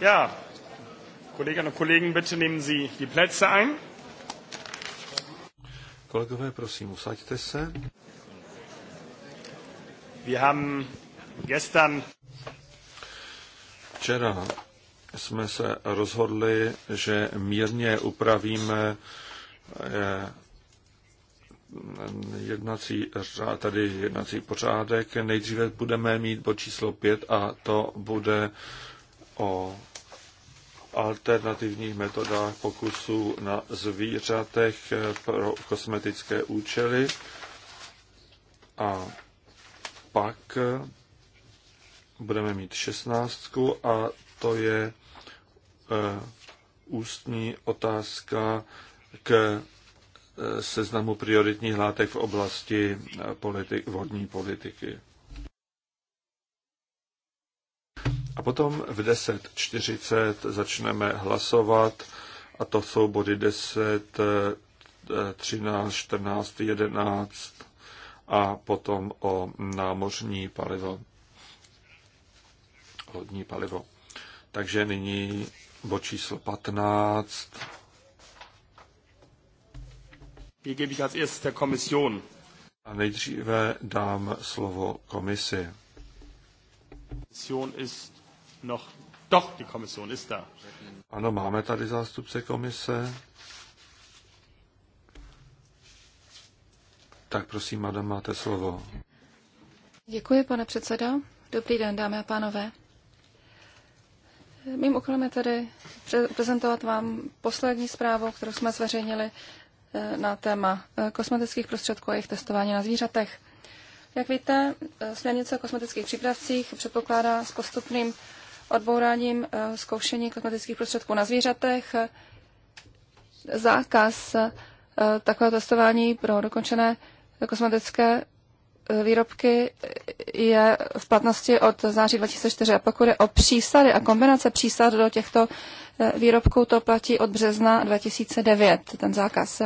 Ja, kolegyně a kolegy, bitte nehmen Sie die Plätze ein. Kolegové, prosím, usaďte se. Wir haben gestern Včera jsme se rozhodli, že mírně upravíme eh, jednací řád, tady jednací pořádek. Nejdříve budeme mít bod číslo 5 a to bude o alternativních metodách pokusů na zvířatech pro kosmetické účely a pak budeme mít šestnáctku a to je eh, ústní otázka k eh, seznamu prioritních látek v oblasti eh, politik, vodní politiky. A potom v 10.40 začneme hlasovat a to jsou body 10, 13, 14, 11 a potom o námořní palivo, lodní palivo. Takže nyní bod číslo 15. A nejdříve dám slovo komisi. Kommission ist noch. Doch, die Kommission ist da. Ano, máme tady zástupce komise. Tak prosím, madam, máte slovo. Děkuji, pane předsedo. Dobrý den, dámy a pánové. Mým úkolem je tedy prezentovat vám poslední zprávu, kterou jsme zveřejnili eh, na téma eh, kosmetických prostředků a jejich testování na zvířatech. Jak víte, eh, směrnice o kosmetických přípravcích předpokládá s postupným odbouráním eh, zkoušení kosmetických prostředků na zvířatech, zákaz eh, takového testování pro dokončené kosmetické eh, výrobky je v platnosti od září 2004. A pokud je o přísady a kombinace přísad do těchto výrobků, to platí od března 2009, ten zákaz.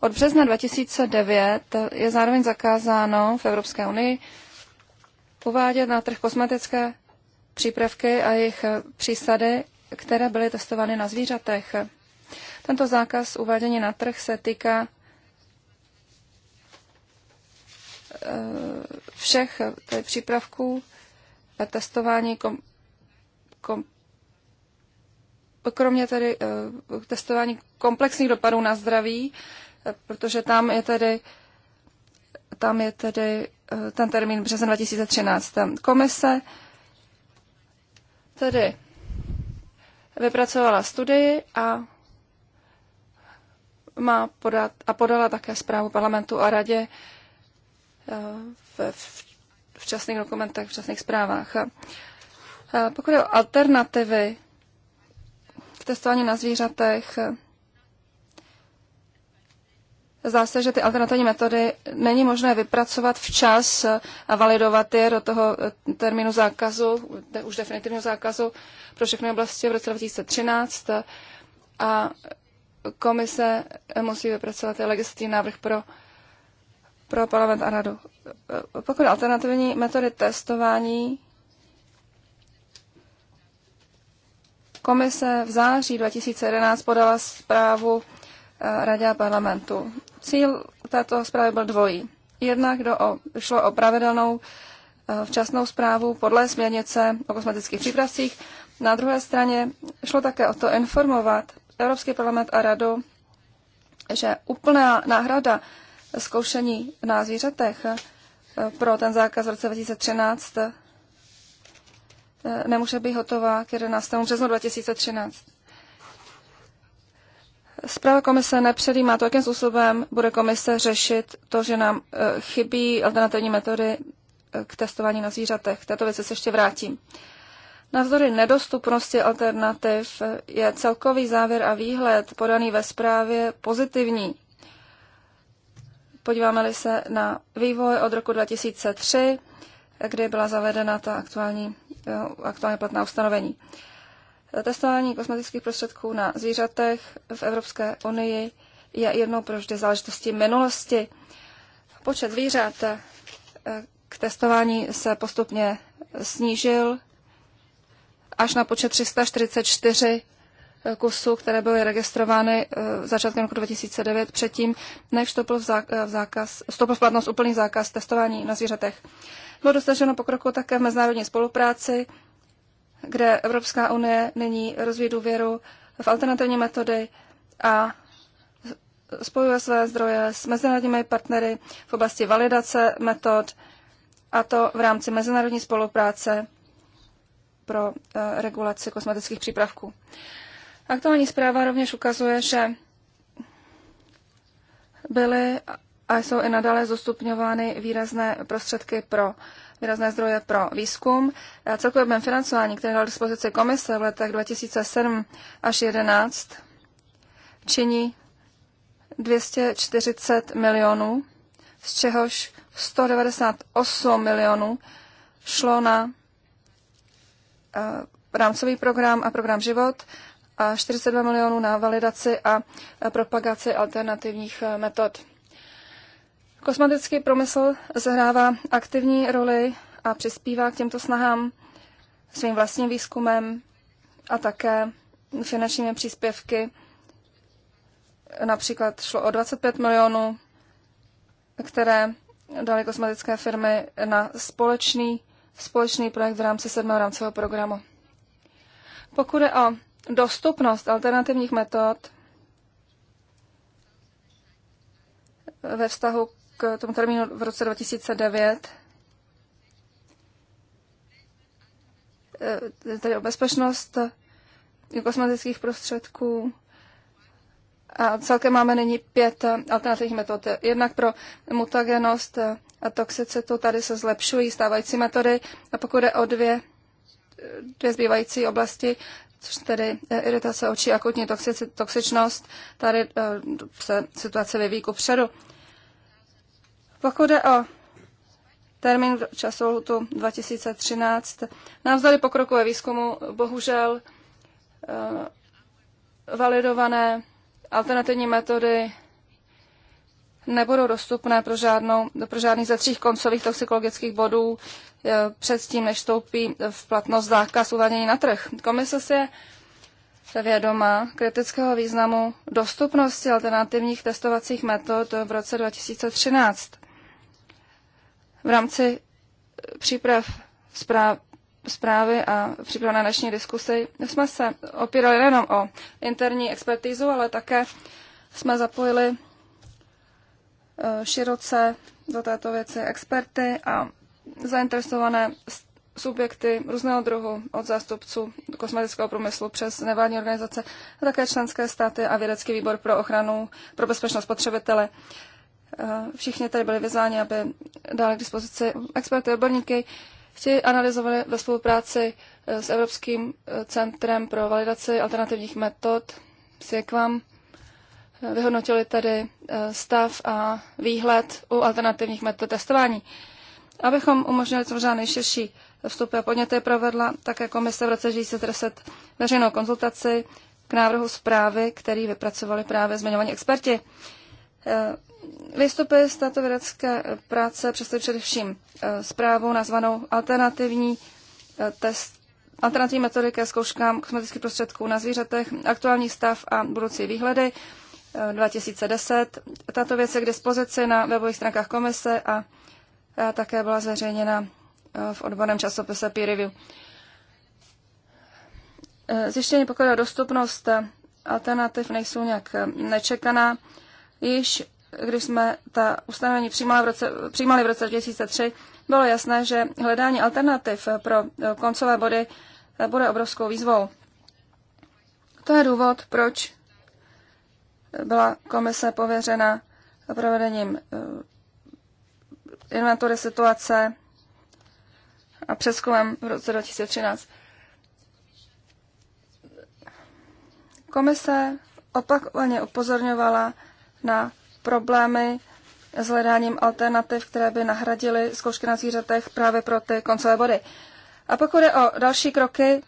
Od března 2009 je zároveň zakázáno v Evropské unii uvádět na trh kosmetické přípravky a jejich přísady, které byly testovány na zvířatech. Tento zákaz uvádění na trh se týká eh, všech přípravků a eh, testování kom, kom, kromě tedy eh, testování komplexních dopadů na zdraví, protože tam je tedy tam je tedy ten termín březen 2013. Komise tedy vypracovala studii a má podat a podala také zprávu parlamentu a radě eh, v včasných dokumentech, včasných zprávách. Eh, pokud je o alternativy k testování na zvířatech, eh, Zdá se, že ty alternativní metody není možné vypracovat včas a validovat je do toho eh, termínu zákazu, už definitivního zákazu pro všechny oblasti v roce 2013 a komise musí vypracovat legislativní návrh pro, pro parlament a radu. Eh, pokud alternativní metody testování, komise v září 2011 podala zprávu Eh, radě a parlamentu. Cíl této zprávy byl dvojí. Jednak do o, šlo o pravidelnou eh, včasnou zprávu podle směrnice o kosmetických přípravcích. Na druhé straně šlo také o to informovat Evropský parlament a radu, že úplná náhrada zkoušení na zvířatech eh, pro ten zákaz v roce 2013 nemůže být hotová k 11. březnu 2013. Zpráva komise nepředjímá to, jakým způsobem bude komise řešit to, že nám eh, chybí alternativní metody eh, k testování na zvířatech. K této věci se ještě vrátím. Navzdory nedostupnosti alternativ eh, je celkový závěr a výhled podaný ve zprávě pozitivní. Podíváme-li se na vývoj od roku 2003, kdy byla zavedena ta aktuální, aktuálně platná ustanovení testování kosmetických prostředků na zvířatech v Evropské unii je jednou provždy záležitostí minulosti. Počet zvířat eh, k testování se postupně snížil až na počet 344 kusů, které byly registrovány eh, začátkem roku 2009, předtím, než vstoupil eh, v, zákaz, vstoupil v platnost úplný zákaz testování na zvířatech. Bylo dosaženo pokroku také v mezinárodní spolupráci kde Evropská unie nyní rozvíjí důvěru v alternativní metody a spojuje své zdroje s mezinárodními partnery v oblasti validace metod, a to v rámci mezinárodní spolupráce pro eh, regulaci kosmetických přípravků. Aktuální zpráva rovněž ukazuje, že byly a jsou i nadále zostupňovány výrazné prostředky pro výrazné zdroje pro výzkum. Celkový objem financování, které dal dispozici komise v letech 2007 až 2011, činí 240 milionů, z čehož 198 milionů šlo na eh, rámcový program a program Život a 42 milionů na validaci a propagaci alternativních eh, metod. Kosmetický průmysl zahrává aktivní roli a přispívá k těmto snahám svým vlastním výzkumem a také finančními příspěvky. Například šlo o 25 milionů, které dali kosmetické firmy na společný, společný projekt v rámci sedmého rámcového programu. Pokud je o dostupnost alternativních metod ve vztahu tomu termínu v roce 2009, eh, tedy o bezpečnost kosmetických prostředků. A celkem máme nyní pět alternativních metod. Jednak pro mutagenost a toxicitu tady se zlepšují stávající metody. A pokud jde o dvě, dvě zbývající oblasti, což tedy iritace očí, akutní toxičnost, tady eh, se situace vyvíjí ku předu. Pokud je o termín časovou lhutu 2013, navzdory pokrokové výzkumu bohužel eh, validované alternativní metody nebudou dostupné pro, žádnou, pro žádný ze tří koncových toxikologických bodů eh, předtím, než vstoupí v platnost zákaz uvádění na trh. Komise si je vědoma kritického významu dostupnosti alternativních testovacích metod v roce 2013. V rámci eh, příprav zpráv, zprávy a příprav na dnešní diskusi jsme se opírali nejenom o interní expertizu, ale také jsme zapojili eh, široce do této věci experty a zainteresované subjekty různého druhu, od zástupců kosmetického průmyslu přes nevládní organizace, a také členské státy a vědecký výbor pro ochranu pro bezpečnost spotřebitele. Eh, všichni tady byli vyzváni, aby dali k dispozici experty, odborníky, ti analyzovali ve spolupráci eh, s Evropským eh, centrem pro validaci alternativních metod, vám vyhodnotili tedy stav a výhled u alternativních metod testování. Abychom umožnili co možná nejširší vstupy a podněty, provedla také komise jako v roce 2010 veřejnou konzultaci k návrhu zprávy, který vypracovali právě zmiňovaní experti. Vystupy z této vědecké eh, práce přesto především eh, zprávou nazvanou alternativní eh, test alternativní metody ke zkouškám kosmetických prostředků na zvířatech, aktuální stav a budoucí výhledy 2010. Tato věc je k dispozici na webových stránkách komise a také byla zveřejněna v odborném časopise Peer Review. Zjištění pokud o dostupnost alternativ nejsou nějak nečekaná. Již když jsme ta ustanovení přijímali v roce, přijímali v roce 2003, bylo jasné, že hledání alternativ pro eh, koncové body eh, bude obrovskou výzvou. To je důvod, proč eh, byla komise pověřena provedením inventury situace a přeskumem v roce 2013. Komise opakovaně upozorňovala na problémy s hledáním alternativ, které by nahradily zkoušky na zvířatech právě pro ty koncové body. A pokud je o další kroky,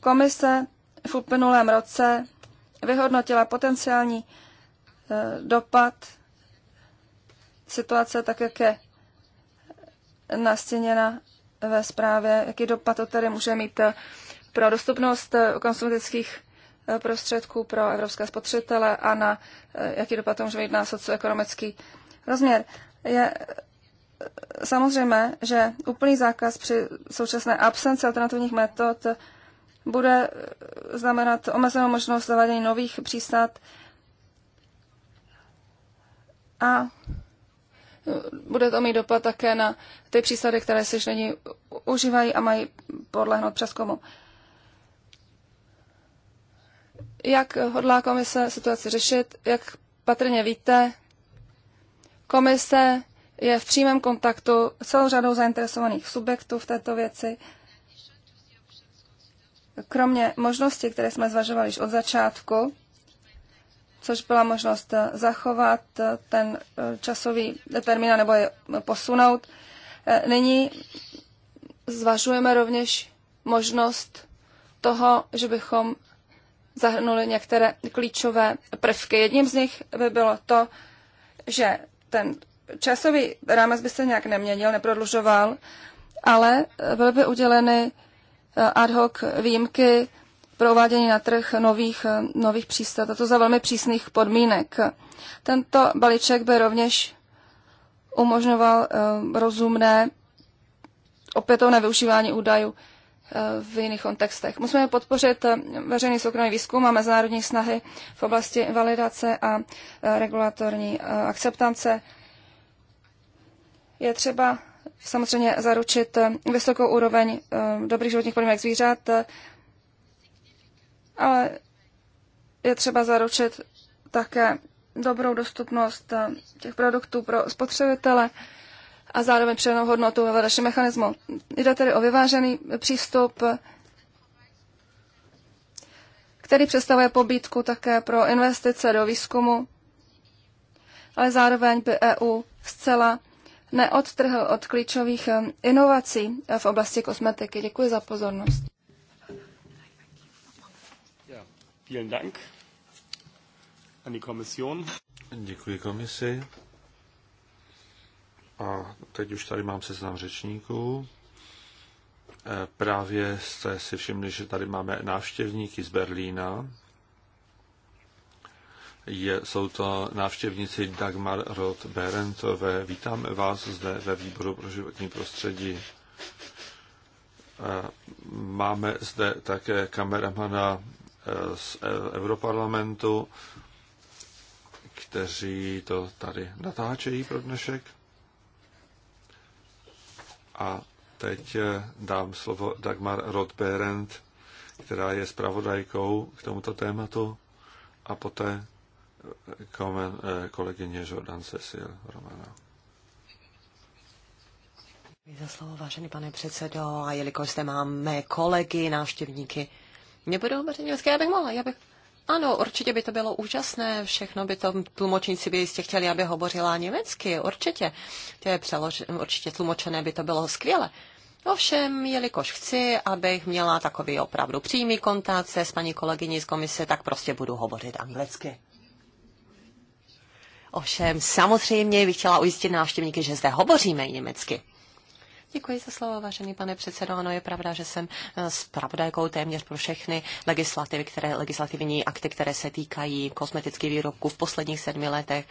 komise v uplynulém roce vyhodnotila potenciální eh, dopad situace tak, jak je nastěněna ve zprávě, jaký dopad to tady může mít pro dostupnost eh, kosmetických prostředků pro evropské spotřebitele a na eh, jaký dopad to může mít na socioekonomický rozměr. Je eh, samozřejmé, že úplný zákaz při současné absenci alternativních metod bude eh, znamenat omezenou možnost zavádění nových přístat a bude to mít dopad také na ty přísady, které se již nyní užívají a mají podlehnout přeskumu. komu. Jak hodlá komise situaci řešit? Jak patrně víte, komise je v přímém kontaktu celou řadou zainteresovaných subjektů v této věci. Kromě možnosti, které jsme zvažovali již od začátku, což byla možnost zachovat ten eh, časový termín nebo je posunout, eh, nyní zvažujeme rovněž možnost toho, že bychom zahrnuli některé klíčové prvky. Jedním z nich by bylo to, že ten časový rámec by se nějak neměnil, neprodlužoval, ale byly by uděleny eh, ad hoc výjimky pro uvádění na trh nových, eh, nových přístav, a to za velmi přísných podmínek. Tento balíček by rovněž umožňoval eh, rozumné opětovné využívání údajů v jiných kontextech. Musíme podpořit eh, veřejný soukromý výzkum a mezinárodní snahy v oblasti validace a eh, regulatorní eh, akceptance. Je třeba samozřejmě zaručit vysokou úroveň dobrých životních podmínek zvířat, ale je třeba zaručit také dobrou dostupnost těch produktů pro spotřebitele a zároveň přidanou hodnotu ve vedlejším mechanismu. Jde tedy o vyvážený přístup, který představuje pobídku také pro investice do výzkumu, ale zároveň by EU zcela neodtrhl od klíčových eh, inovací v oblasti kosmetiky. Děkuji za pozornost. Vielen Dank an die Kommission. Děkuji komisi. A teď už tady mám seznam řečníků. E, právě jste si všimli, že tady máme návštěvníky z Berlína. Je, jsou to návštěvníci Dagmar Roth Berentové. Vítáme vás zde ve výboru pro životní prostředí. E, máme zde také kameramana e, z Europarlamentu, kteří to tady natáčejí pro dnešek. A teď eh, dám slovo Dagmar Rodberend, která je zpravodajkou k tomuto tématu a poté eh, komen, eh, kolegyně Jordan Cecil Romana. Za slovo, vážený pane předsedo, a jelikož jste mám mé kolegy, návštěvníky, nebudou hovořit německy, já bych mohla, já bych ano, určitě by to bylo úžasné, všechno by to tlumočníci by jistě chtěli, aby hovořila německy, určitě. To je přelož, určitě tlumočené by to bylo skvěle. Ovšem, jelikož chci, abych měla takový opravdu přímý kontakt se s paní kolegyní z komise, tak prostě budu hovořit anglicky. Ovšem, samozřejmě bych chtěla ujistit návštěvníky, že zde hovoříme i německy. Děkuji za slovo, vážený pane předsedo. Ano, je pravda, že jsem s eh, pravdajkou téměř pro všechny legislativy, které, legislativní akty, které se týkají kosmetických výrobků v posledních sedmi letech.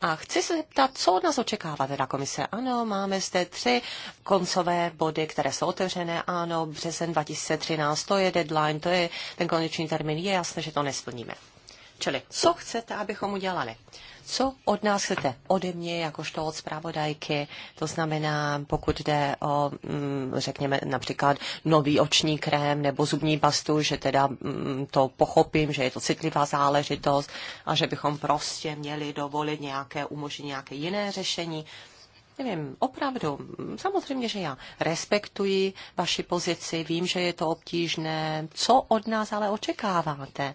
A chci se zeptat, co od nás očekává teda komise. Ano, máme zde tři koncové body, které jsou otevřené. Ano, březen 2013, to je deadline, to je ten konečný termín. Je jasné, že to nesplníme. Čili, co chcete, abychom udělali? co od nás chcete? Ode mě, jakožto od zpravodajky, to znamená, pokud jde o, mm, řekněme, například nový oční krém nebo zubní pastu, že teda mm, to pochopím, že je to citlivá záležitost a že bychom prostě měli dovolit nějaké, umožnit nějaké jiné řešení. Nevím, opravdu, mm, samozřejmě, že já respektuji vaši pozici, vím, že je to obtížné. Co od nás ale očekáváte?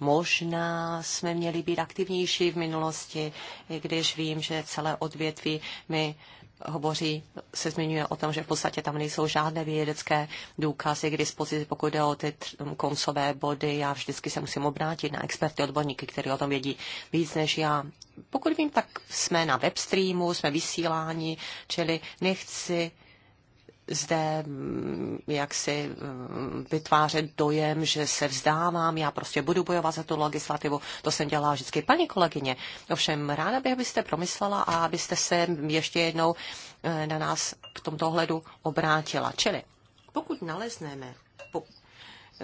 Možná jsme měli být aktivnější v minulosti, i když vím, že celé odvětví mi hovoří, se zmiňuje o tom, že v podstatě tam nejsou žádné vědecké důkazy k dispozici, pokud jde o ty koncové body. Já vždycky se musím obrátit na experty, odborníky, kteří o tom vědí víc než já. Pokud vím, tak jsme na webstreamu, jsme vysíláni, čili nechci zde mm, jaksi mm, vytvářet dojem, že se vzdávám, já prostě budu bojovat za tu legislativu. To jsem dělala vždycky. Paní kolegyně, ovšem ráda bych, abyste promyslela a abyste se ještě jednou eh, na nás v tomto ohledu obrátila. Čili pokud nalezneme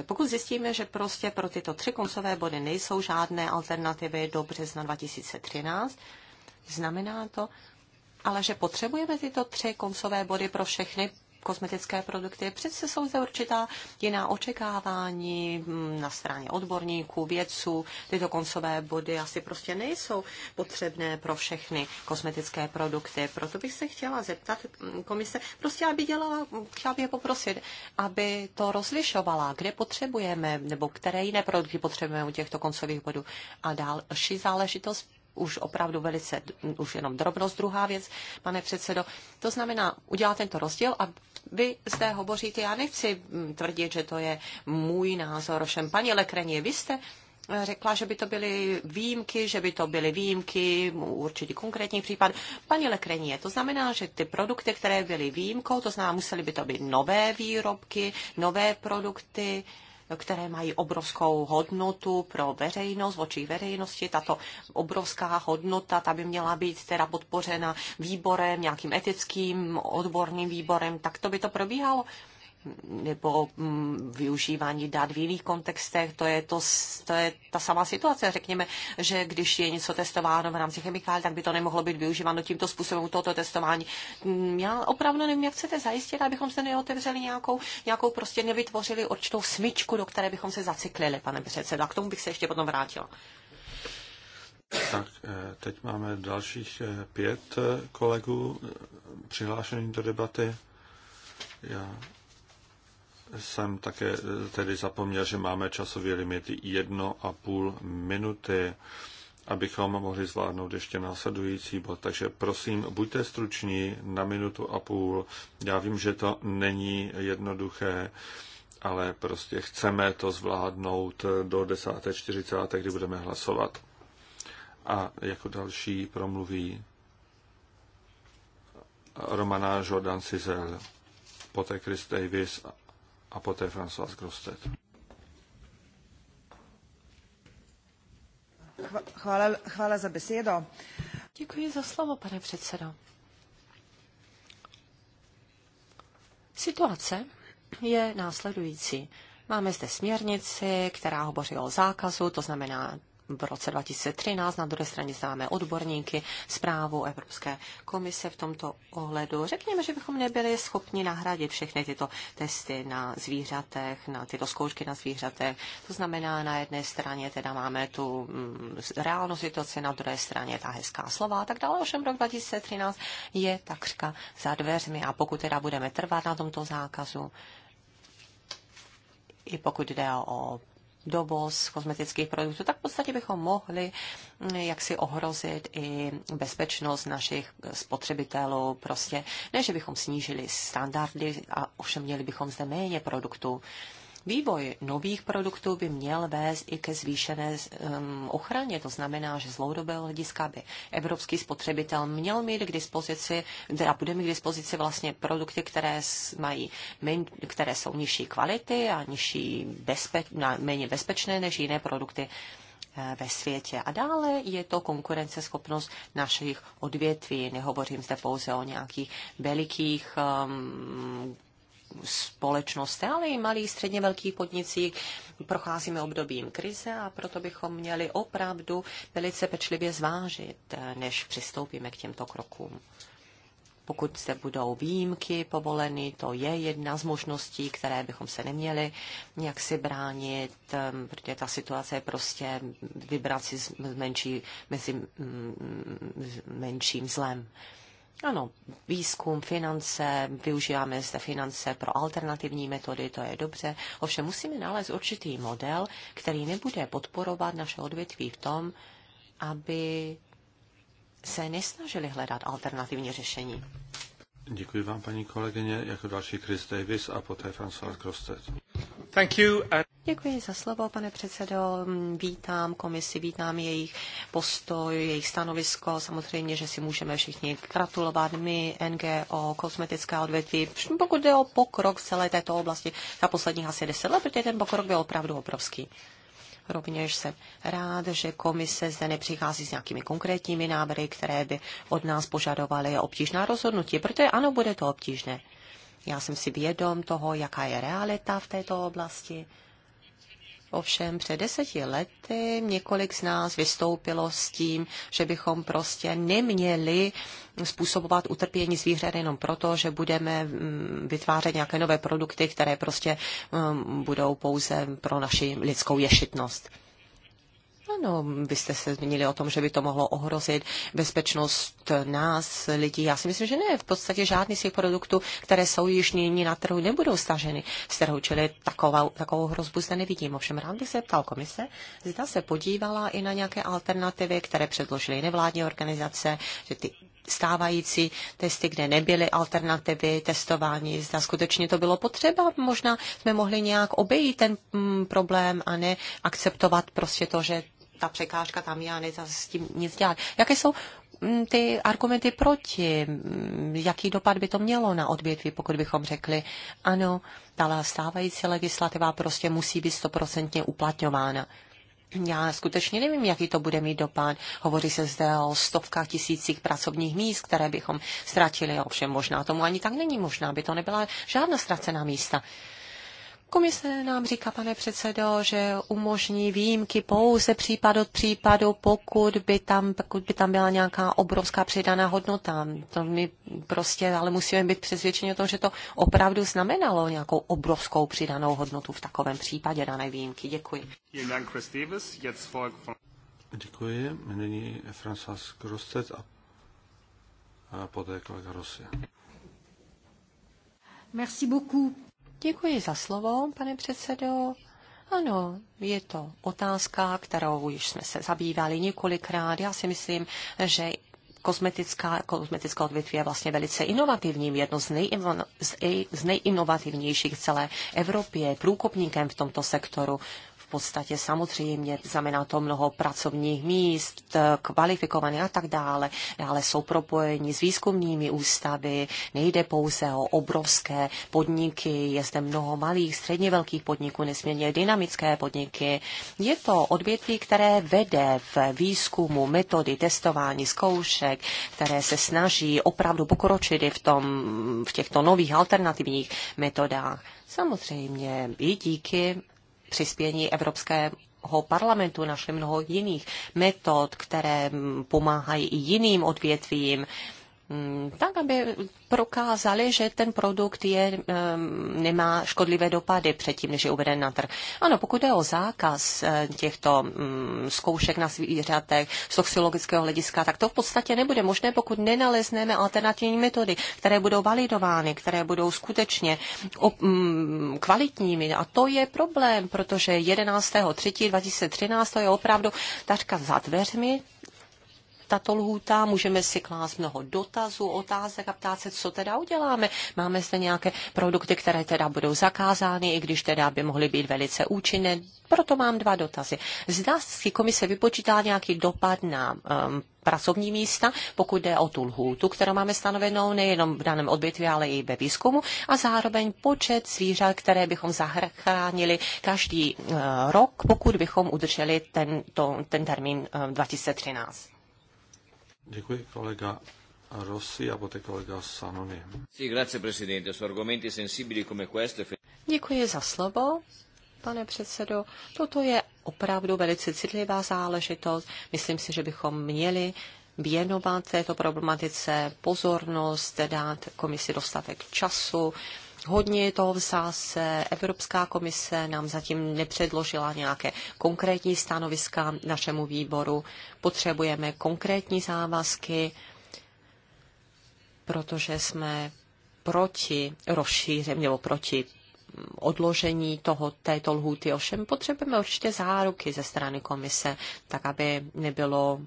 pokud zjistíme, že prostě pro tyto tři koncové body nejsou žádné alternativy do března 2013, znamená to, ale že potřebujeme tyto tři koncové body pro všechny kosmetické produkty. Přece jsou zde určitá jiná očekávání mm, na straně odborníků, vědců. Tyto koncové body asi prostě nejsou potřebné pro všechny kosmetické produkty. Proto bych se chtěla zeptat komise, prostě aby dělala, chtěla bych je poprosit, aby to rozlišovala, kde potřebujeme, nebo které jiné produkty potřebujeme u těchto koncových bodů. A další záležitost už opravdu velice, už jenom drobnost. Druhá věc, pane předsedo, to znamená udělat tento rozdíl a vy zde hovoříte, já nechci mm, tvrdit, že to je můj názor, všem paní Lekreně, vy jste eh, řekla, že by to byly výjimky, že by to byly výjimky, určitě konkrétní případ. Paní Lekrenie, to znamená, že ty produkty, které byly výjimkou, to znamená, musely by to být nové výrobky, nové produkty, které mají obrovskou hodnotu pro veřejnost, oči veřejnosti. Tato obrovská hodnota, ta by měla být teda podpořena výborem, nějakým etickým odborným výborem. Tak to by to probíhalo nebo mm, využívání dat v jiných kontextech, to je, to, to je ta sama situace. Řekněme, že když je něco testováno v rámci chemikál, tak by to nemohlo být využíváno tímto způsobem tohoto testování. Mm, já opravdu nevím, jak chcete zajistit, abychom se neotevřeli nějakou, nějakou prostě nevytvořili určitou smyčku, do které bychom se zaciklili, pane předsedo. A k tomu bych se ještě potom vrátila. Tak, eh, teď máme dalších eh, pět eh, kolegů přihlášených do debaty. Já jsem také eh, tedy zapomněl, že máme časový limit jedno a půl minuty, abychom mohli zvládnout ještě následující bod. Takže prosím, buďte struční na minutu a půl. Já vím, že to není jednoduché, ale prostě chceme to zvládnout do 10.40, kdy budeme hlasovat. A jako další promluví Romana Jordan Cizel, poté Chris Davis a poté François Grostet. Chvála, chvála za besedo. Děkuji za slovo, pane předsedo. Situace je následující. Máme zde směrnici, která hovoří o zákazu, to znamená v roce 2013. Na druhé straně známe odborníky, zprávu Evropské komise v tomto ohledu. Řekněme, že bychom nebyli schopni nahradit všechny tyto testy na zvířatech, na tyto zkoušky na zvířatech. To znamená, na jedné straně teda máme tu mm, reálnou situaci, na druhé straně ta hezká slova a tak dále. Ovšem rok 2013 je takřka za dveřmi a pokud teda budeme trvat na tomto zákazu, i pokud jde o dovoz kosmetických produktů, tak v podstatě bychom mohli mm, jaksi ohrozit i bezpečnost našich spotřebitelů. Prostě ne, že bychom snížili standardy a ovšem měli bychom zde méně produktů. Vývoj nových produktů by měl vést i ke zvýšené um, ochraně. To znamená, že z dlouhodobého hlediska by evropský spotřebitel měl mít k dispozici, a bude mít k dispozici vlastně produkty, které mají, které jsou nižší kvality a nižší bezpe, méně bezpečné než jiné produkty eh, ve světě. A dále je to konkurenceschopnost našich odvětví. Nehovořím zde pouze o nějakých velikých um, společnosti, ale i malých, středně velkých podnicích. Procházíme obdobím krize a proto bychom měli opravdu velice pečlivě zvážit, než přistoupíme k těmto krokům. Pokud se budou výjimky povoleny, to je jedna z možností, které bychom se neměli nějak si bránit, ehm, protože ta situace je prostě vybrat si menší, mezi menším zlem. Ano, výzkum, finance, využíváme zde finance pro alternativní metody, to je dobře. Ovšem musíme nalézt určitý model, který nebude podporovat naše odvětví v tom, aby se nesnažili hledat alternativní řešení. Děkuji vám, paní kolegyně. Jako další Chris Davis a poté François Grostet. Thank you and... Děkuji za slovo, pane předsedo. Vítám komisi, vítám jejich postoj, jejich stanovisko. Samozřejmě, že si můžeme všichni gratulovat, my, NGO, kosmetická odvětví. Pokud jde o pokrok v celé této oblasti za posledních asi deset let, protože ten pokrok byl opravdu obrovský. Rovněž jsem rád, že komise zde nepřichází s nějakými konkrétními návrhy, které by od nás požadovaly obtížná rozhodnutí, protože ano, bude to obtížné. Já jsem si vědom toho, jaká je realita v této oblasti Ovšem před deseti lety několik z nás vystoupilo s tím, že bychom prostě neměli způsobovat utrpění zvířat jenom proto, že budeme mm, vytvářet nějaké nové produkty, které prostě mm, budou pouze pro naši lidskou ješitnost. Ano, vy jste se zmínili o tom, že by to mohlo ohrozit bezpečnost nás, lidí. Já si myslím, že ne. V podstatě žádný z těch produktů, které jsou již nyní na trhu, nebudou staženy z trhu, čili takovou, takovou hrozbu zde nevidím. Ovšem rád bych se ptal komise, zda se podívala i na nějaké alternativy, které předložily nevládní organizace, že ty stávající testy, kde nebyly alternativy testování. Zda skutečně to bylo potřeba, možná jsme mohli nějak obejít ten mm, problém a ne akceptovat prostě to, že ta překážka tam je a ne s tím nic dělat. Jaké jsou mm, ty argumenty proti, mm, jaký dopad by to mělo na odvětví, pokud bychom řekli, ano, ta stávající legislativa prostě musí být stoprocentně uplatňována. Já skutečně nevím, jaký to bude mít dopad. Hovoří se zde o stovkách tisících pracovních míst, které bychom ztratili. Ovšem možná tomu ani tak není. Možná by to nebyla žádná ztracená místa. Komise nám říká, pane předsedo, že umožní výjimky pouze případ od případu, pokud by tam, pokud by tam byla nějaká obrovská přidaná hodnota. To my prostě, ale musíme být přesvědčeni o tom, že to opravdu znamenalo nějakou obrovskou přidanou hodnotu v takovém případě dané výjimky. Děkuji. Děkuji. Nyní François Grostet a, a poté kolega Rosia. Merci beaucoup. Děkuji za slovo, pane předsedo. Ano, je to otázka, kterou už jsme se zabývali několikrát. Já si myslím, že kosmetická, kosmetická odvětví je vlastně velice inovativní, jedno z, nejino, z, z nejinovativnějších v celé Evropě, průkopníkem v tomto sektoru podstatě samozřejmě znamená to mnoho pracovních míst, kvalifikované a tak dále. Dále jsou propojení s výzkumnými ústavy, nejde pouze o obrovské podniky, je zde mnoho malých, středně velkých podniků, nesmírně dynamické podniky. Je to odvětví, které vede v výzkumu metody testování zkoušek, které se snaží opravdu pokročit i v, tom, v těchto nových alternativních metodách. Samozřejmě i díky přispění Evropské parlamentu, našli mnoho jiných metod, které pomáhají i jiným odvětvím, Mm, tak, aby prokázali, že ten produkt je, nemá škodlivé dopady předtím, než je uveden na trh. Ano, pokud je o zákaz eh, těchto mm, zkoušek na zvířatech z toxiologického hlediska, tak to v podstatě nebude možné, pokud nenalezneme alternativní metody, které budou validovány, které budou skutečně mm, kvalitními. A to je problém, protože 11.3.2013 to je opravdu tačka za dveřmi, tato lhůta, můžeme si klást mnoho dotazů, otázek a ptát se, co teda uděláme. Máme zde nějaké produkty, které teda budou zakázány, i když teda by mohly být velice účinné. Proto mám dva dotazy. Zda si komise vypočítá nějaký dopad na um, pracovní místa, pokud jde o tu lhůtu, kterou máme stanovenou nejenom v daném odbytvě, ale i ve výzkumu, a zároveň počet zvířat, které bychom zachránili každý uh, rok, pokud bychom udrželi tento, ten termín uh, 2013. Děkuji kolega Rossi a poté kolega Sanoni. Děkuji za slovo, pane předsedo. Toto je opravdu velice citlivá záležitost. Myslím si, že bychom měli věnovat této problematice pozornost, dát komisi dostatek času, Hodně je toho v sásce. Evropská komise nám zatím nepředložila nějaké konkrétní stanoviska našemu výboru. Potřebujeme konkrétní závazky, protože jsme proti rozšíření nebo proti odložení toho, této lhůty. Ovšem potřebujeme určitě záruky ze strany komise, tak aby nebylo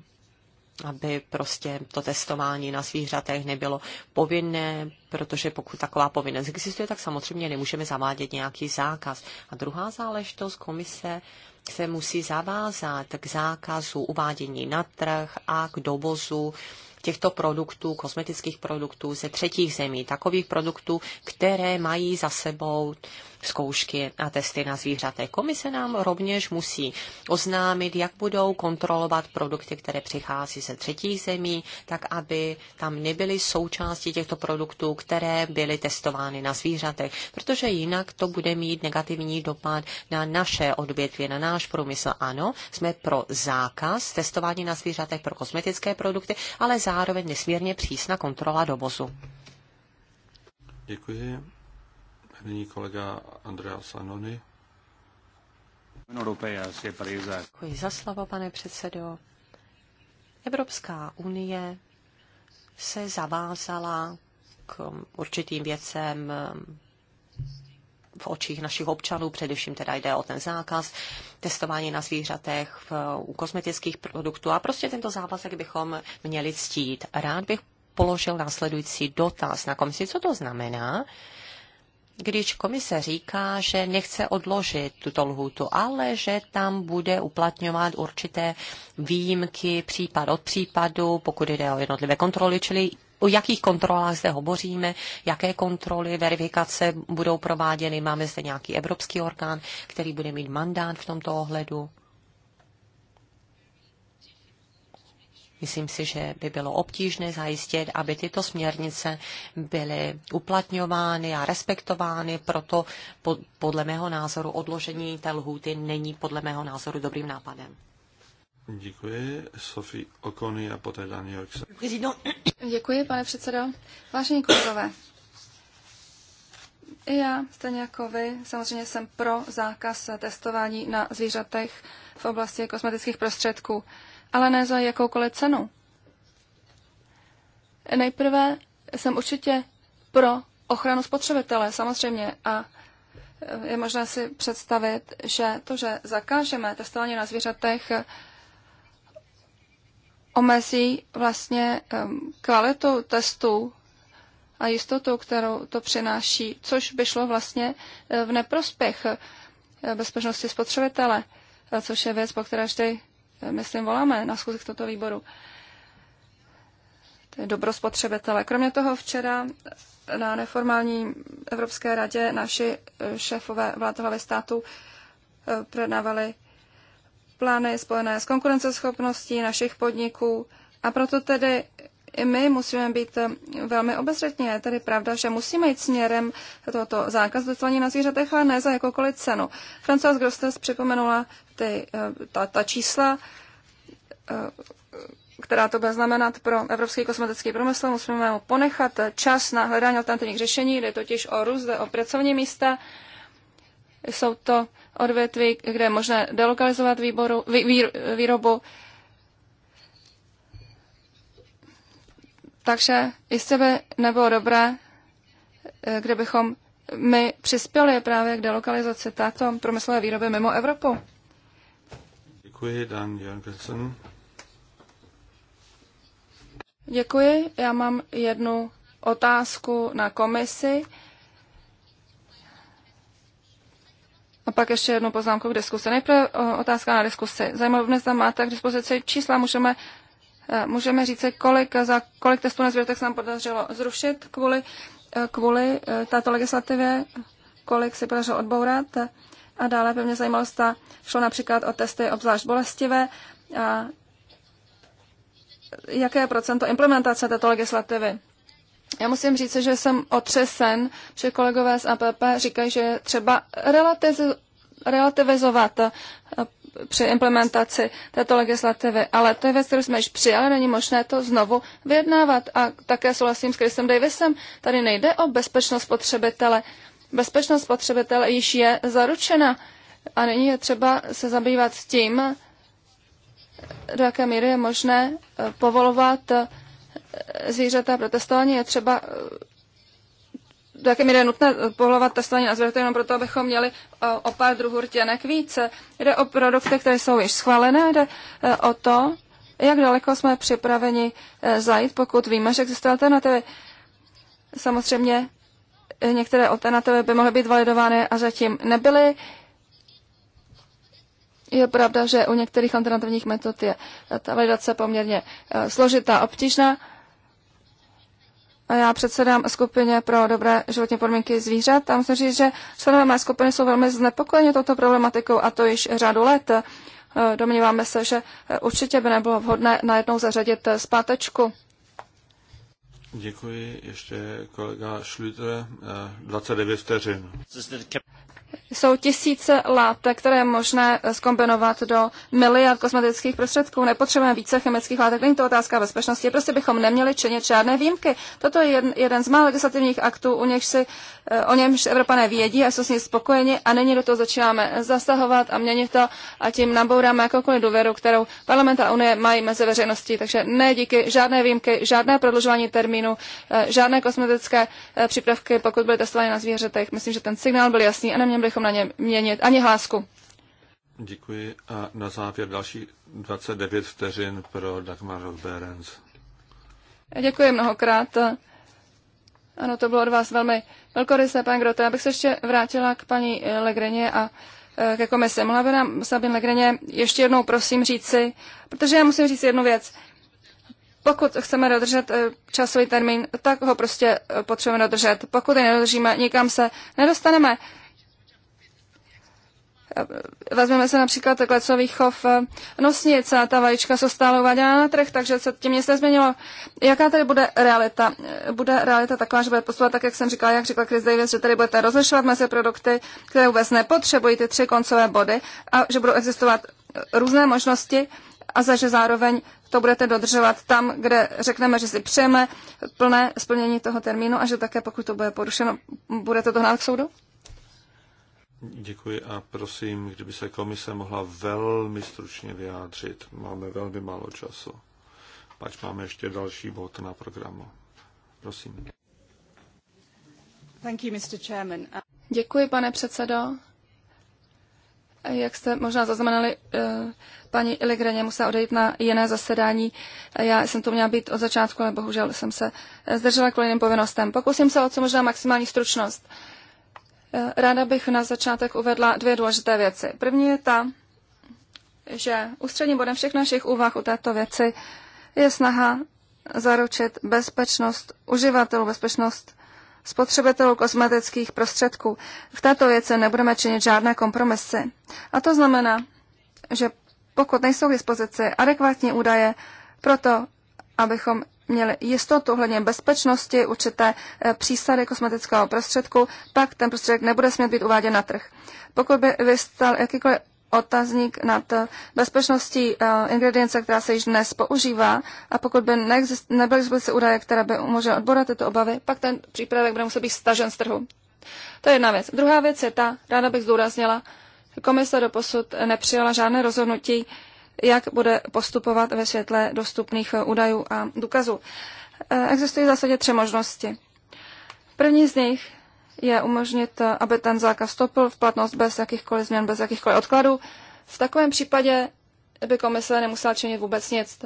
aby prostě to testování na zvířatech nebylo povinné, protože pokud taková povinnost existuje, tak samozřejmě nemůžeme zavádět nějaký zákaz. A druhá záležitost, komise se musí zavázat k zákazu uvádění na trh a k dovozu těchto produktů, kosmetických produktů ze třetích zemí, takových produktů, které mají za sebou zkoušky a testy na zvířatech. Komise nám rovněž musí oznámit, jak budou kontrolovat produkty, které přichází ze třetích zemí, tak aby tam nebyly součástí těchto produktů, které byly testovány na zvířatech, protože jinak to bude mít negativní dopad na naše odvětví, na náš průmysl. Ano, jsme pro zákaz testování na zvířatech pro kosmetické produkty, ale zároveň nesmírně přísná kontrola dovozu. Děkuji. Nyní kolega Andrea Sanoni. Děkuji za slovo, pane předsedo. Evropská unie se zavázala k určitým věcem um, v očích našich občanů, především teda jde o ten zákaz testování na zvířatech v, u kosmetických produktů a prostě tento závazek bychom měli ctít. Rád bych položil následující dotaz na komisi, co to znamená, když komise říká, že nechce odložit tuto lhůtu, ale že tam bude uplatňovat určité výjimky případ od případu, pokud jde o jednotlivé kontroly, čili o jakých kontrolách zde hovoříme, jaké kontroly, verifikace budou prováděny, máme zde nějaký evropský orgán, který bude mít mandát v tomto ohledu. Myslím si, že by bylo obtížné zajistit, aby tyto směrnice byly uplatňovány a respektovány, proto podle mého názoru odložení té lhůty není podle mého názoru dobrým nápadem. Děkuji. Sophie Okony a poté Daniel Děkuji, pane předsedo. Vážení kolegové, i já, stejně jako vy, samozřejmě jsem pro zákaz testování na zvířatech v oblasti kosmetických prostředků ale ne za jakoukoliv cenu. Nejprve jsem určitě pro ochranu spotřebitele, samozřejmě, a je možné si představit, že to, že zakážeme testování na zvířatech, omezí vlastně um, kvalitu testů a jistotu, kterou to přináší, což by šlo vlastně eh, v neprospěch eh, bezpečnosti spotřebitele, což je věc, po které vždy myslím, voláme na k toto výboru. To je dobro spotřebitele. Kromě toho včera na neformální Evropské radě naši šéfové vlád hlavy státu eh, projednávali plány spojené s konkurenceschopností našich podniků a proto tedy i my musíme být eh, velmi obezřetní. Je tedy pravda, že musíme jít směrem tohoto zákazu doclení na zvířatech, ale ne za jakoukoliv cenu. Francois Grostes připomenula ty, eh, ta, ta čísla, eh, která to bude znamenat pro evropský kosmetický průmysl. Musíme mu ponechat čas na hledání alternativních řešení, jde totiž o růst, o pracovní místa. Jsou to odvětví, kde je možné delokalizovat výboru, vý, vý, výrobu, Takže jestli by nebylo dobré, eh, kdybychom my přispěli právě k delokalizaci této promyslové výroby mimo Evropu. Děkuji, Dan Jörgensen. Děkuji. Já mám jednu otázku na komisi. A pak ještě jednu poznámku k diskusi. Nejprve otázka na diskusi. Zajímavé, tam máte k dispozici čísla, můžeme Eh, můžeme říct, kolik, za kolik testů na zvířatech se nám podařilo zrušit kvůli, eh, kvůli eh, této legislativě, kolik se podařilo odbourat. A dále by mě zajímalo, zda šlo například o testy obzvlášť bolestivé a jaké procento implementace této legislativy. Já musím říct, že jsem otřesen, že kolegové z APP říkají, že třeba relativizovat při implementaci této legislativy, ale to je věc, kterou jsme již přijali, není možné to znovu vyjednávat. A také souhlasím s Chrisem Davisem, tady nejde o bezpečnost spotřebitele. Bezpečnost spotřebitele již je zaručena a nyní je třeba se zabývat tím, do jaké míry je možné eh, povolovat eh, zvířata pro testování. Je třeba eh, do jaké míry je nutné povolovat testování na zvířatech jenom proto, abychom měli eh, o pár druhů rtěnek více. Jde o produkty, které jsou již schválené, jde eh, o to, jak daleko jsme připraveni eh, zajít, pokud víme, že existují alternativy. Samozřejmě některé alternativy by mohly být validovány a zatím nebyly. Je pravda, že u některých alternativních metod je ta validace poměrně složitá, obtížná. Já předsedám skupině pro dobré životní podmínky zvířat Tam musím říct, že členové mé skupiny jsou velmi znepokojeni touto problematikou a to již řadu let. E, domníváme se, že e, určitě by nebylo vhodné najednou zařadit e, zpátečku. Děkuji. Ještě kolega Schlüter, 29 vteřin jsou tisíce látek, které je možné eh, skombinovat do miliard kosmetických prostředků. Nepotřebujeme více chemických látek. Není to otázka bezpečnosti. Prostě bychom neměli činit žádné výjimky. Toto je jeden, jeden z mála legislativních aktů, u něž si, eh, o němž Evropané vědí a jsou s ní spokojeni a nyní do toho začínáme zasahovat a měnit to a tím nabouráme jakoukoliv důvěru, kterou parlament a Unie mají mezi veřejností. Takže ne díky žádné výjimky, žádné prodlužování termínu, eh, žádné kosmetické přípravky, pokud byly testovány na zvířatech. Myslím, že ten signál byl jasný a neměl bychom na ně měnit ani hlásku. Děkuji a na závěr další 29 vteřin pro Dagmar Berens. Děkuji mnohokrát. Ano, to bylo od vás velmi velkorysé, pan Grote. Já bych se ještě vrátila k paní Legreně a e, ke komise. Mohla by nám Sabin Legreně ještě jednou prosím říci, protože já musím říct jednu věc. Pokud chceme dodržet e, časový termín, tak ho prostě e, potřebujeme dodržet. Pokud ji nedodržíme, nikam se nedostaneme. Vezmeme se například klecový chov eh, nosnic a ta vajíčka se stále uváděna na trh, takže se tím nic nezměnilo. Jaká tady bude realita? Eh, bude realita taková, že bude postupovat tak, jak jsem říkala, jak říkala Chris Davis, že tady budete rozlišovat mezi produkty, které vůbec nepotřebují ty tři koncové body a že budou existovat eh, různé možnosti a za, že zároveň to budete dodržovat tam, kde řekneme, že si přejeme plné splnění toho termínu a že také pokud to bude porušeno, bude to dohnat k soudu? Děkuji a prosím, kdyby se komise mohla velmi stručně vyjádřit. Máme velmi málo času. Pač máme ještě další bod na programu. Prosím. Thank you, Mr. Chairman. Děkuji, pane předsedo. Jak jste možná zaznamenali, eh, paní Iligreně musela odejít na jiné zasedání. Já jsem to měla být od začátku, ale bohužel jsem se zdržela kvůli jiným povinnostem. Pokusím se o co možná maximální stručnost. Ráda bych na začátek uvedla dvě důležité věci. První je ta, že ústředním bodem všech našich úvah u této věci je snaha zaručit bezpečnost uživatelů, bezpečnost spotřebitelů kosmetických prostředků. V této věci nebudeme činit žádné kompromisy. A to znamená, že pokud nejsou k dispozici adekvátní údaje pro to, abychom měli jistotu ohledně bezpečnosti určité eh, přísady kosmetického prostředku, pak ten prostředek nebude smět být uváděn na trh. Pokud by vystal jakýkoliv otazník nad eh, bezpečností eh, ingredience, která se již dnes používá a pokud by neexist, nebyly se údaje, které by umožnily odborat tyto obavy, pak ten přípravek bude muset být stažen z trhu. To je jedna věc. Druhá věc je ta, ráda bych zdůraznila, komise do posud nepřijala žádné rozhodnutí, jak bude postupovat ve světle dostupných eh, údajů a důkazů. Eh, existují v zásadě tři možnosti. První z nich je umožnit, eh, aby ten zákaz stopil v platnost bez jakýchkoliv změn, bez jakýchkoliv odkladů. V takovém případě by komise nemusela činit vůbec nic.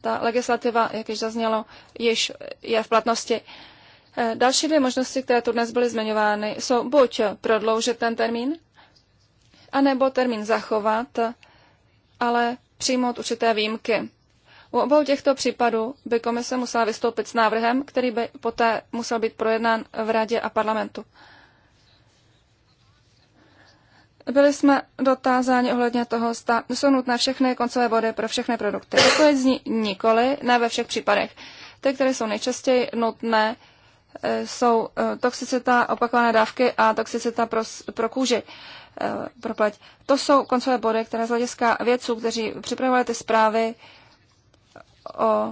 Ta legislativa, jak již zaznělo, již je v platnosti. Další dvě možnosti, které tu dnes byly zmiňovány, jsou buď prodloužit ten termín, anebo termín zachovat ale přijmout určité výjimky. U obou těchto případů by komise musela vystoupit s návrhem, který by poté musel být projednán v Radě a parlamentu. Byli jsme dotázáni ohledně toho, zda jsou nutné všechny koncové body pro všechny produkty. Odpověď zní nikoli, ne ve všech případech. Ty, které jsou nejčastěji nutné, eh, jsou eh, toxicita opakované dávky a toxicita pro, pro kůži. Eh, propleť. To jsou koncové body, které z hlediska vědců, kteří připravovali ty zprávy, o,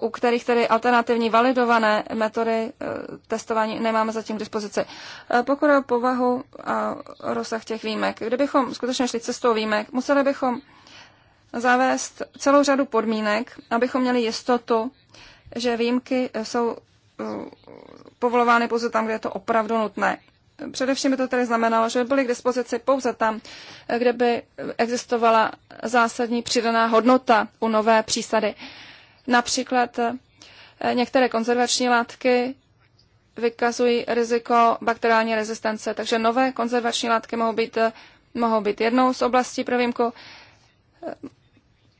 u kterých tedy alternativní validované metody eh, testování nemáme zatím k dispozici. Eh, pokud o povahu a rozsah těch výjimek, kdybychom skutečně šli cestou výjimek, museli bychom zavést celou řadu podmínek, abychom měli jistotu, že výjimky jsou povolovány pouze tam, kde je to opravdu nutné. Především by to tedy znamenalo, že by byly k dispozici pouze tam, kde by existovala zásadní přidaná hodnota u nové přísady. Například eh, některé konzervační látky vykazují riziko bakteriální rezistence, takže nové konzervační látky mohou být, eh, mohou být jednou z oblastí pro výjimku,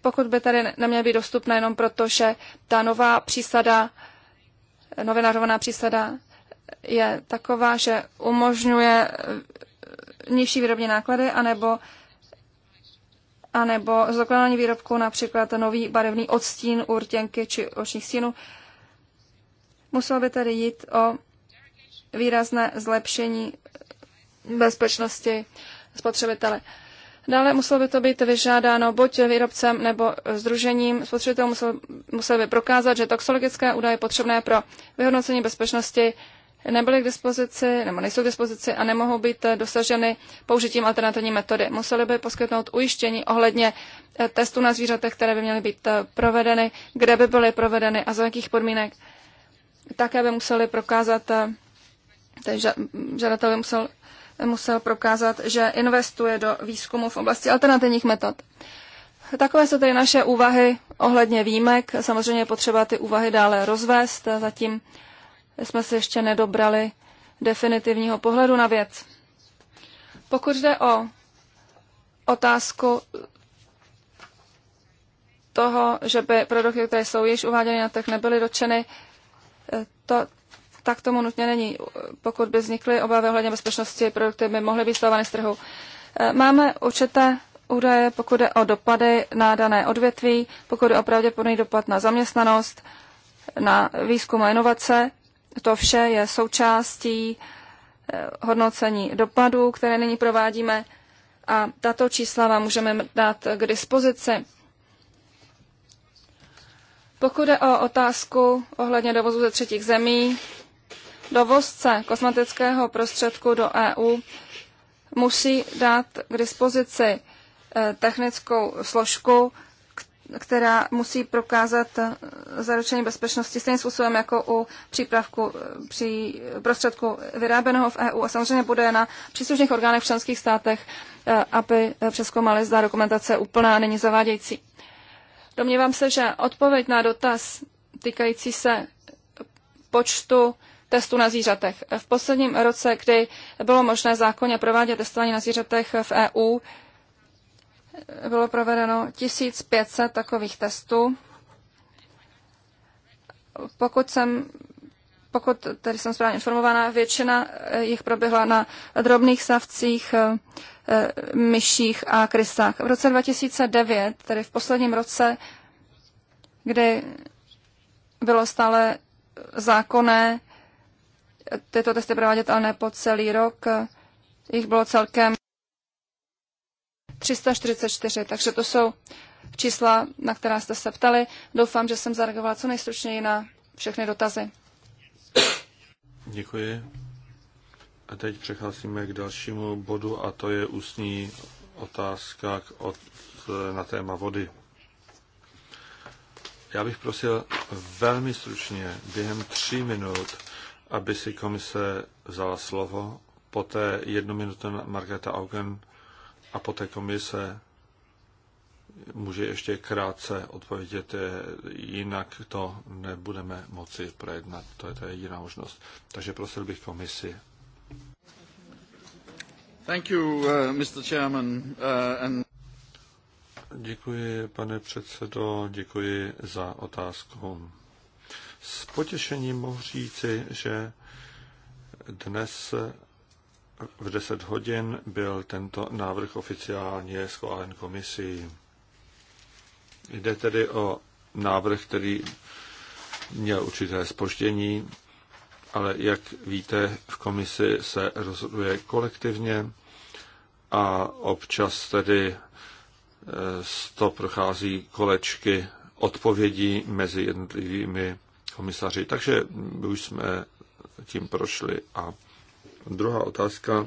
pokud by tady neměla být dostupná jenom proto, že ta nová přísada, eh, nově přísada je taková, že umožňuje nižší výrobní náklady, anebo anebo zdokonalení výrobku, například nový barevný odstín urtěnky či očních stínů. Muselo by tedy jít o výrazné zlepšení bezpečnosti spotřebitele. Dále muselo by to být vyžádáno buď výrobcem nebo združením. Spotřebitel musel, musel by prokázat, že toxologické údaje potřebné pro vyhodnocení bezpečnosti nebyly k dispozici nebo nejsou k dispozici a nemohou být eh, dosaženy použitím alternativní metody. Museli by poskytnout ujištění ohledně eh, testů na zvířatech, které by měly být eh, provedeny, kde by byly provedeny a za jakých podmínek. Také by museli prokázat, ten žadatel by musel, musel prokázat, že investuje do výzkumu v oblasti alternativních metod. Takové jsou tedy naše úvahy ohledně výjimek. Samozřejmě je potřeba ty úvahy dále rozvést. Zatím jsme se ještě nedobrali definitivního pohledu na věc. Pokud jde o otázku toho, že by produkty, které jsou již uváděny na trh, nebyly dočeny, to, tak tomu nutně není. Pokud by vznikly obavy ohledně bezpečnosti, produkty by mohly být stavovány z trhu. Máme určité údaje, pokud jde o dopady na dané odvětví, pokud je opravdu pravděpodobný dopad na zaměstnanost, na výzkum a inovace. To vše je součástí eh, hodnocení dopadů, které nyní provádíme a tato čísla vám můžeme dát k dispozici. Pokud je o otázku ohledně dovozu ze třetích zemí, dovozce kosmetického prostředku do EU musí dát k dispozici eh, technickou složku která musí prokázat eh, zaručení bezpečnosti stejným způsobem jako u přípravku eh, při prostředku vyráběného v EU. A samozřejmě bude na příslušných orgánech v členských státech, eh, aby přeskoumali, zda dokumentace úplná není zavádějící. Domnívám se, že odpověď na dotaz týkající se počtu testů na zvířatech. V posledním roce, kdy bylo možné zákonně provádět testování na zvířatech v EU, bylo provedeno 1500 takových testů. Pokud jsem pokud tady jsem správně informovaná, většina eh, jich proběhla na drobných savcích, eh, eh, myších a krysách. V roce 2009, tedy v posledním roce, kdy bylo stále zákonné tyto testy provádět, ale ne po celý rok, jich bylo celkem 344. Takže to jsou čísla, na která jste se ptali. Doufám, že jsem zareagovala co nejstručněji na všechny dotazy. Děkuji. A teď přecházíme k dalšímu bodu a to je ústní otázka k od, na téma vody. Já bych prosil velmi stručně, během tří minut, aby si komise vzala slovo, poté jednu minutu Margareta Augen a po té komise může ještě krátce odpovědět, eh, jinak to nebudeme moci projednat. To je ta jediná možnost. Takže prosil bych komisi. Thank you, uh, eh, Mr. Chairman, uh, and... Děkuji, pane předsedo, děkuji za otázku. S potěšením mohu říci, že dnes v 10 hodin byl tento návrh oficiálně schválen komisí. Jde tedy o návrh, který měl určité spoždění, ale jak víte, v komisi se rozhoduje kolektivně a občas tedy eh, to prochází kolečky odpovědí mezi jednotlivými komisaři. Takže už jsme tím prošli a Druhá otázka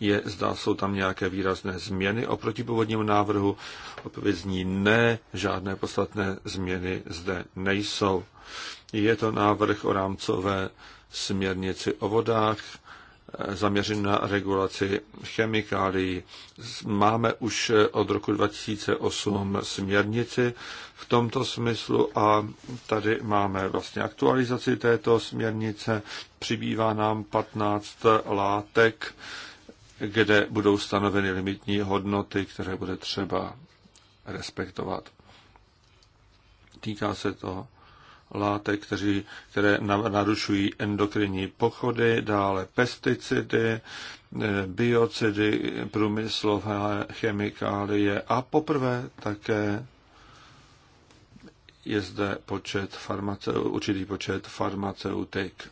je, zda jsou tam nějaké výrazné změny oproti původnímu návrhu. Odpověď zní ne, žádné podstatné změny zde nejsou. Je to návrh o rámcové směrnici o vodách, zaměřen na regulaci chemikálií. Máme už od roku 2008 směrnici v tomto smyslu a tady máme vlastně aktualizaci této směrnice. Přibývá nám 15 látek, kde budou stanoveny limitní hodnoty, které bude třeba respektovat. Týká se to látek, kteří, které narušují endokrinní pochody, dále pesticidy, eh, biocidy, průmyslové chemikálie a poprvé také je zde počet farmace, určitý počet farmaceutik.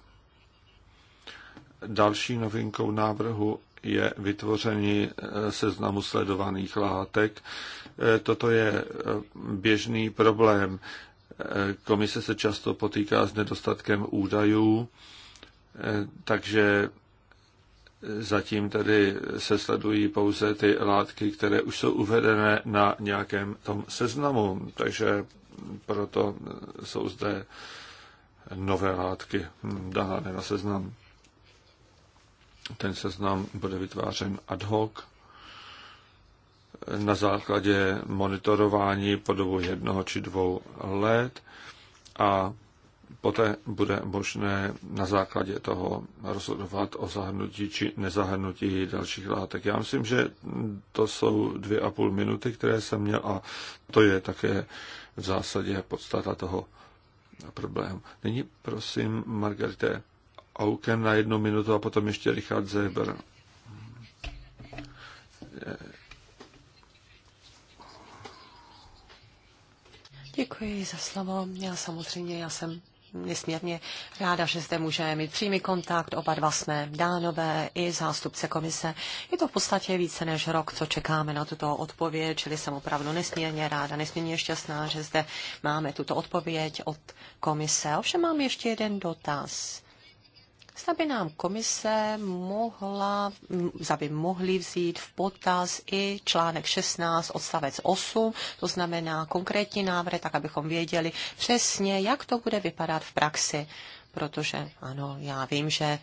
Další novinkou návrhu je vytvoření eh, seznamu sledovaných látek. Eh, toto je běžný problém. Komise se často potýká s nedostatkem údajů, takže zatím tedy se sledují pouze ty látky, které už jsou uvedené na nějakém tom seznamu, takže proto jsou zde nové látky dané na seznam. Ten seznam bude vytvářen ad hoc na základě monitorování po dobu jednoho či dvou let a poté bude možné na základě toho rozhodovat o zahrnutí či nezahrnutí dalších látek. Já myslím, že to jsou dvě a půl minuty, které jsem měl a to je také v zásadě podstata toho problému. Nyní prosím Margarite Auken na jednu minutu a potom ještě Richard Zeber. Děkuji za slovo. Já samozřejmě, já jsem nesmírně ráda, že zde můžeme mít přímý kontakt. Oba dva jsme dánové i zástupce komise. Je to v podstatě více než rok, co čekáme na tuto odpověď, čili jsem opravdu nesmírně ráda, nesmírně šťastná, že zde máme tuto odpověď od komise. Ovšem mám ještě jeden dotaz zda by nám komise mohla, zda by mohli vzít v potaz i článek 16 odstavec 8, to znamená konkrétní návrh, tak abychom věděli přesně, jak to bude vypadat v praxi. Protože ano, já vím, že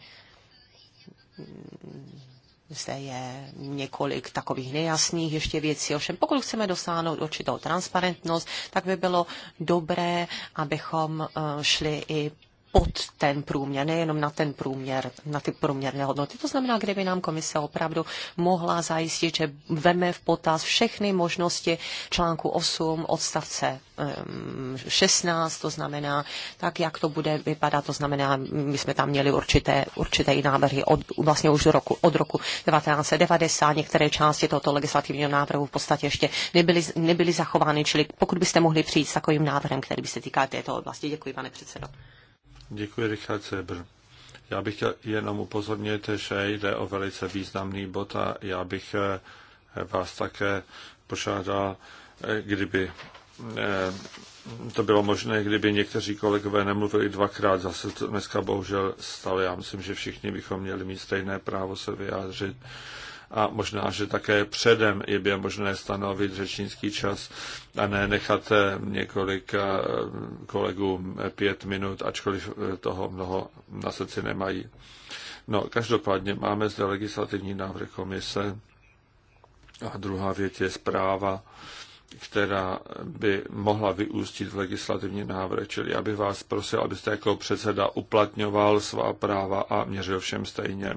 zde je několik takových nejasných ještě věcí. Ovšem, pokud chceme dosáhnout určitou transparentnost, tak by bylo dobré, abychom eh, šli i pod ten průměr, nejenom na ten průměr, na ty průměrné hodnoty. To znamená, kdyby nám komise opravdu mohla zajistit, že veme v potaz všechny možnosti článku 8 odstavce 16, ehm, to znamená, tak jak to bude vypadat, to znamená, my jsme tam měli určité, určité návrhy od, vlastně už roku, od roku 1990, některé části tohoto legislativního návrhu v podstatě ještě nebyly, nebyly zachovány, čili pokud byste mohli přijít s takovým návrhem, který by se týkal této oblasti. Děkuji, pane předsedo. Děkuji, Richard Sebr. Já bych chtěl jenom upozornit, že jde o velice významný bod a já bych eh, vás také požádal, eh, kdyby eh, to bylo možné, kdyby někteří kolegové nemluvili dvakrát, zase to dneska bohužel stalo. Já myslím, že všichni bychom měli mít stejné právo se vyjádřit a možná, že také předem je by možné stanovit řečnický čas a ne nechat eh, několik eh, kolegů eh, pět minut, ačkoliv toho mnoho na srdci nemají. No, každopádně máme zde legislativní návrh komise a druhá věc je zpráva, která by mohla vyústit v legislativní návrh. Čili já bych vás prosil, abyste jako předseda uplatňoval svá práva a měřil všem stejně.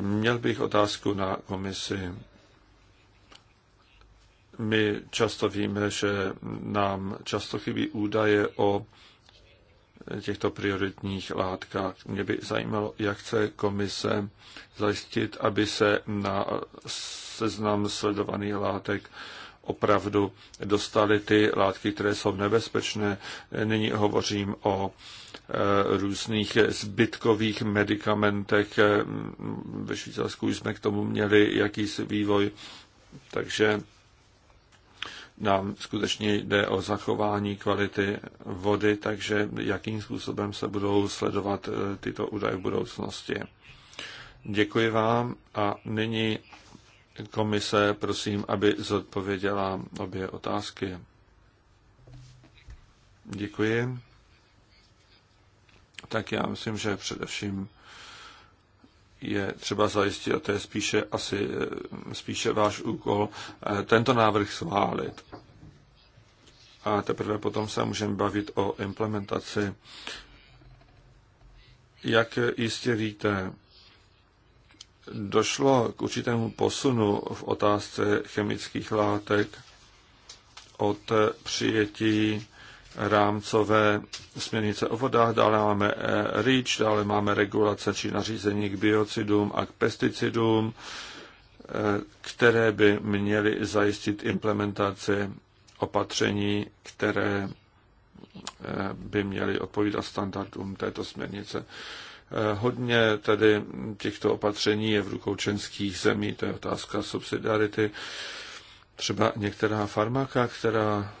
Měl bych otázku na komisi. My často víme, že nám často chybí údaje o těchto prioritních látkách. Mě by zajímalo, jak chce komise zajistit, aby se na seznam sledovaných látek opravdu dostaly ty látky, které jsou nebezpečné. Nyní hovořím o Eh, různých zbytkových medicamentech. Eh, ve Švýcarsku jsme k tomu měli jakýsi vývoj, takže nám skutečně jde o zachování kvality vody, takže jakým způsobem se budou sledovat eh, tyto údaje v budoucnosti. Děkuji vám a nyní komise prosím, aby zodpověděla obě otázky. Děkuji tak já myslím, že především je třeba zajistit, a to je spíše asi spíše váš úkol, eh, tento návrh schválit. A teprve potom se můžeme bavit o implementaci. Jak jistě víte, došlo k určitému posunu v otázce chemických látek od přijetí rámcové směrnice o vodách, dále máme eh, REACH, dále máme regulace či nařízení k biocidům a k pesticidům, eh, které by měly zajistit implementaci opatření, které eh, by měly odpovídat standardům této směrnice. Hodně tedy těchto opatření je v rukou členských zemí, to je otázka subsidiarity. Třeba některá farmaka, která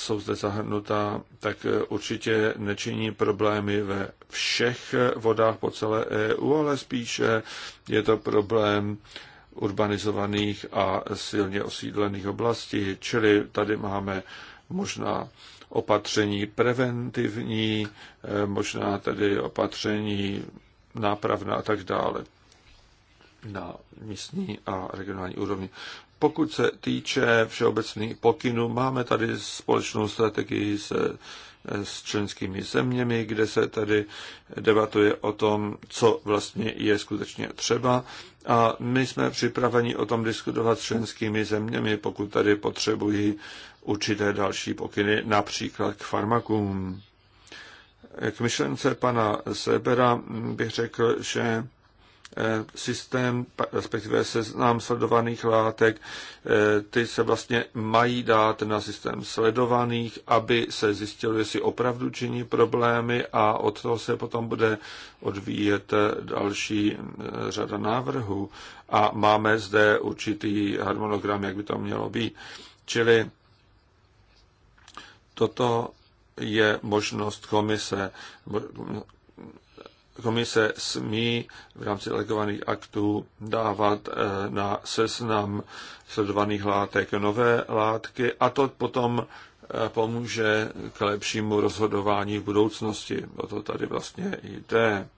jsou zde zahrnuta, tak eh, určitě nečiní problémy ve všech eh, vodách po celé EU, ale spíše je to problém urbanizovaných a silně osídlených oblastí. Čili tady máme možná opatření preventivní, eh, možná tedy opatření nápravná a tak dále na místní a regionální úrovni. Pokud se týče všeobecných pokynů, máme tady společnou strategii se, s členskými zeměmi, kde se tady debatuje o tom, co vlastně je skutečně třeba. A my jsme připraveni o tom diskutovat s členskými zeměmi, pokud tady potřebují určité další pokyny, například k farmakům. K myšlence pana Sebera bych řekl, že Eh, systém, respektive seznam sledovaných látek, eh, ty se vlastně mají dát na systém sledovaných, aby se zjistilo, jestli opravdu činí problémy a od toho se potom bude odvíjet eh, další řada návrhů. A máme zde určitý harmonogram, jak by to mělo být. Čili toto je možnost komise komise smí v rámci delegovaných aktů dávat eh, na seznam sledovaných látek nové látky a to potom eh, pomůže k lepšímu rozhodování v budoucnosti. O to tady vlastně jde.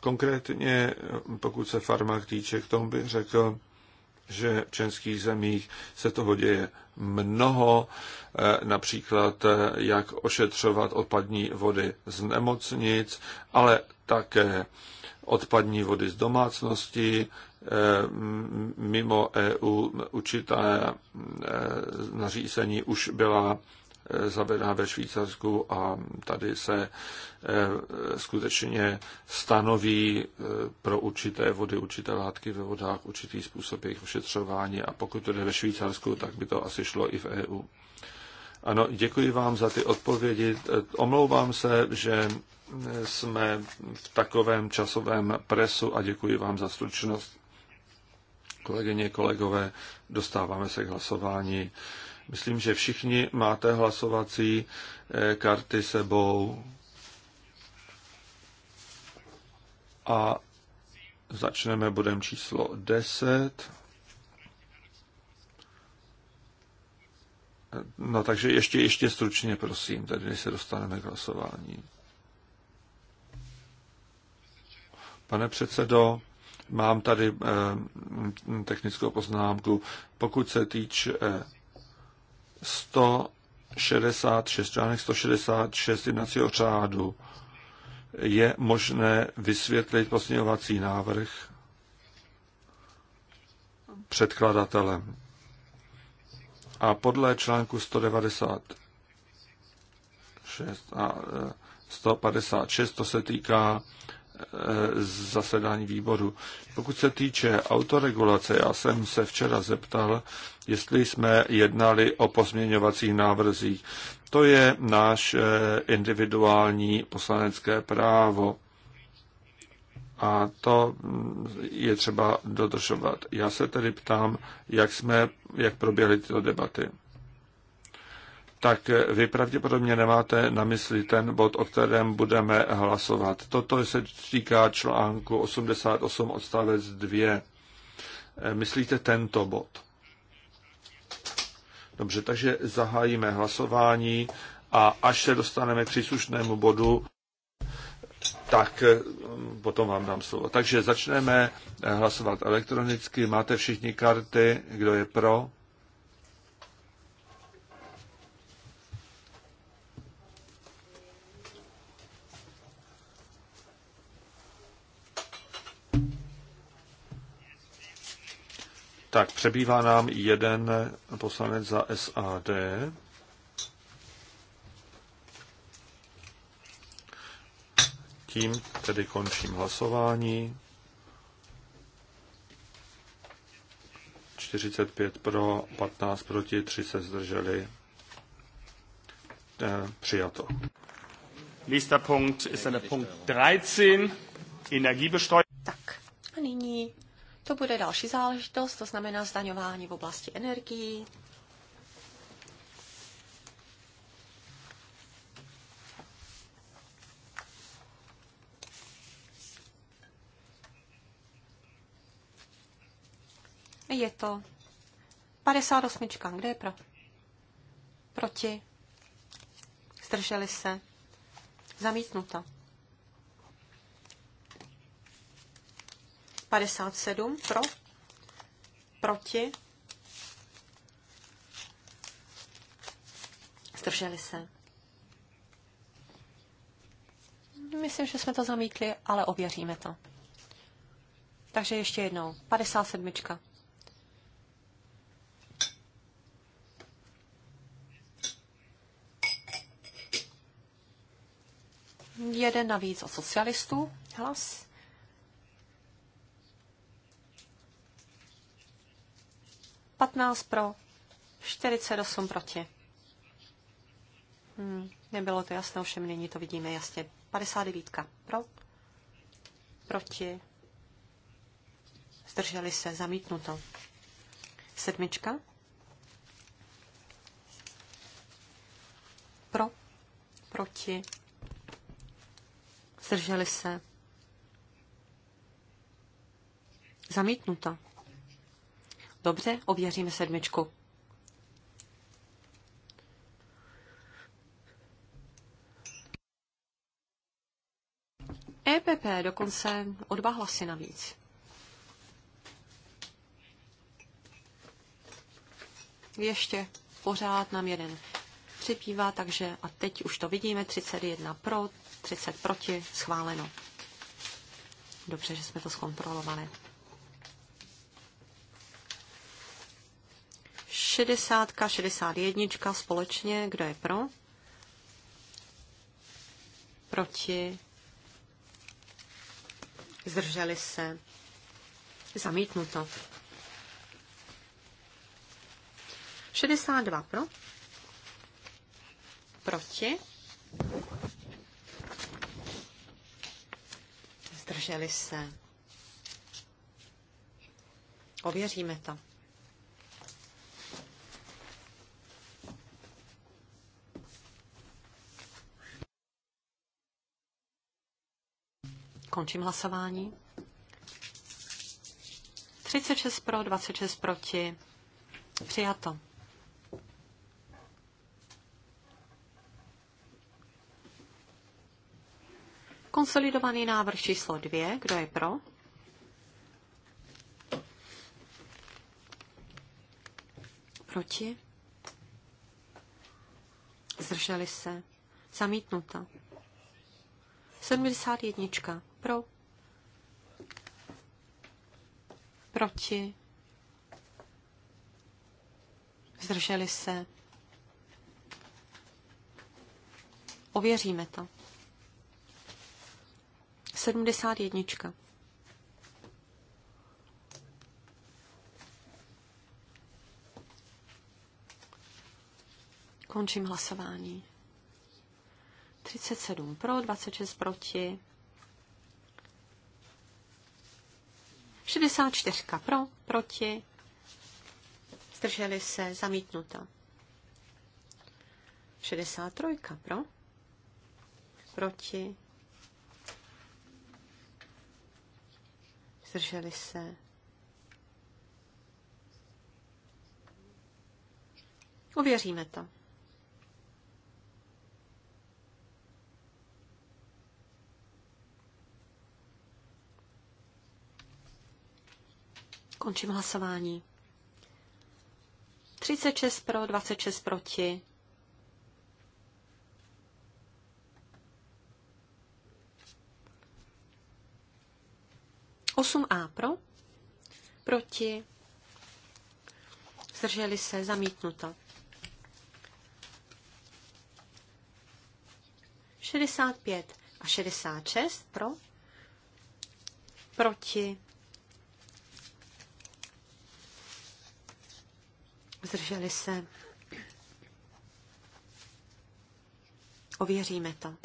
Konkrétně, eh, pokud se farmak týče, k tomu bych řekl, že v českých zemích se toho děje mnoho, eh, například eh, jak ošetřovat odpadní vody z nemocnic, ale také odpadní vody z domácnosti. Eh, mimo EU určitá nařízení už byla Eh, zavedá ve Švýcarsku a tady se eh, skutečně stanoví eh, pro určité vody, určité látky ve vodách, určitý způsob jejich ošetřování a pokud to jde ve Švýcarsku, tak by to asi šlo i v EU. Ano, děkuji vám za ty odpovědi. Omlouvám se, že jsme v takovém časovém presu a děkuji vám za stručnost. Kolegyně, kolegové, dostáváme se k hlasování. Myslím, že všichni máte hlasovací eh, karty sebou. A začneme bodem číslo 10. No takže ještě, ještě stručně, prosím, tady se dostaneme k hlasování. Pane předsedo, mám tady eh, technickou poznámku. Pokud se týče eh, 166, článek 166 jednacího řádu je možné vysvětlit posměňovací návrh předkladatelem. A podle článku 196 a 156 e, to se týká e, zasedání výboru. Pokud se týče autoregulace, já jsem se včera zeptal, jestli jsme jednali o pozměňovacích návrzích. To je náš eh, individuální poslanecké právo. A to mm, je třeba dodržovat. Já se tedy ptám, jak, jsme, jak proběhly tyto debaty. Tak eh, vy pravděpodobně nemáte na mysli ten bod, o kterém budeme hlasovat. Toto se týká článku 88 odstavec 2. Eh, myslíte tento bod? Dobře, takže zahájíme hlasování a až se dostaneme k příslušnému bodu, tak mm, potom vám dám slovo. Takže začneme hlasovat elektronicky. Máte všichni karty, kdo je pro? Tak, přebývá nám jeden poslanec za SAD. Tím tedy končím hlasování. 45 pro, 15 proti, 3 se zdrželi. Eh, přijato. Nächster Punkt ist dann der Punkt 13, Energiebesteuerung. Tak, a nyní to bude další záležitost, to znamená zdaňování v oblasti energií. Je to 58. Kde je pro? Proti? Zdrželi se? Zamítnuta. 57 pro, proti, zdrželi se. Myslím, že jsme to zamítli, ale ověříme to. Takže ještě jednou. 57. Jeden navíc od socialistů. Hlas. 15 pro, 48 proti. Hmm, nebylo to jasné, ovšem nyní to vidíme jasně. 59 pro, proti, zdrželi se, zamítnuto. Sedmička. Pro, proti, zdrželi se, zamítnuto. Dobře, ověříme sedmičku. EPP dokonce o dva hlasy navíc. Ještě pořád nám jeden připívá, takže a teď už to vidíme, 31 pro, 30 proti, schváleno. Dobře, že jsme to zkontrolovali. 60, 61 společně. Kdo je pro? Proti? Zdrželi se? Zamítnuto. 62 pro? Proti? Zdrželi se? Ověříme to. Končím hlasování. 36 pro, 26 proti. Přijato. Konsolidovaný návrh číslo 2. Kdo je pro? Proti? Zdrželi se. Zamítnuto. 71. Pro. Proti. Zdrželi se. Ověříme to. 71. Končím hlasování. 37 pro, 26 proti, 64 pro, proti, zdrželi se, zamítnuto. 63 pro, proti, zdrželi se. Uvěříme to. Končím hlasování. 36 pro, 26 proti. Osm A pro, proti, zdrželi se, zamítnuto. 65 a 66 pro, proti, Zdrželi se. Ověříme to.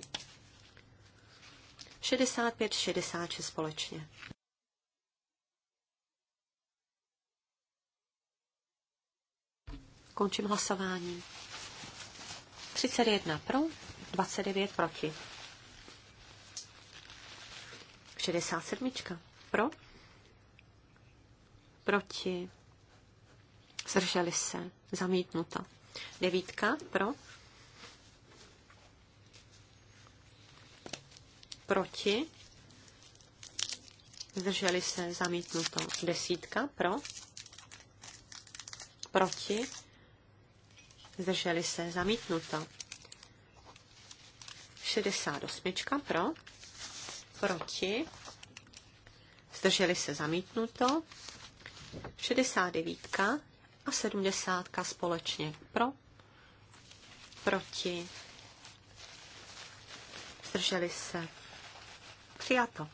65, 66 společně. Končím hlasování. 31 pro, 29 proti. 67 pro, proti, zdrželi se, zamítnuto. Devítka pro, proti, zdrželi se, zamítnuto. Desítka pro, proti, zdrželi se, zamítnuto. 68 pro, proti, zdrželi se zamítnuto, 69 a 70 společně. Pro, proti, zdrželi se. Přijato.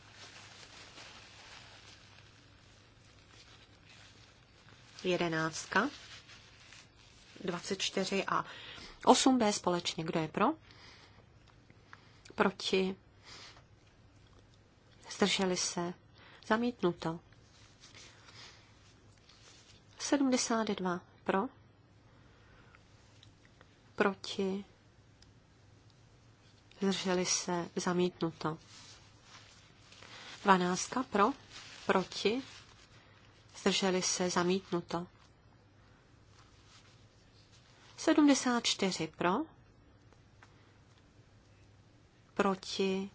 Jedenáctka, 24 a 8b společně. Kdo je pro? Proti, zdrželi se. Zamítnuto. 72 pro, proti, zdrželi se, zamítnuto. 12 pro, proti, zdrželi se, zamítnuto. 74 pro, proti,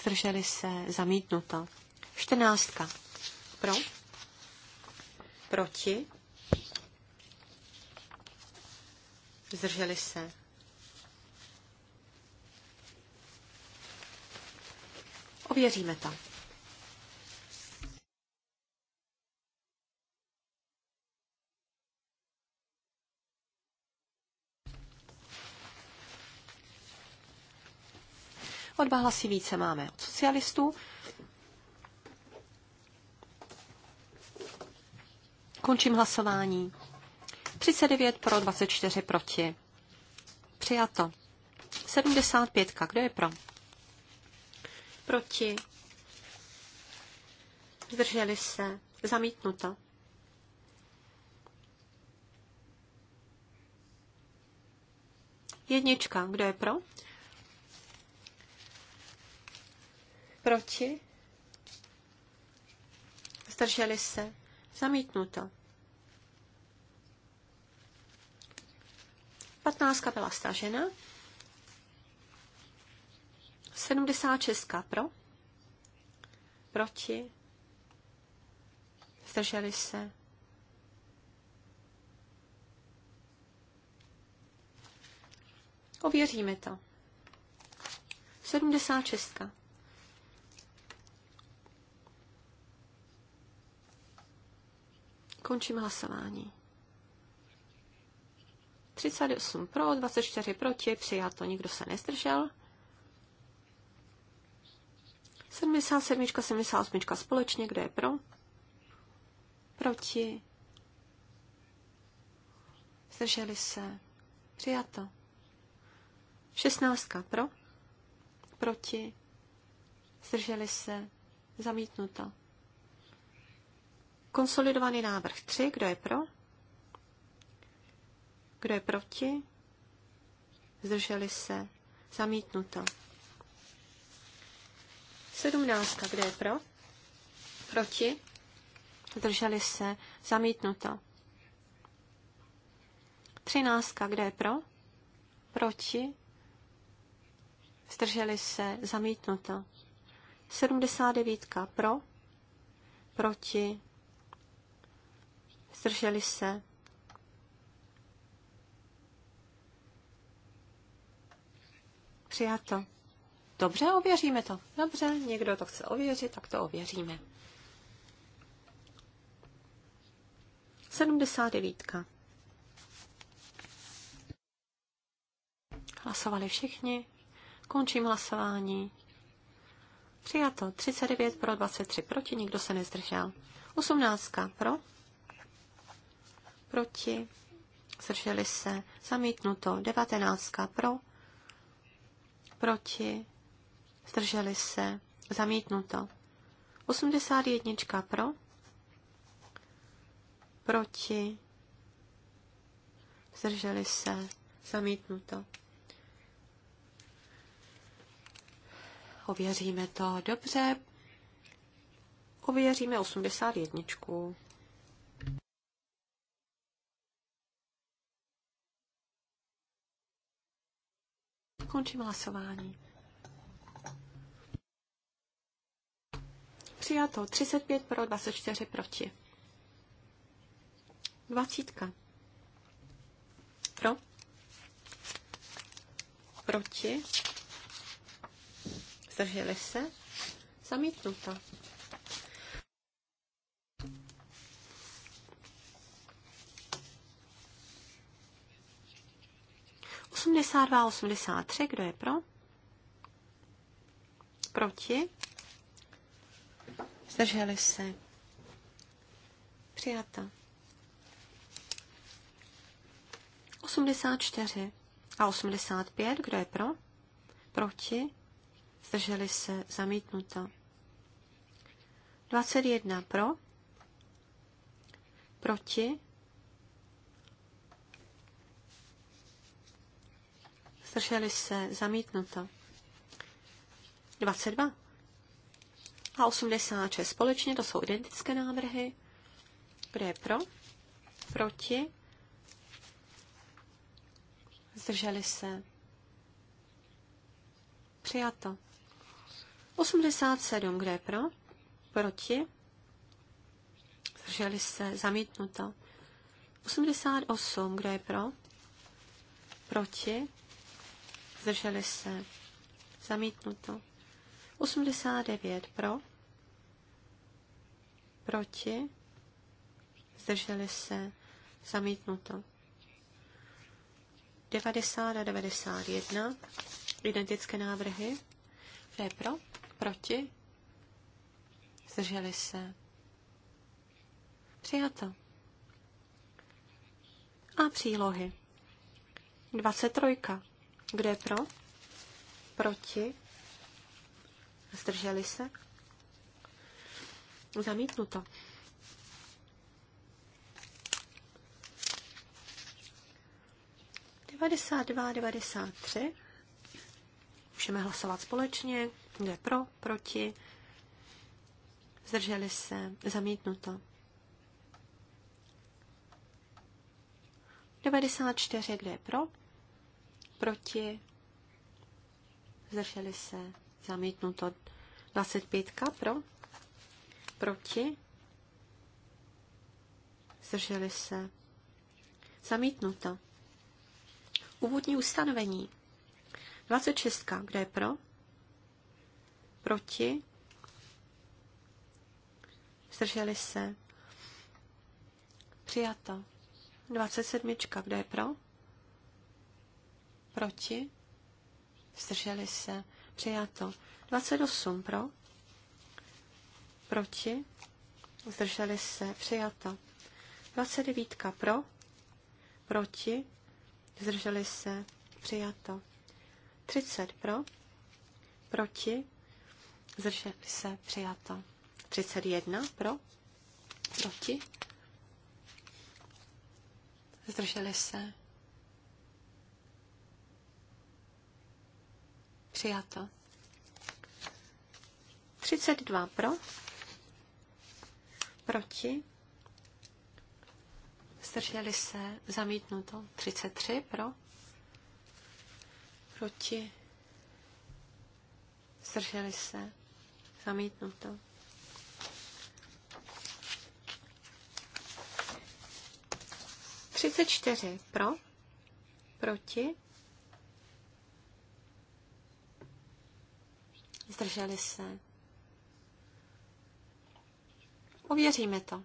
zdrželi se, zamítnuto. 14 pro, Proti? Zdrželi se. Ověříme to. O si více máme od socialistů. Končím hlasování. 39 pro, 24 proti. Přijato. 75. Kdo je pro? Proti. Zdrželi se. Zamítnuto. Jednička. Kdo je pro? Proti. Zdrželi se. Zamítnuto. 15 byla stažena. 76 pro. Proti. Zdrželi se. Ověříme to. 76. Končím hlasování. 38 pro, 24 proti, přijato, nikdo se nezdržel. 77, 78 společně, kdo je pro? Proti. Zdrželi se. Přijato. 16 pro? Proti. Zdrželi se. Zamítnuto. Konsolidovaný návrh 3, kdo je pro? Kdo je proti? Zdrželi se? Zamítnuto. 17. Kdo je pro? Proti? Zdrželi se? Zamítnuto. 13. Kdo je pro? Proti? Zdrželi se? Zamítnuto. 79. Pro? Proti? Zdrželi se. Přijato. Dobře, ověříme to. Dobře, někdo to chce ověřit, tak to ověříme. 79. Hlasovali všichni. Končím hlasování. Přijato 39 pro, 23 proti, nikdo se nezdržel. 18 pro, proti, zdrželi se, zamítnuto, devatenáctka pro, proti, zdrželi se, zamítnuto, 81 pro, proti, zdrželi se, zamítnuto. Ověříme to dobře. Ověříme 81. Končím hlasování. Přijato 35 pro, 24 proti. 20. Pro. Proti. Zdrželi se. Zamítnuto. 82, 83, kdo je pro? Proti? Zdrželi se. Přijata. 84 a 85, kdo je pro? Proti? Zdrželi se. Zamítnuto. 21 pro? Proti? zdrželi se, zamítnuto. 22 a 86 společně, to jsou identické návrhy. Kdo je pro? Proti? Zdrželi se. Přijato. 87, kdo je pro? Proti? Zdrželi se, zamítnuto. 88, kdo je pro? Proti? zdrželi se, zamítnuto. 89 pro, proti, zdrželi se, zamítnuto. 90 a 91, identické návrhy, To je pro, proti, zdrželi se, přijato. A přílohy. 23. Kdo je pro? Proti? Zdrželi se? Zamítnuto. Devadesát dva, tři. Můžeme hlasovat společně. Kdo je pro? Proti? Zdrželi se? Zamítnuto. 94, kde je pro? proti, zdrželi se, zamítnuto 25 pro, proti, zdrželi se, zamítnuto. Úvodní ustanovení 26, kde je pro, proti, zdrželi se, přijato. 27, kde je pro, proti, zdrželi se, přijato. 28 pro, proti, zdrželi se, přijato. 29 pro, proti, zdrželi se, přijato. 30 pro, proti, zdrželi se, přijato. 31 pro, proti, zdrželi se, Přijato. 32 pro. Proti. Zdrželi se. Zamítnuto. 33 pro. Proti. Zdrželi se. Zamítnuto. Třicet čtyři pro, proti, zdrželi se. Ověříme to.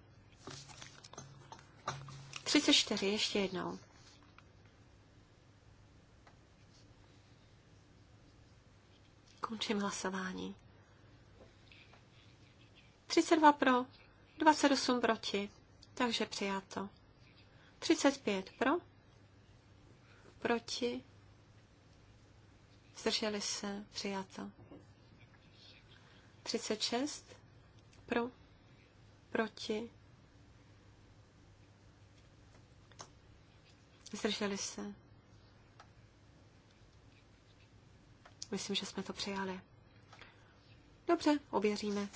34 ještě jednou. Končím hlasování. 32 pro, 28 proti, takže přijato. 35 pro, proti, zdrželi se, přijato. 36 pro, proti, zdrželi se. Myslím, že jsme to přijali. Dobře, ověříme.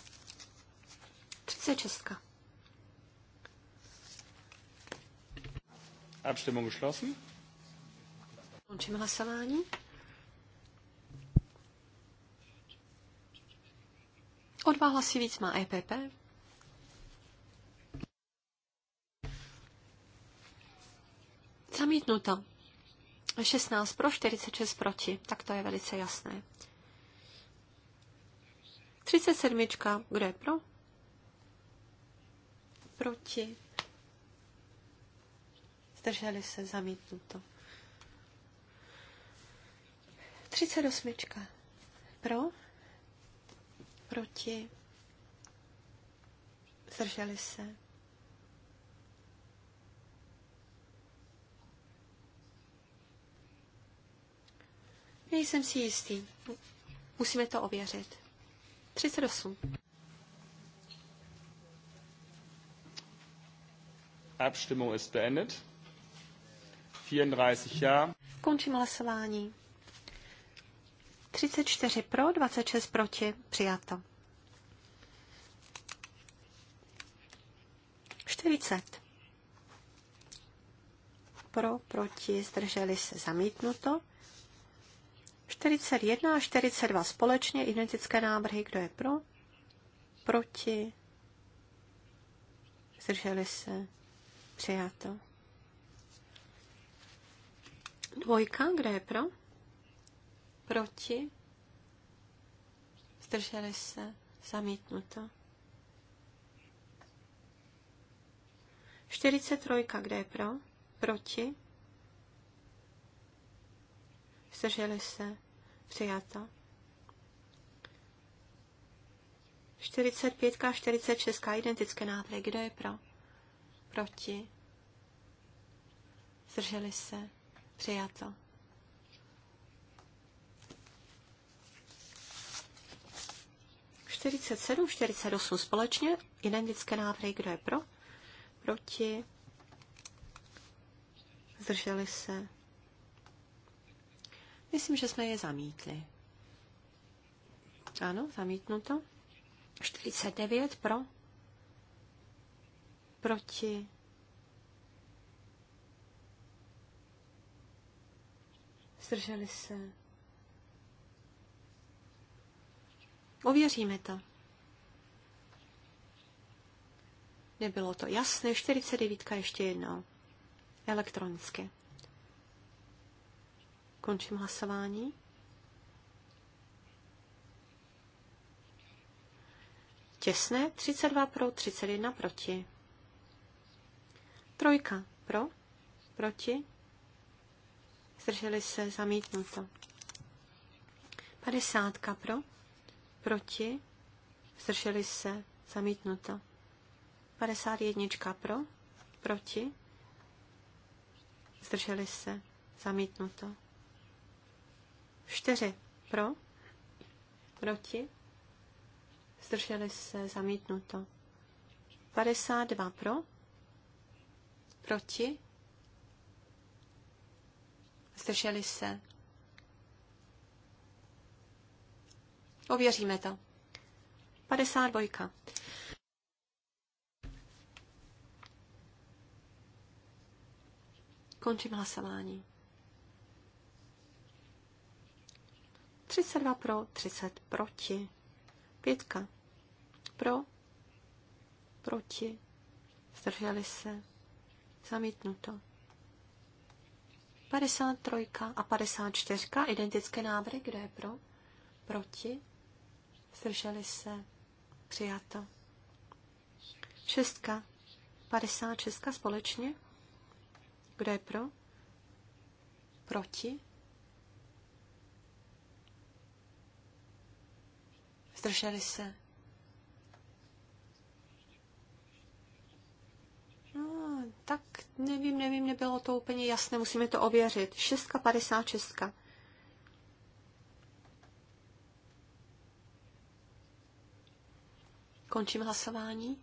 36. Abstimmung geschlossen. Končím hlasování. O dva hlasy víc má EPP. Zamítnuto. 16 pro, 46 proti. Tak to je velice jasné. 37. Kdo je pro? Proti. Zdrželi se zamítnuto. 38. Pro? proti, zdrželi se. Nejsem si jistý. Musíme to ověřit. 38. Abstimmung ist beendet. 34 ja. Končím hlasování. 34 pro, 26 proti, přijato. 40 pro, proti, zdrželi se, zamítnuto. 41 a 42 společně, identické návrhy, kdo je pro, proti, zdrželi se, přijato. Dvojka, kdo je pro? Proti? Zdrželi se? Zamítnuto. 43. Kde je pro? Proti? Zdrželi se? přijato. 45 a 46 identické návrhy. Kdo je pro? Proti? Zdrželi se? Přijato. 47, 48 společně, identické návrhy, kdo je pro, proti, zdrželi se. Myslím, že jsme je zamítli. Ano, zamítnuto. 49 pro, proti, zdrželi se. Ověříme to. Nebylo to jasné. 49 ještě jednou. Elektronicky. Končím hlasování. Těsné 32 pro, 31 proti. Trojka pro, proti. Zdrželi se zamítnuto. 50 pro, proti, zdrželi se, zamítnuto. 51 pro, proti, zdrželi se, zamítnuto. 4 pro, proti, zdrželi se, zamítnuto. 52 pro, proti, zdrželi se, Ověříme to. 52. Končím hlasování. 32 pro, 30 proti. Pětka. Pro, proti. Zdrželi se. Zamítnuto. 53 a 54 identické návrhy. Kdo je pro? Proti zdrželi se, přijato. Šestka, 56 společně. Kdo je pro? Proti? Zdrželi se. No, tak nevím, nevím, nebylo to úplně jasné, musíme to ověřit. 656. Končím hlasování.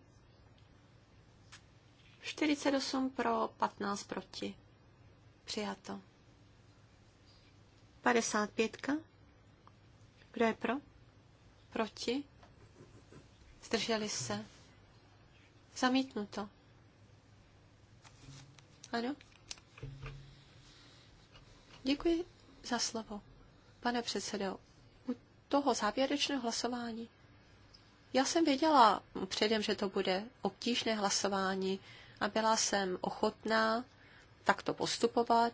48 pro, 15 proti. Přijato. 55. Kdo je pro? Proti? Zdrželi se. Zamítnuto. Ano? Děkuji za slovo. Pane předsedo, u toho závěrečného hlasování já jsem věděla předem, že to bude obtížné hlasování a byla jsem ochotná takto postupovat,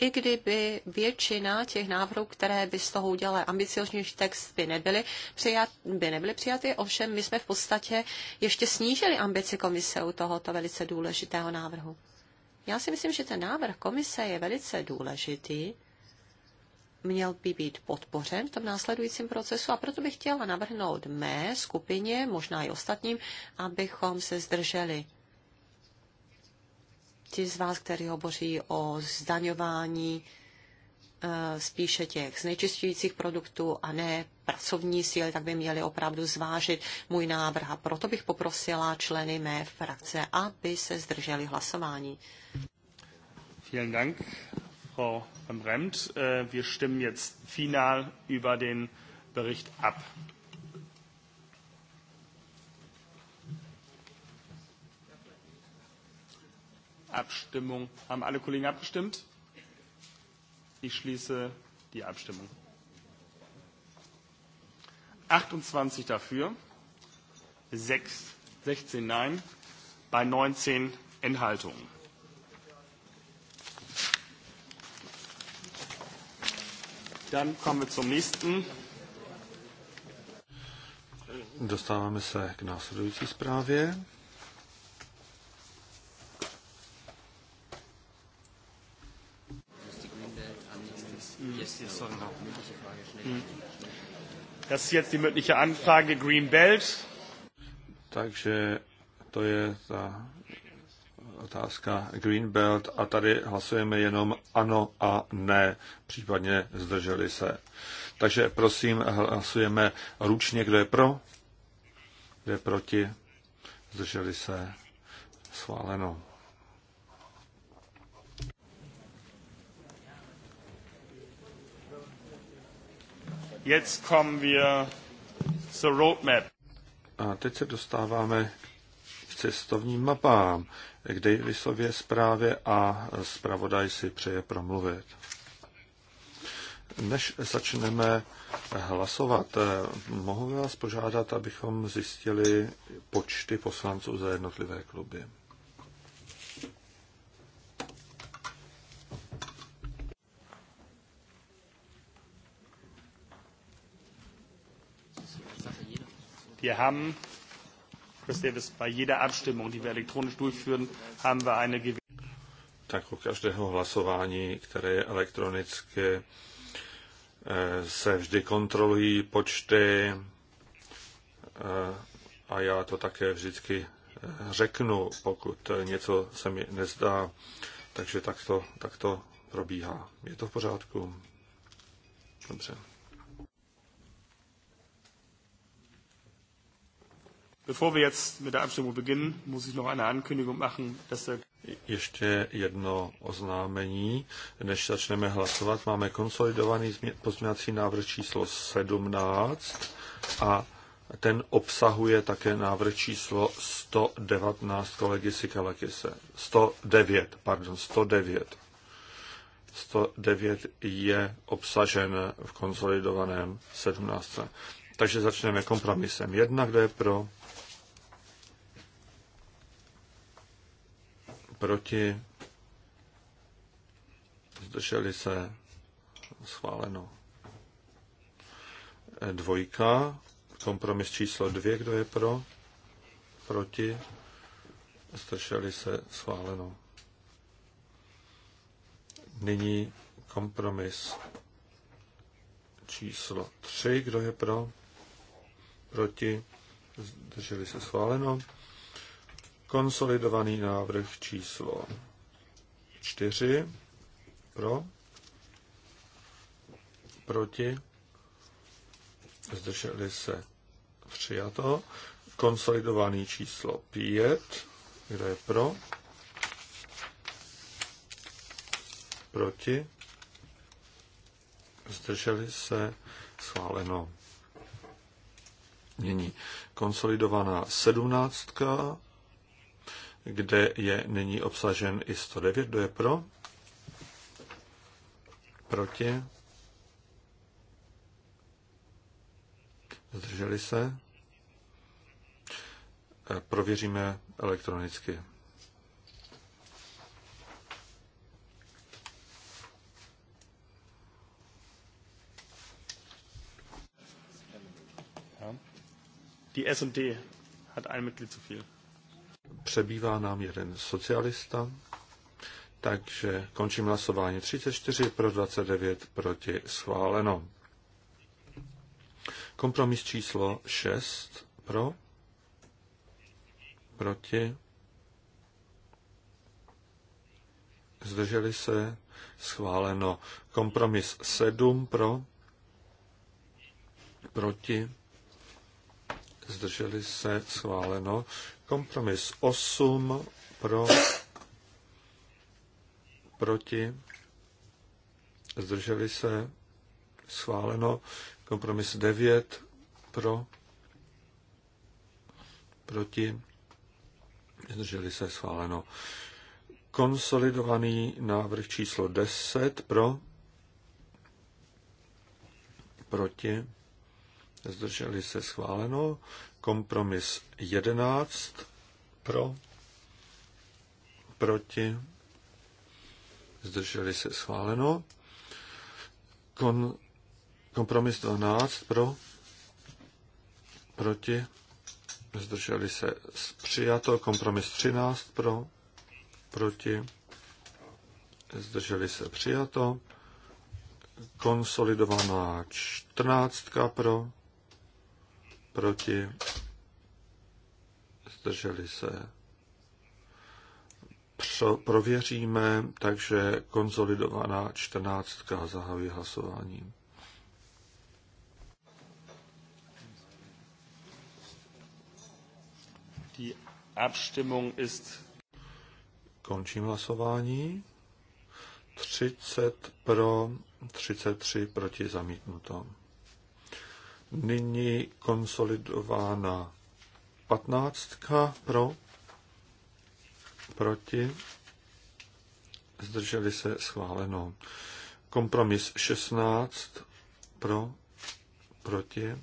i kdyby většina těch návrhů, které by z toho udělaly ambicioznější text, by nebyly, přijat, by nebyly přijaty, ovšem my jsme v podstatě ještě snížili ambici komise u tohoto velice důležitého návrhu. Já si myslím, že ten návrh komise je velice důležitý, měl by být podpořen v tom následujícím procesu a proto bych chtěla navrhnout mé skupině, možná i ostatním, abychom se zdrželi. Ti z vás, kteří hovoří o zdaňování eh, spíše těch znečistujících produktů a ne pracovní síly, tak by měli opravdu zvážit můj návrh. A proto bych poprosila členy mé frakce, aby se zdrželi hlasování. Vielen Dank. Frau Bremt. Äh, wir stimmen jetzt final über den Bericht ab. Abstimmung. Haben alle Kollegen abgestimmt? Ich schließe die Abstimmung. 28 dafür, 6, 16 Nein, bei 19 Enthaltungen. Dann kommen wir zum nächsten. Dostáváme se k následující zprávě. Das ist jetzt die mündliche Anfrage Green Belt. Takže to je ta otázka Greenbelt a tady hlasujeme jenom ano a ne, případně zdrželi se. Takže prosím, hlasujeme ručně, kdo je pro, kdo je proti, zdrželi se, schváleno. Jetzt kommen wir zur Roadmap. A teď se dostáváme k cestovním mapám k Davisově zprávě a zpravodaj si přeje promluvit. Než začneme hlasovat, mohu vás požádat, abychom zjistili počty poslanců za jednotlivé kluby. Wir haben dass wir das bei jeder Abstimmung, die wir elektronisch durchführen, haben wir eine gewisse tak u každého hlasování, které je elektronické, eh, se vždy kontrolují počty eh, a já to také vždycky eh, řeknu, pokud něco se mi nezdá. Takže tak to, tak to probíhá. Je to v pořádku? Dobře. Bevor wir jetzt mit der Abstimmung beginnen, muss ich noch eine Ankündigung machen, dass der ještě jedno oznámení. Než začneme hlasovat, máme konsolidovaný pozměňovací návrh číslo 17 a ten obsahuje také návrh číslo 119 kolegy Sikalakise. 109, pardon, 109. 109 je obsažen v konsolidovaném 17. Takže začneme kompromisem Jedna, kdo je pro, proti, zdrželi se, schváleno. E, dvojka, kompromis číslo dvě, kdo je pro, proti, zdrželi se, schváleno. Nyní kompromis číslo tři, kdo je pro, proti, zdrželi se schváleno. Konsolidovaný návrh číslo 4 pro, proti, zdrželi se přijato. Konsolidovaný číslo 5, kdo je pro, proti, zdrželi se schváleno. Nyní konsolidovaná sedmnáctka kde je nyní obsažen i 109. Kdo je pro? Proti? Zdrželi se? E, prověříme elektronicky. Die SD hat ein Mitglied zu viel přebývá nám jeden socialista, takže končím hlasování 34 pro 29 proti schváleno. Kompromis číslo 6 pro, proti, zdrželi se, schváleno. Kompromis 7 pro, proti, zdrželi se, schváleno. Kompromis 8 pro, proti, zdrželi se, schváleno. Kompromis 9 pro, proti, zdrželi se, schváleno. Konsolidovaný návrh číslo 10 pro, proti, zdrželi se schváleno. Kompromis 11 pro, proti, zdrželi se schváleno. Kon, kompromis 12 pro, proti, zdrželi se přijato. Kompromis 13 pro, proti, zdrželi se přijato konsolidovaná čtrnáctka pro, proti, zdrželi se. Pro, prověříme, takže konsolidovaná čtrnáctka zahajuje hlasování. Die Abstimmung ist... Končím hlasování. 30 pro, 33 proti zamítnutom. Nyní konsolidována patnáctka pro, proti, zdrželi se schváleno. Kompromis 16 pro, proti,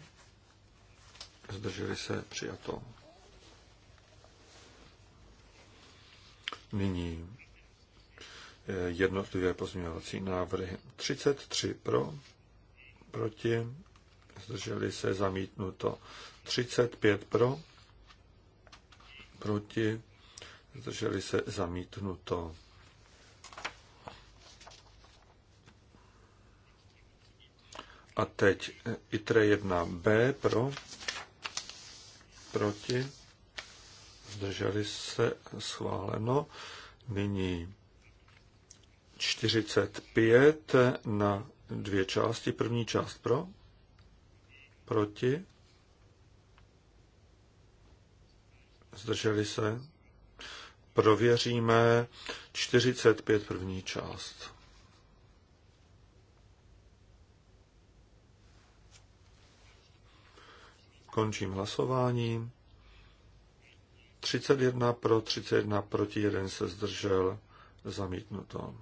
zdrželi se přijato. Nyní eh, jednotlivé pozměňovací návrhy. 33 pro, proti, zdrželi se, zamítnuto. 35 pro, proti, zdrželi se, zamítnuto. A teď eh, ITRE 1B pro, proti, zdrželi se, schváleno. Nyní 45 na dvě části. První část pro, Proti? Zdrželi se? Prověříme 45 první část. Končím hlasování. 31 pro, 31 proti, 1 se zdržel, zamítnuto.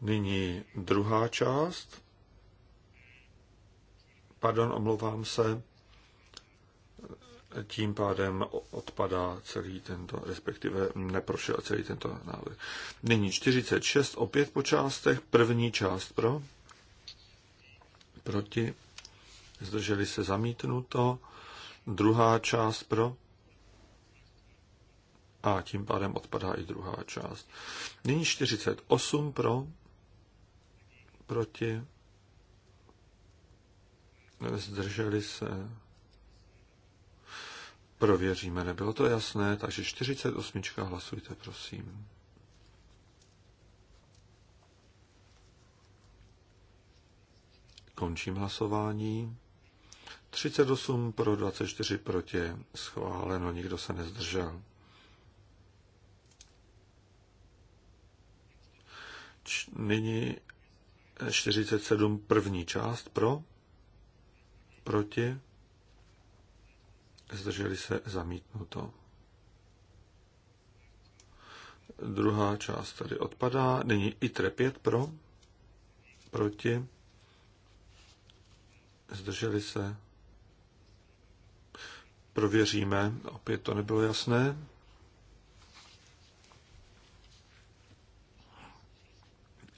Nyní druhá část. Pardon, omlouvám se. Tím pádem odpadá celý tento, respektive neprošel celý tento návrh. Nyní 46, opět po částech. První část pro, proti, zdrželi se zamítnuto. Druhá část pro, a tím pádem odpadá i druhá část. Nyní 48 pro, proti, zdrželi se. Prověříme, nebylo to jasné, takže 48. hlasujte, prosím. Končím hlasování. 38 pro 24 proti. Schváleno, nikdo se nezdržel. Č- nyní 47 první část pro proti, zdrželi se zamítnuto. Druhá část tady odpadá. Nyní i trepět pro, proti, zdrželi se. Prověříme, opět to nebylo jasné.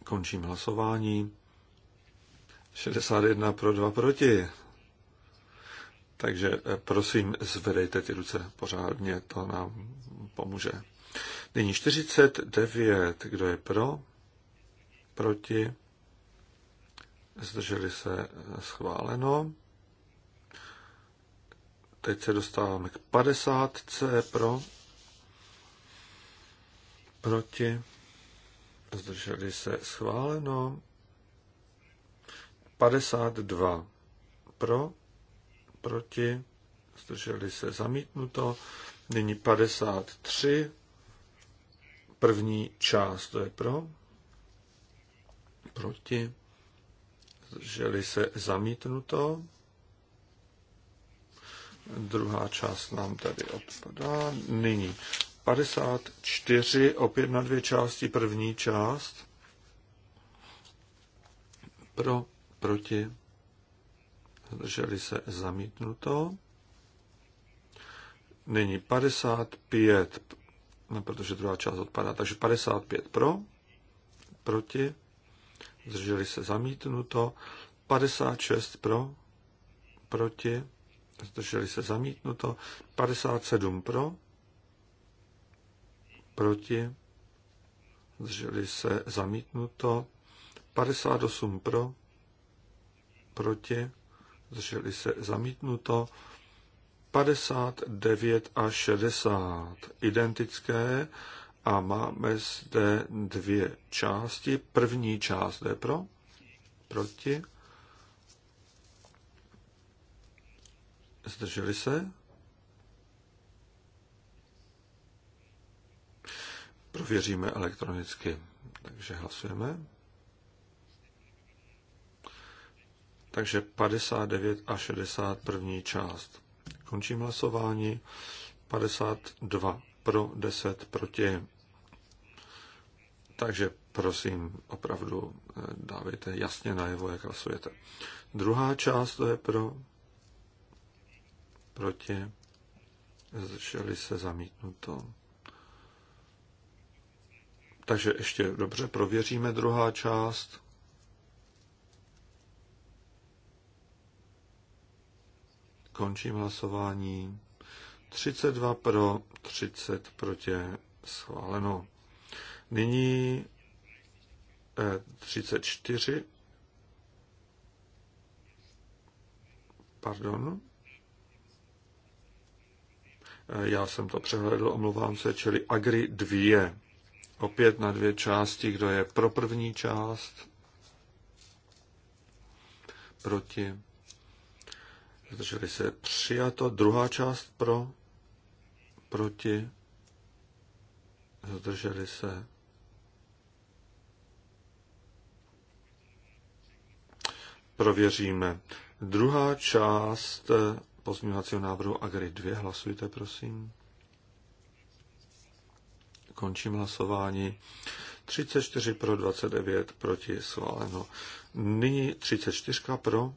Končím hlasování. 61 pro 2 proti. Takže eh, prosím, zvedejte ty ruce pořádně, to nám pomůže. Nyní 49, kdo je pro, proti, zdrželi se eh, schváleno. Teď se dostáváme k 50 C pro, proti, zdrželi se schváleno. 52 pro, proti, zdrželi se zamítnuto. Nyní 53, první část, to je pro, proti, zdrželi se zamítnuto. Druhá část nám tady odpadá. Nyní 54, opět na dvě části, první část, pro, proti, zdrželi se zamítnuto. Nyní 55, no, protože druhá část odpadá, takže 55 pro, proti, zdrželi se zamítnuto, 56 pro, proti, zdrželi se zamítnuto, 57 pro, proti, zdrželi se zamítnuto, 58 pro, proti, zdrželi se zamítnuto. 59 a 60 identické a máme zde dvě části. První část je pro, proti, zdrželi se. Prověříme elektronicky. Takže hlasujeme. Takže 59 a 60 první část. Končím hlasování. 52 pro, 10 proti. Takže prosím, opravdu eh, dávejte jasně najevo, jak hlasujete. Druhá část to je pro, proti, začali se zamítnuto. Takže ještě dobře prověříme druhá část. Končím hlasování. 32 pro, 30 proti schváleno. Nyní 34. Eh, Pardon. Eh, já jsem to přehledl, omlouvám se, čili Agri 2. Opět na dvě části, kdo je pro první část, proti Zdrželi se přijato. Druhá část pro, proti, zdrželi se. Prověříme. Druhá část pozměňovacího návrhu Agri 2. Hlasujte, prosím. Končím hlasování. 34 pro 29 proti schváleno. Nyní 34 pro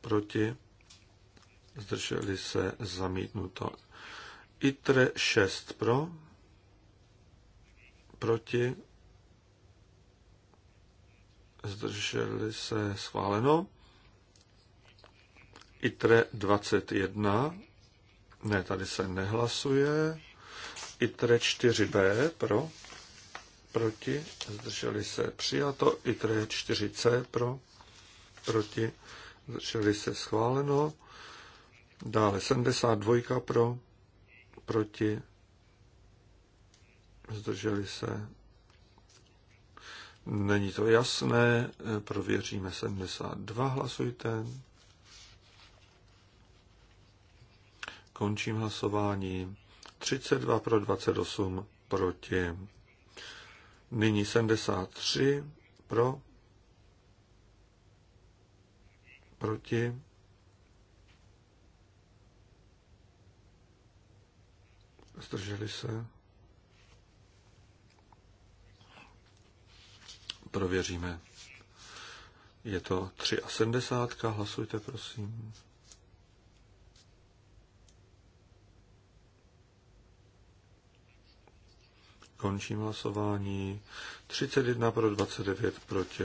proti zdrželi se zamítnuto. ITRE 6 pro, proti, zdrželi se schváleno. ITRE 21, ne, tady se nehlasuje. ITRE 4B pro, proti, zdrželi se přijato. ITRE 4C pro, proti, zdrželi se schváleno. Dále 72 pro, proti, zdrželi se. Není to jasné, prověříme 72, hlasujte. Končím hlasování. 32 pro 28 proti. Nyní 73 pro, proti zdrželi se. Prověříme. Je to 73, hlasujte prosím. Končím hlasování. 31 pro 29 proti.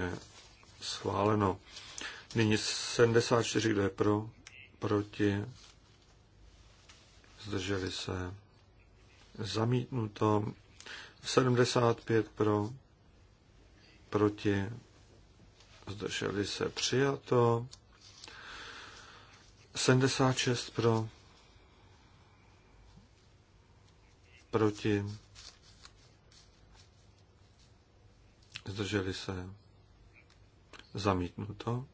Schváleno. Nyní 74, kdo je pro, proti. Zdrželi se zamítnuto 75 pro, proti, zdrželi se přijato, 76 pro, proti, zdrželi se zamítnuto,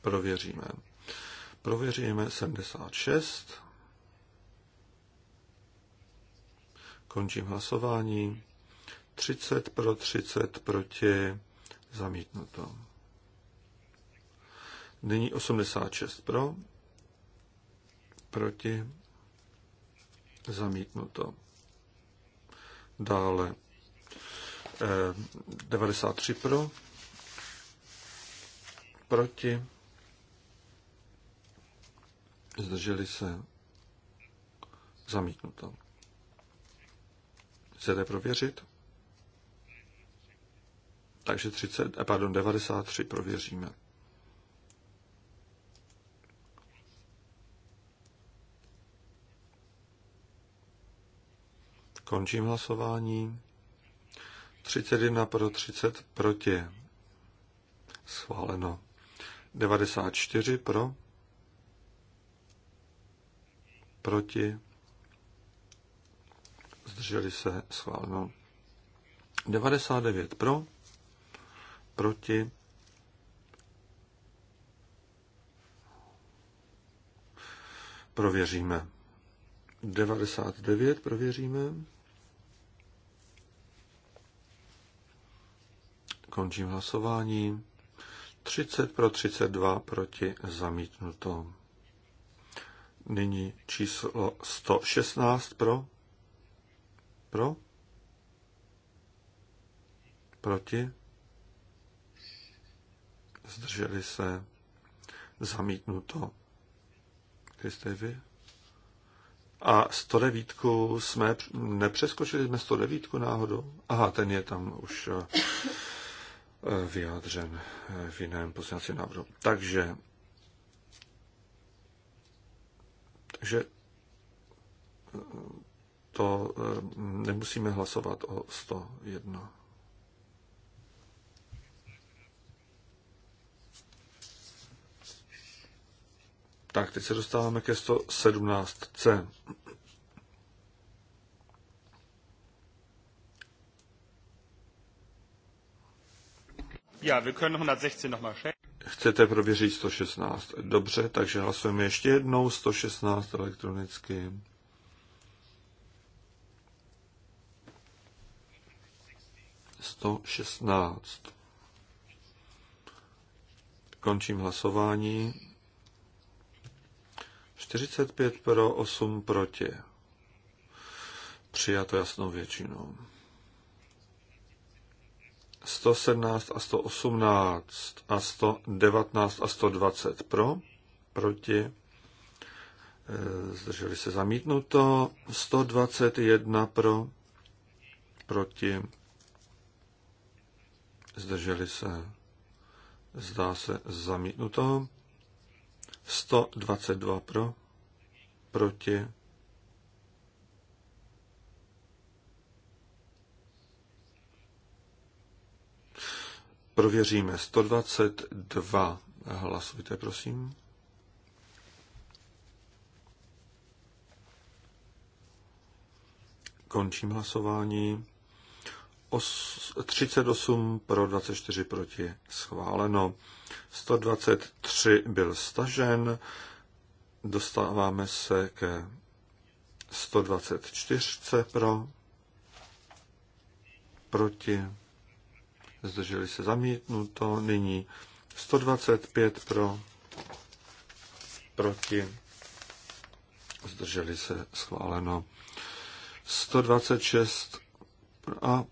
prověříme. Prověříme 76. Končím hlasování. 30 pro 30 proti zamítnuto. Nyní 86 pro, proti zamítnuto. Dále 93 eh, pro, proti, zdrželi se, zamítnuto. Chcete prověřit? Takže 30, eh, pardon, 93 prověříme. Končím hlasování. 31 pro 30 proti. Schváleno. 94 pro. Proti zdrželi se, schváleno. 99 pro, proti, prověříme. 99 prověříme. Končím hlasování. 30 pro 32 proti zamítnuto. Nyní číslo 116 pro pro? Proti? Zdrželi se? Zamítnuto. Kde jste vy? A 109 jsme, nepřeskočili jsme 109 náhodou? Aha, ten je tam už eh, vyjádřen eh, v jiném poslanci návrhu. Takže, takže to eh, nemusíme hlasovat o 101. Tak, teď se dostáváme ke 117c. Ja, wir können 116 nochmal Chcete prověřit 116. Dobře, takže hlasujeme ještě jednou 116 elektronicky. 116. Končím hlasování. 45 pro, 8 proti. Přijato jasnou většinou. 117 a 118 a 119 a 120 pro, proti, eh, zdrželi se zamítnuto, 121 pro, proti, zdrželi se, zdá se zamítnuto, 122 pro, proti, Prověříme 122. Hlasujte, prosím. Končím hlasování. 38 pro 24 proti schváleno. 123 byl stažen. Dostáváme se ke 124 pro proti. Zdrželi se zamítnuto. Nyní 125 pro proti. Zdrželi se schváleno. 126 a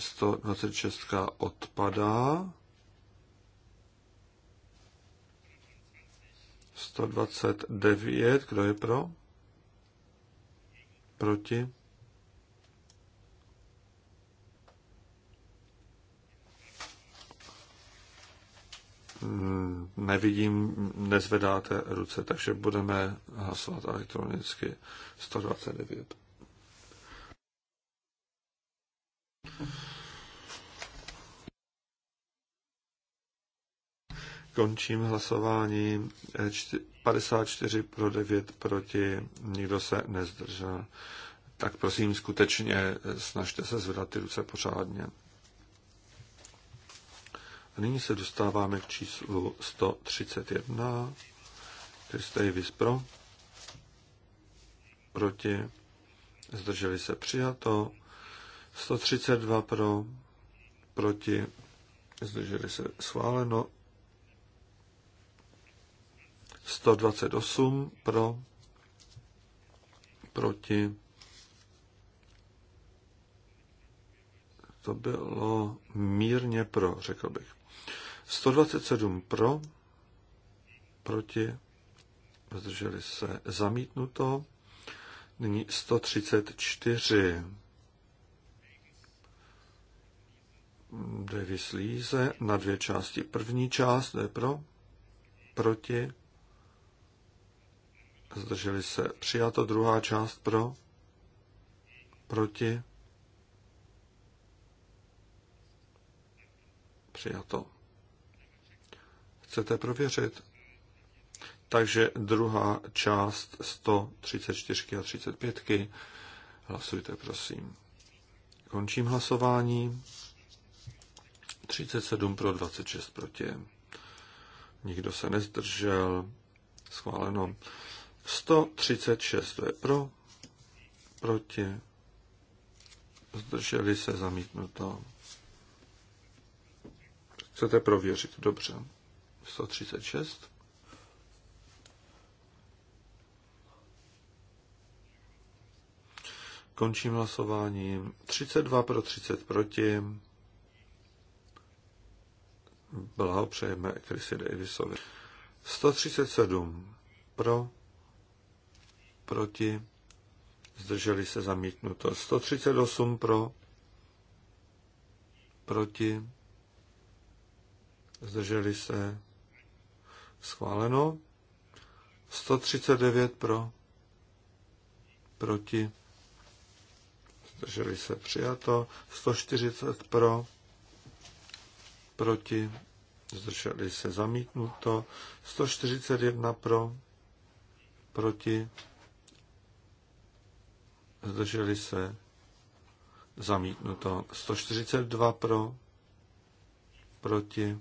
126 odpadá. 129, kdo je pro? Proti? Hmm, nevidím, nezvedáte ruce, takže budeme hlasovat elektronicky 129. Končím hlasování 54 pro 9 proti, nikdo se nezdržel. Tak prosím, skutečně snažte se zvedat ty ruce pořádně. A nyní se dostáváme k číslu 131. Chris Vyspro. Proti. Zdrželi se přijato. 132 pro, proti, zdrželi se schváleno. 128 pro, proti. To bylo mírně pro, řekl bych. 127 pro, proti, zdrželi se zamítnuto. Nyní 134 Davis vyslíze na dvě části. První část je pro, proti, zdrželi se přijato, druhá část pro, proti, přijato. Chcete prověřit? Takže druhá část 134 a 35. Hlasujte, prosím. Končím hlasování. 37 pro 26 proti. Nikdo se nezdržel. Schváleno. 136 to je pro, proti. Zdrželi se zamítnuto. Chcete prověřit? Dobře. 136. Končím hlasování. 32 pro 30 proti. Blahopřejeme Chrisi Davisovi. 137 pro, proti, zdrželi se zamítnuto. 138 pro, proti, zdrželi se schváleno. 139 pro, proti, zdrželi se přijato. 140 pro, proti, zdrželi se zamítnuto, 141 pro, proti, zdrželi se zamítnuto, 142 pro, proti,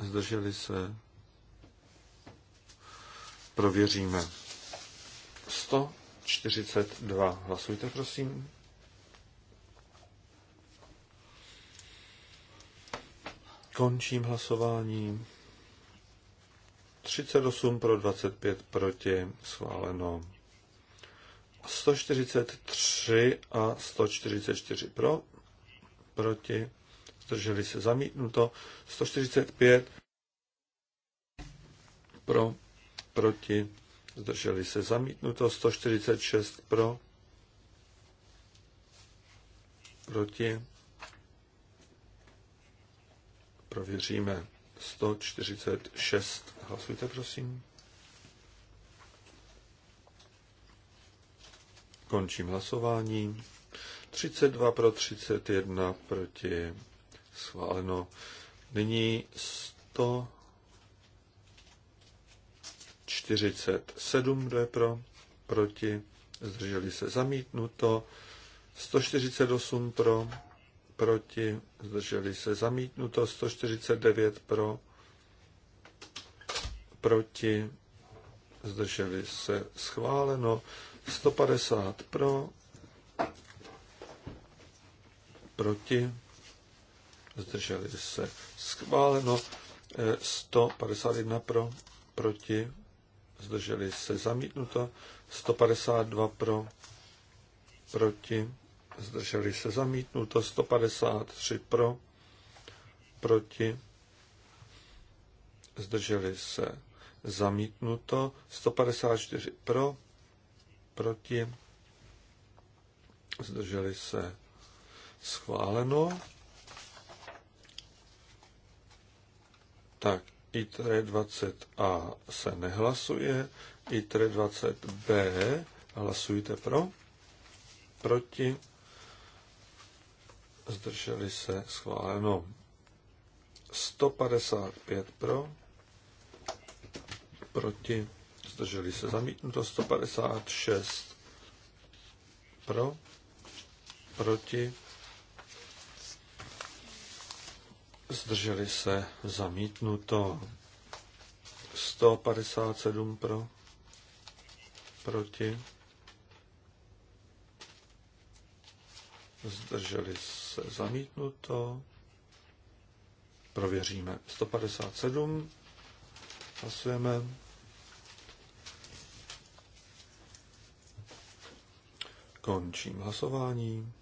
zdrželi se, prověříme. 142. Hlasujte, prosím. Končím hlasování. 38 pro 25 proti schváleno. 143 a 144 pro, proti, zdrželi se zamítnuto. 145 pro, proti, zdrželi se zamítnuto. 146 pro, proti, prověříme. 146. Hlasujte, prosím. Končím hlasování. 32 pro 31 proti schváleno. Nyní 147, kdo je pro, proti, zdrželi se zamítnuto. 148 pro, proti, zdrželi se zamítnuto, 149 pro, proti, zdrželi se schváleno, 150 pro, proti, zdrželi se schváleno, 151 eh, pro, proti, zdrželi se zamítnuto, 152 pro, proti, zdrželi se zamítnuto, 153 pro, proti, zdrželi se zamítnuto, 154 pro, proti, zdrželi se schváleno. Tak, ITRE 20A se nehlasuje, ITRE 20B hlasujte pro, proti, zdrželi se, schváleno. 155 pro, proti, zdrželi se, zamítnuto. 156 pro, proti, zdrželi se, zamítnuto. 157 pro, proti, zdrželi se zamítnuto. Prověříme 157. Hlasujeme. Končím hlasování.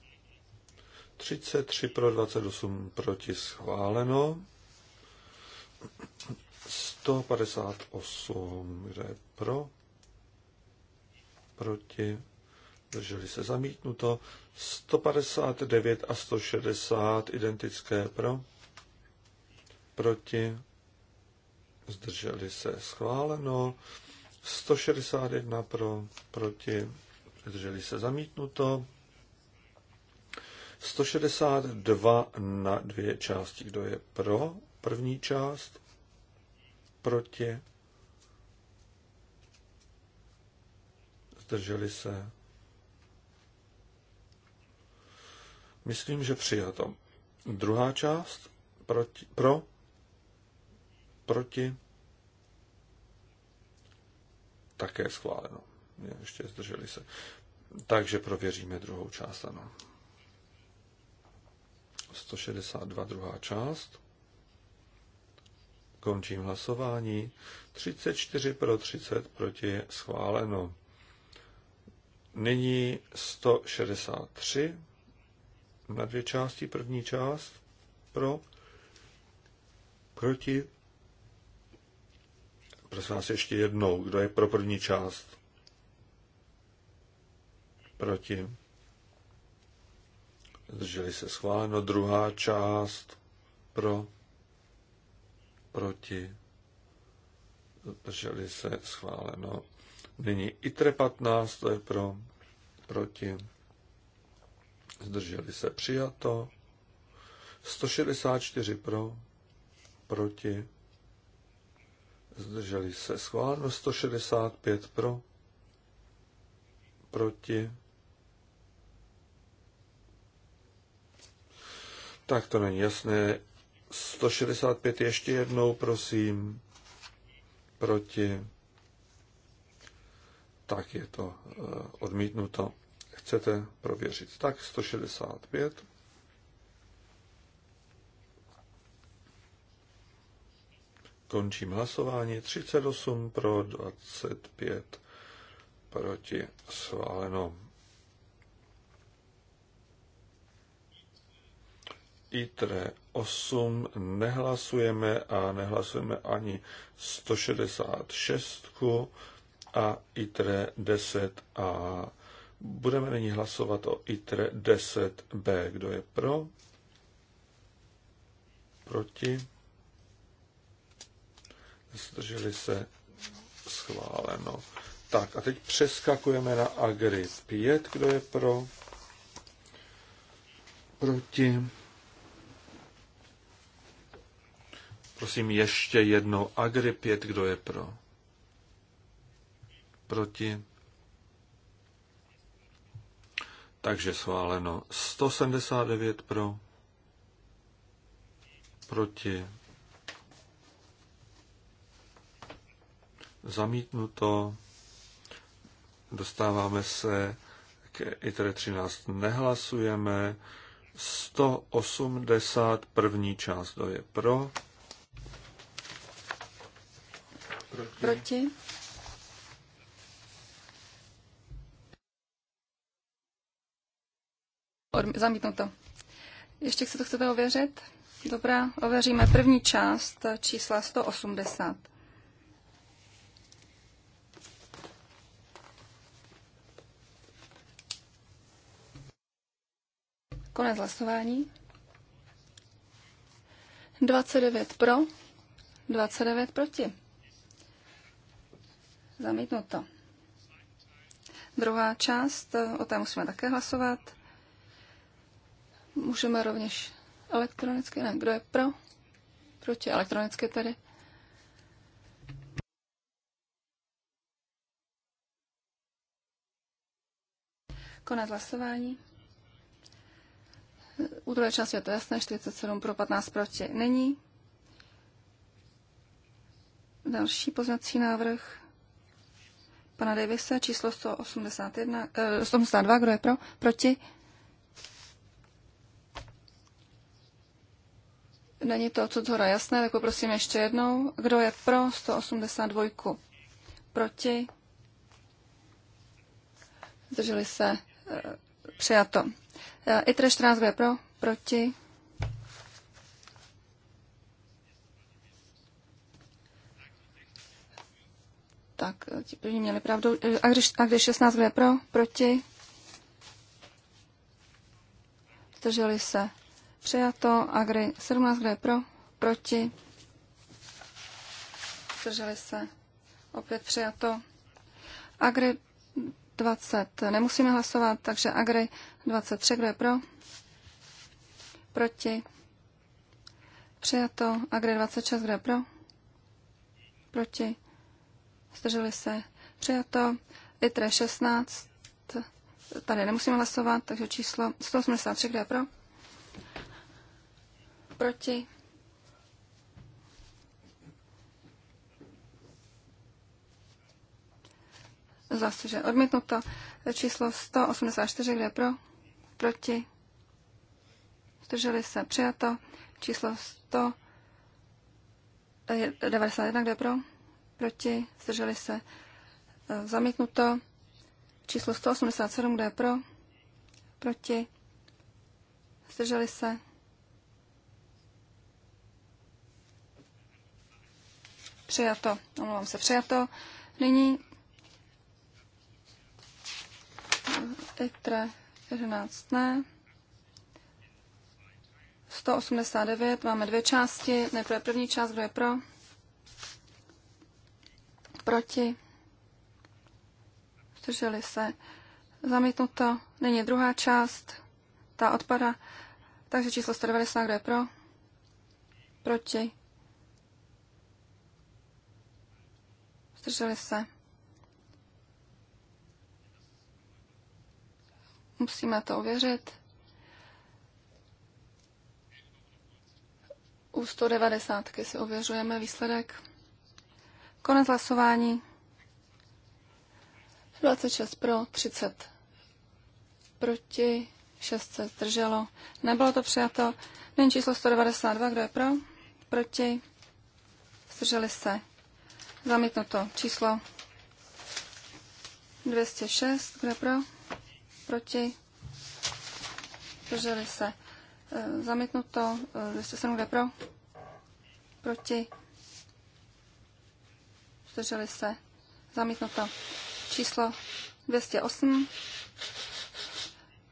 33 pro 28 proti schváleno. 158, kde je pro, proti, drželi se zamítnuto. 159 a 160 identické pro, proti, zdrželi se schváleno, 161 pro, proti, zdrželi se zamítnuto, 162 na dvě části, kdo je pro první část, proti, zdrželi se Myslím, že přijato. Druhá část proti, pro, proti, také schváleno. Ještě zdrželi se. Takže prověříme druhou část, ano. 162 druhá část. Končím hlasování. 34 pro 30 proti schváleno. Nyní 163 na dvě části. První část pro, proti. Prosím vás ještě jednou, kdo je pro první část? Proti. Zdrželi se schváleno. Druhá část pro, proti. Zdrželi se schváleno. Nyní ITRE 15, to je pro, proti zdrželi se přijato, 164 pro, proti, zdrželi se schváleno, 165 pro, proti, tak to není jasné, 165 ještě jednou, prosím, proti, tak je to eh, odmítnuto chcete prověřit. Tak 165. Končím hlasování. 38 pro 25 proti schváleno. ITRE 8 nehlasujeme a nehlasujeme ani 166 a ITRE 10 a Budeme nyní hlasovat o ITRE 10b. Kdo je pro? Proti? Zdrželi se schváleno. Tak a teď přeskakujeme na Agri 5. Kdo je pro? Proti? Prosím ještě jednou Agri 5. Kdo je pro? Proti? Takže schváleno 179 pro, proti, zamítnuto, dostáváme se k ITR 13, nehlasujeme, 180 první část, to je pro, proti, proti Odm- zamítnuto. Ještě se to chcete ověřit? Dobrá, ověříme první část eh, čísla 180. Konec hlasování. 29 pro, 29 proti. Zamítnuto. Druhá část, eh, o té musíme také hlasovat. Můžeme rovněž elektronicky, ne, kdo je pro? Proti elektronicky tedy. Konec hlasování. U druhé části je to jasné, 47 pro 15 proti není. Další poznací návrh pana Davise, číslo 181, eh, 182, kdo je pro, proti, není to odsud zhora jasné, tak poprosím ještě jednou, kdo je pro 182, proti, zdrželi se, eh, přijato. Eh, I 14, kdo je pro, proti, tak eh, ti první měli pravdu. A když, a když 16 je pro, proti, zdrželi se. Přijato. Agri 17, kdo je pro? Proti. Zdrželi se. Opět přijato. Agri 20. Nemusíme hlasovat, takže Agri 23, kdo je pro? Proti. Přijato. Agri 26, kdo je pro? Proti. Zdrželi se. Přijato. ITRE 16. Tady nemusíme hlasovat, takže číslo 183, kdo je pro? Proti? Zase, že odmítnuto. Číslo 184, kde pro? Proti? Zdrželi se, přijato. Číslo 191, kde pro? Proti? Zdrželi se, zamítnuto. Číslo 187, kde pro? Proti? Zdrželi se, Přijato. Omlouvám se, přijato. Nyní ITRE 11 ne. 189, máme dvě části. Nejprve první část, kdo je pro? Proti? Zdrželi se. Zamítnuto. Nyní druhá část, ta odpada. Takže číslo 190, kdo je pro? Proti? Zdrželi se. Musíme to ověřit. U 190 si ověřujeme výsledek. Konec hlasování. 26 pro, 30 proti, 6 se zdrželo. Nebylo to přijato. Nyní číslo 192, kdo je pro? Proti? Zdrželi se. Zamítnuto číslo 206. Kdo pro? Proti? Drželi se. Eh, zamítnuto 207. Eh, Kdo pro? Proti? Zdrželi se. Zamítnuto číslo 208.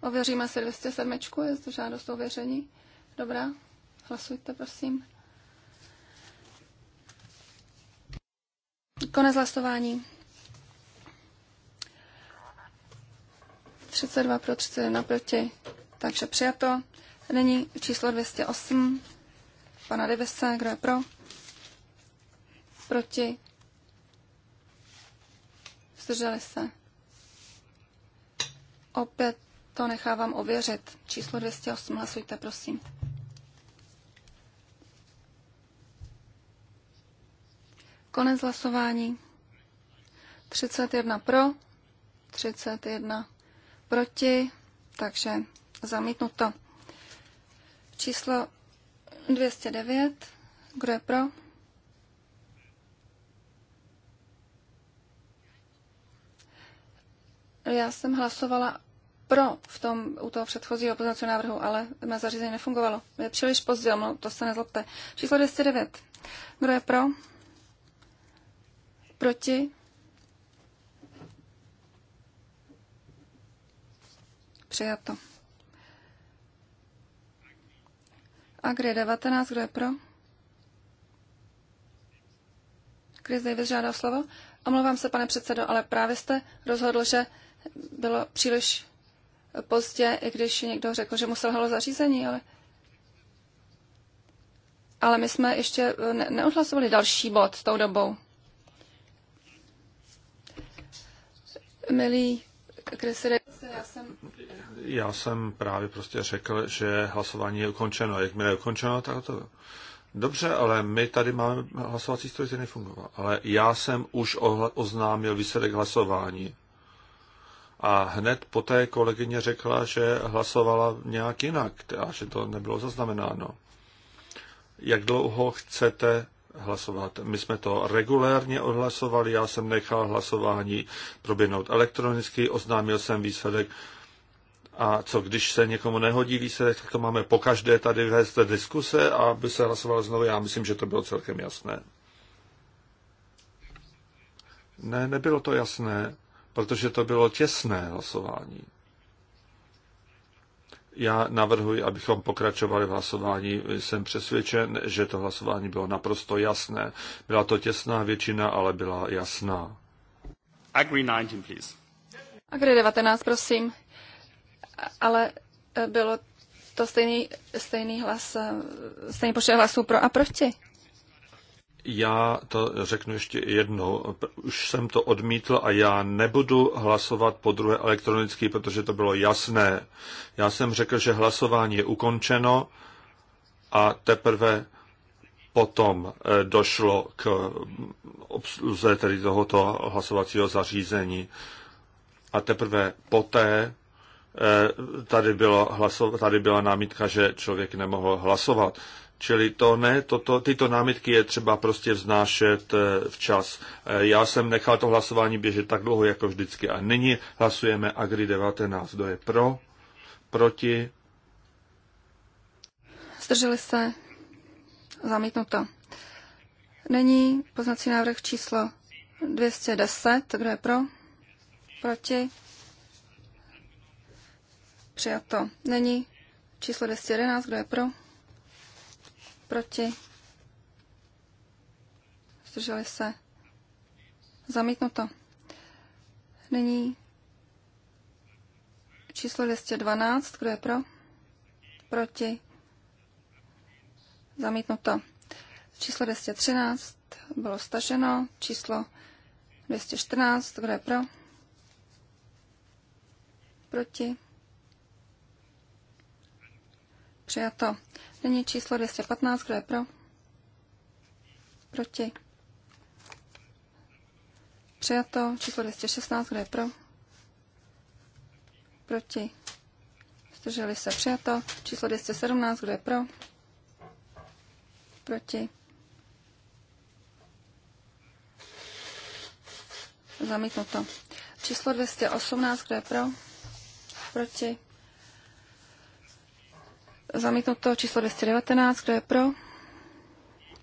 Ověříme si 207. Je to žádost o ověření. Dobrá. Hlasujte, prosím. Konec hlasování. 32 pro 31 proti, takže přijato. Nyní číslo 208, pana Devese, kdo je pro? Proti? Zdrželi se. Opět to nechávám ověřit. Číslo 208, hlasujte, prosím. Konec hlasování. 31 pro, 31 proti, takže zamítnuto. Číslo 209. Kdo je pro? Já jsem hlasovala pro v tom, u toho předchozího pozornacího návrhu, ale mé zařízení nefungovalo. Je příliš pozdě, no, to se nezlobte. Číslo 209. Kdo je pro? Proti? Přijato. A kde 19, kdo je pro? Chris Davis žádá slovo. Omlouvám se, pane předsedo, ale právě jste rozhodl, že bylo příliš pozdě, i když někdo řekl, že musel hlo zařízení, ale... Ale my jsme ještě neodhlasovali další bod s tou dobou. Milý Kresere, já jsem... Já jsem právě prostě řekl, že hlasování je ukončeno. Jakmile je ukončeno, tak to... Dobře, ale my tady máme hlasovací stroj, který nefungoval. Ale já jsem už oznámil výsledek hlasování. A hned poté kolegyně řekla, že hlasovala nějak jinak a že to nebylo zaznamenáno. Jak dlouho chcete hlasovat. My jsme to regulérně odhlasovali, já jsem nechal hlasování proběhnout elektronicky, oznámil jsem výsledek a co když se někomu nehodí výsledek, tak to máme po každé tady vést diskuse a by se hlasovalo znovu. Já myslím, že to bylo celkem jasné. Ne, nebylo to jasné, protože to bylo těsné hlasování. Já navrhuji, abychom pokračovali v hlasování. Jsem přesvědčen, že to hlasování bylo naprosto jasné. Byla to těsná většina, ale byla jasná. Agri 19, please. Agri 19, prosím. Ale eh, bylo to stejný, stejný hlas, eh, stejný počet hlasů pro a proti já to řeknu ještě jednou. Už jsem to odmítl a já nebudu hlasovat po druhé elektronicky, protože to bylo jasné. Já jsem řekl, že hlasování je ukončeno a teprve potom eh, došlo k eh, obsluze tedy tohoto hlasovacího zařízení. A teprve poté eh, tady, bylo hlaso- tady byla námitka, že člověk nemohl hlasovat. Čili to ne, to, tyto námitky je třeba prostě vznášet eh, včas. Eh, já jsem nechal to hlasování běžet tak dlouho, jako vždycky. A nyní hlasujeme Agri 19. Kdo je pro? Proti? Zdrželi se? Zamítnuto. Není poznací návrh číslo 210. Kdo je pro? Proti? Přijato. Není číslo 211. Kdo je pro? Proti? Zdrželi se? Zamítnuto. Nyní číslo 212. Kdo je pro? Proti? Zamítnuto. Číslo 213 bylo staženo. Číslo 214. Kdo je pro? Proti? Přijato. Nyní číslo 215, kdo je pro? Proti. Přijato. Číslo 216, kdo je pro? Proti. Zdrželi se. Přijato. Číslo 217, kdo je pro? Proti. Zamítnuto. Číslo 218, kdo je pro? Proti. Zamítnuto číslo 219, kdo je pro?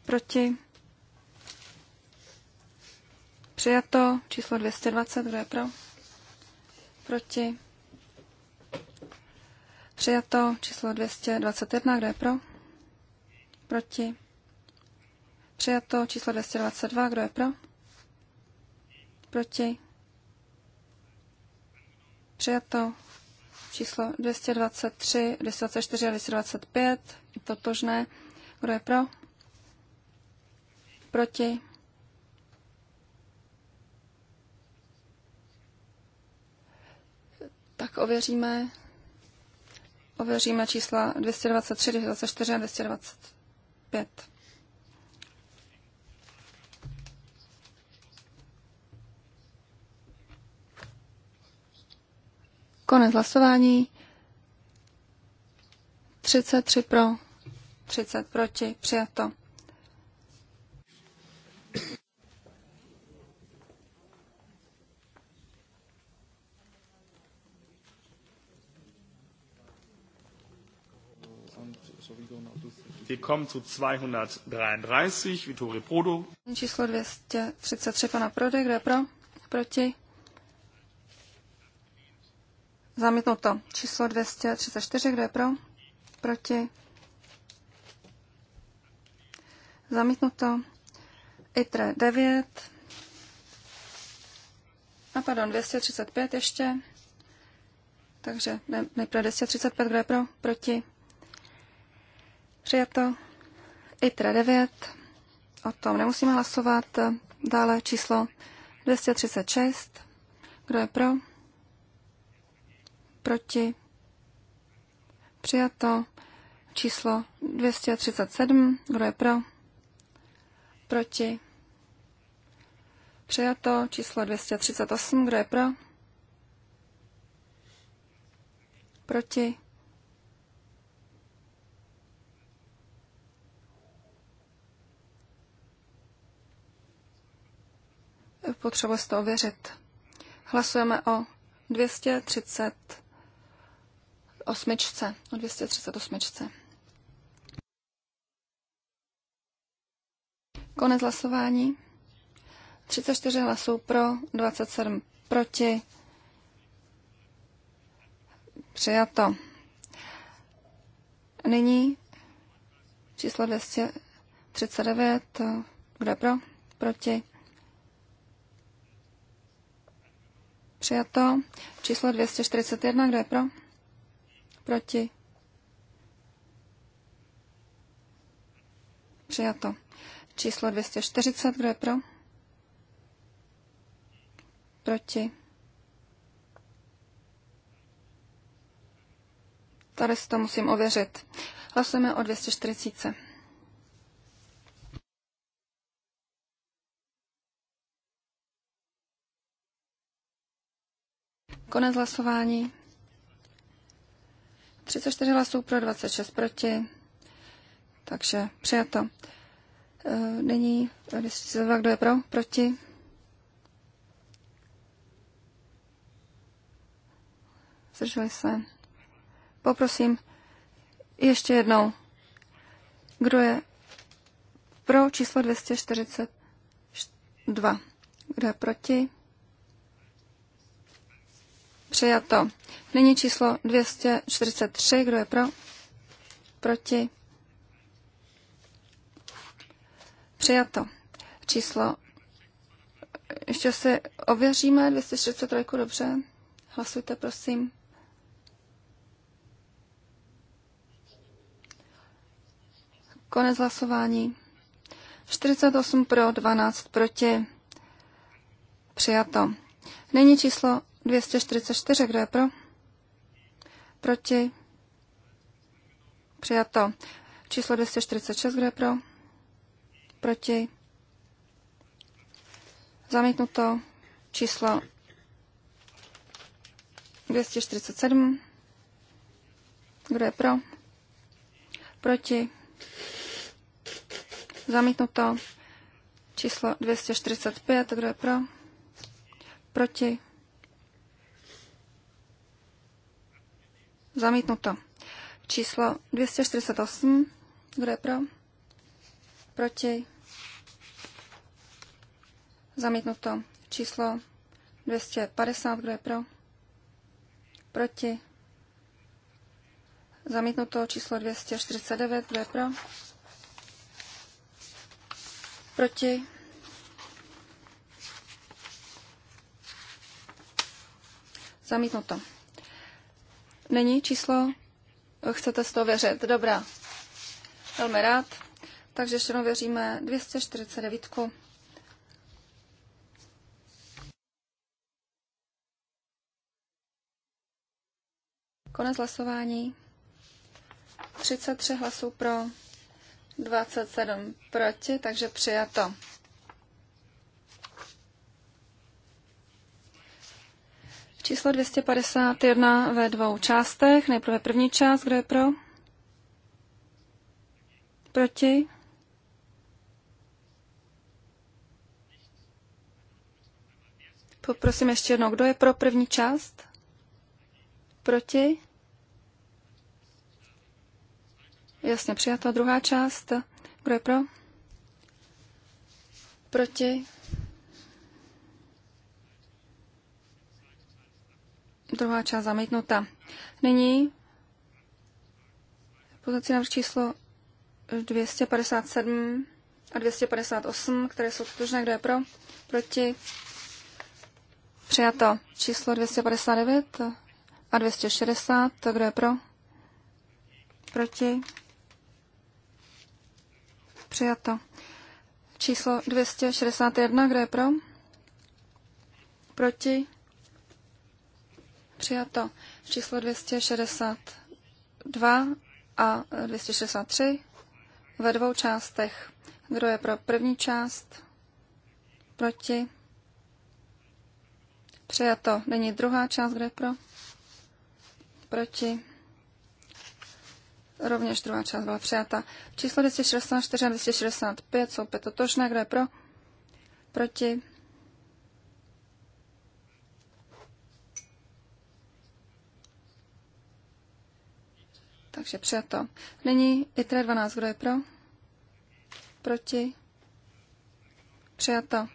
Proti? Přijato číslo 220, kdo je pro? Proti? Přijato číslo 221, kdo je pro? Proti? Přijato číslo 222, kdo je pro? Proti? Přijato Číslo 223, 224 a 225, totožné. Kdo je pro? Proti? Tak ověříme. Ověříme čísla 223, 224 a 225. Konec hlasování. 33 pro, 30 proti, přijato. Wir kommen zu 233, Vittorio Prodo. Číslo 233 pana Prody, kdo je pro? Proti? Zamítnuto. Číslo 234, kdo je pro? Proti? Zamítnuto. ITRE 9. A pardon, 235 ještě. Takže nejprve 235, kdo je pro? Proti? Přijato. ITRE 9. O tom nemusíme hlasovat. Dále číslo 236. Kdo je pro? proti, přijato číslo 237, kdo je pro, proti, přijato číslo 238, kdo je pro, proti, potřebuje se to ověřit. Hlasujeme o 230 osmičce, o 238. Konec hlasování. 34 hlasů pro, 27 proti. Přijato. Nyní číslo 239. Kdo pro? Proti. Přijato. Číslo 241. Kdo je pro? Proti? Přijato. Číslo 240, kdo je pro? Proti? Tady si to musím ověřit. Hlasujeme o 240. Konec hlasování. 34 hlasů pro, 26 proti, takže přijato. E, nyní 202, e, kdo je pro, proti. Zdrželi se. Poprosím ještě jednou, kdo je pro číslo 242, kdo je proti. Přijato. Nyní číslo 243. Kdo je pro? Proti? Přijato. Číslo. Ještě si ověříme 243. Dobře. Hlasujte, prosím. Konec hlasování. 48 pro, 12 proti. Přijato. Nyní číslo 244, kdo je pro? Proti? Přijato. Číslo 246, kdo je pro? Proti? Zamítnuto. Číslo 247. Kdo je pro? Proti? Zamítnuto. Číslo 245. Kdo je pro? Proti? Zamítnuto. Číslo 248. Kdo je pro? Proti? Zamítnuto. Číslo 250. Kdo je pro? Proti? Zamítnuto. Číslo 249. Kdo je pro? Proti? Zamítnuto. Není číslo? Chcete z toho věřit? Dobrá. Velmi rád. Takže ještě věříme 249. -ku. Konec hlasování. 33 hlasů pro, 27 proti, takže přijato. Číslo 251 ve dvou částech. Nejprve první část, kdo je pro? Proti? Poprosím ještě jednou, kdo je pro první část? Proti? Jasně, přijato. Druhá část. Kdo je pro? Proti? Druhá část zamítnuta. Nyní pozici návrh číslo 257 a 258, které jsou totožné, kdo je pro, proti. Přijato číslo 259 a 260, to kdo je pro, proti. Přijato číslo 261, kdo je pro, proti. Přijato číslo 262 a 263 ve dvou částech. Kdo je pro první část? Proti? Přijato. Není druhá část, kdo je pro? Proti? Rovněž druhá část byla přijata. Číslo 264 a 265 jsou opět totožné. Kdo je pro? Proti? takže přijato. Nyní ITRE 12, kdo je pro? Proti? Přijato.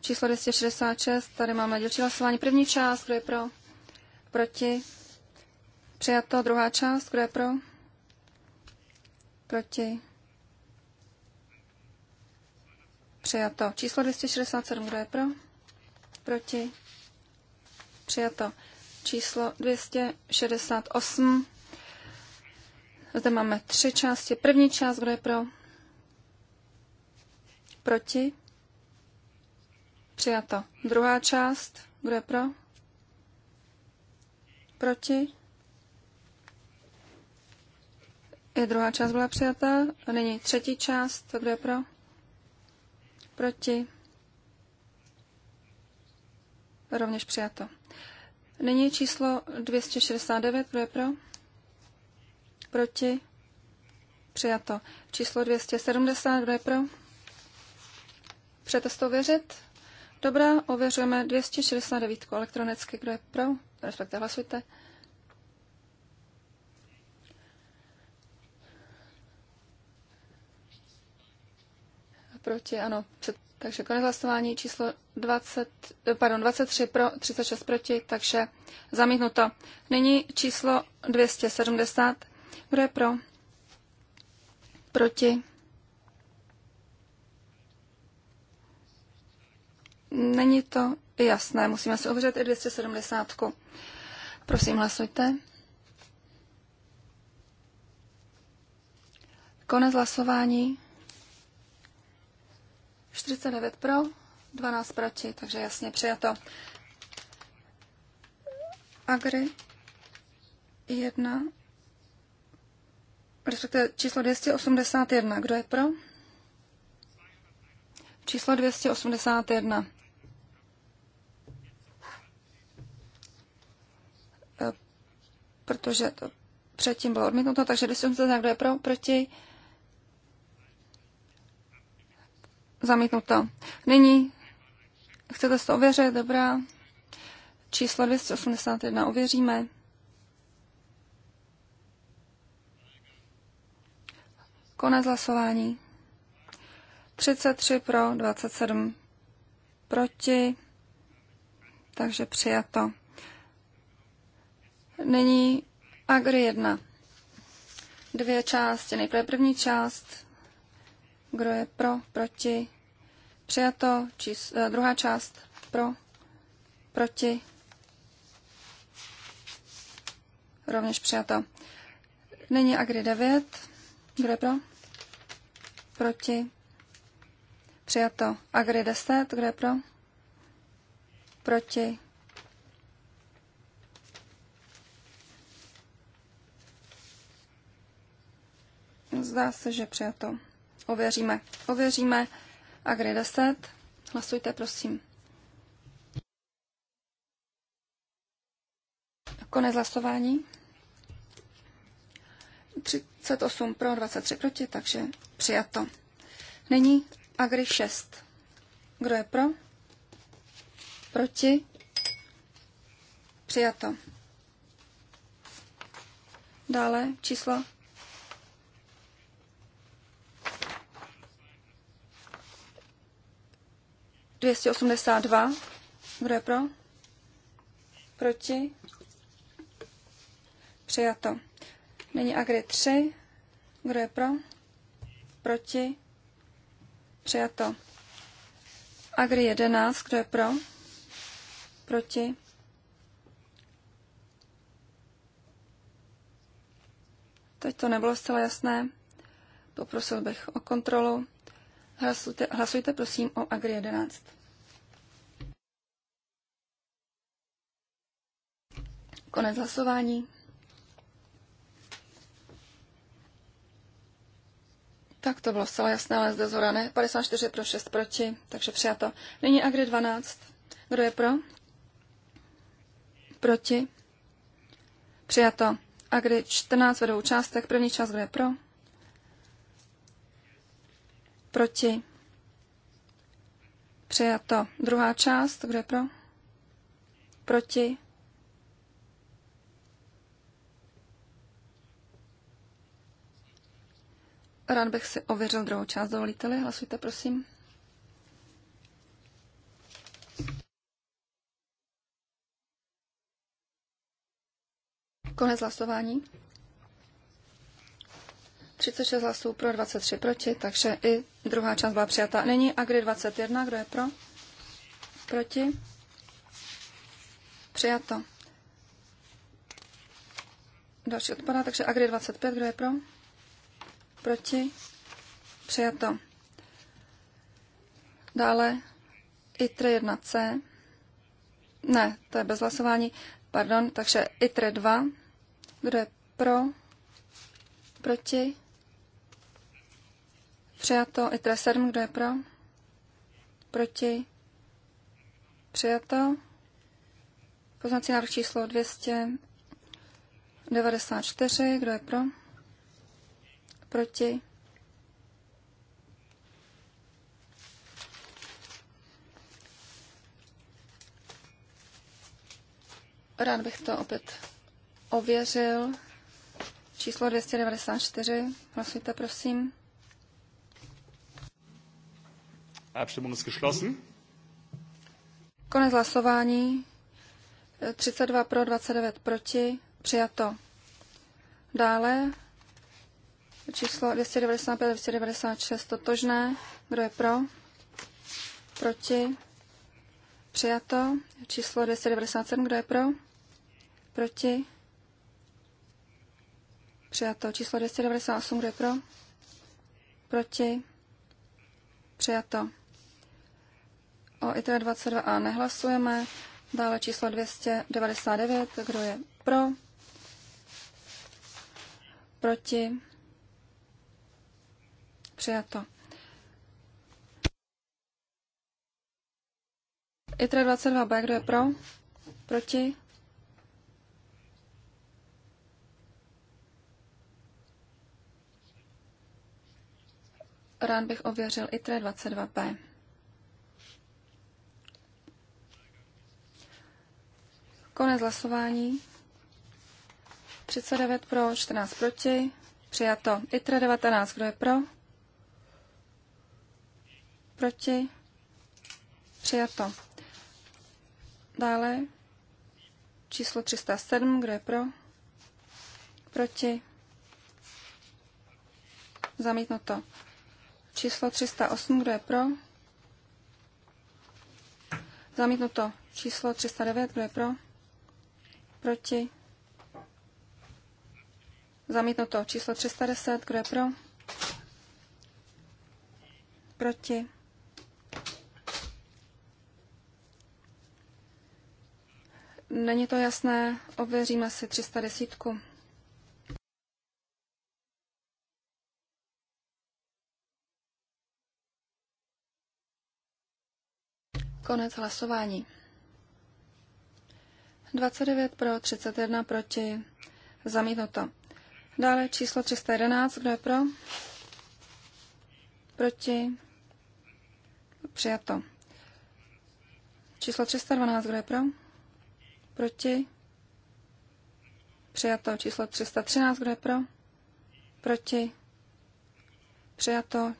Číslo 266, tady máme dělčí hlasování. První část, kdo je pro? Proti? Přijato. Druhá část, kdo je pro? Proti? Přijato. Číslo 267, kdo je pro? Proti? Přijato. Číslo 268, zde máme tři části. První část, kdo je pro? Proti? Přijato. Druhá část, kdo je pro? Proti? I druhá část byla přijata. A nyní třetí část, kdo je pro? Proti? Rovněž přijato. Nyní číslo 269, kdo je pro? Proti? Přijato. Číslo 270, kdo je pro? Přete to ověřit? Dobrá, ověřujeme 269 elektronicky, kdo je pro? Respektive hlasujte. Proti, ano. Takže konec hlasování číslo 20, pardon, 23 pro, 36 proti, takže zamítnuto. Nyní číslo 270 kdo je pro? Proti? Není to jasné, musíme si ověřit i 270. Prosím, hlasujte. Konec hlasování. 49 pro, 12 proti, takže jasně přijato. Agri 1 respektive číslo 281. Kdo je pro? Číslo 281. E, protože to předtím bylo odmítnuto, takže 281. Kdo je pro? Proti? Zamítnuto. Nyní chcete to ověřit? Dobrá. Číslo 281 ověříme. Konec hlasování. 33 pro, 27 proti, takže přijato. Nyní Agri 1. Dvě části. Nejprve první část. Kdo je pro, proti? Přijato. Čís, eh, druhá část. Pro, proti? Rovněž přijato. Nyní Agri 9. Kdo je pro? Proti? Přijato. Agri 10. Kdo je pro? Proti? Zdá se, že přijato. Ověříme. Ověříme. Agri 10. Hlasujte, prosím. Konec hlasování. Tři, 28 pro, 23 proti, takže přijato. Nyní Agri 6. Kdo je pro? Proti? Přijato. Dále číslo 282. Kdo je pro? Proti? Přijato. Nyní Agri 3. Kdo je pro? Proti? Přijato. Agri 11. Kdo je pro? Proti? Teď to nebylo zcela jasné. Poprosil bych o kontrolu. Hlasujte, hlasujte prosím o Agri 11. Konec hlasování. Tak to bylo zcela jasné, ale zde zora ne. 54 pro 6 proti, takže přijato. Nyní Agri 12. Kdo je pro? Proti? Přijato. Agri 14 vedou částek. První část, kdo je pro? Proti? Přijato. Druhá část, kdo je pro? Proti? Rád bych si ověřil druhou část, dovolíte-li? Hlasujte, prosím. Konec hlasování. 36 hlasů pro, 23 proti, takže i druhá část byla přijata. Nyní Agri 21, kdo je pro? Proti? Přijato. Další odpadá, takže Agri 25, kdo je pro? proti, přijato. Dále ITR 1C, ne, to je bez hlasování, pardon, takže ITR 2, kdo je pro, proti, přijato, ITR 7, kdo je pro, proti, přijato. Poznací návrh číslo 294, kdo je pro? proti, Rád bych to opět ověřil. Číslo 294. Hlasujte, prosím. Abstimmung ist geschlossen. Konec hlasování. 32 pro, 29 proti. Přijato. Dále Číslo 295 a 296 totožné. Kdo je pro? Proti? Přijato. Číslo 297, kdo je pro? Proti? Přijato. Číslo 298, kdo je pro? Proti? Přijato. O ITRA 22a nehlasujeme. Dále číslo 299, kdo je pro? Proti? Přijato. ITRA 22B, kdo je pro? Proti? Rád bych ověřil ITRE 22B. Konec hlasování. 39 pro, 14 proti. Přijato. ITRE 19, kdo je pro? proti, přijato. Dále číslo 307, kdo je pro, proti, zamítnuto. Číslo 308, kdo je pro, zamítnuto. Číslo 309, kdo je pro, proti, zamítnuto. Číslo 310, kdo je pro, proti, Není to jasné, ověříme si 310. Konec hlasování. 29 pro, 31 proti, zamítnuto. Dále číslo 311, kdo je pro? Proti? Přijato. Číslo 312, kdo je pro? Proti? Přijato číslo 313. Kdo je pro? Proti? Přijato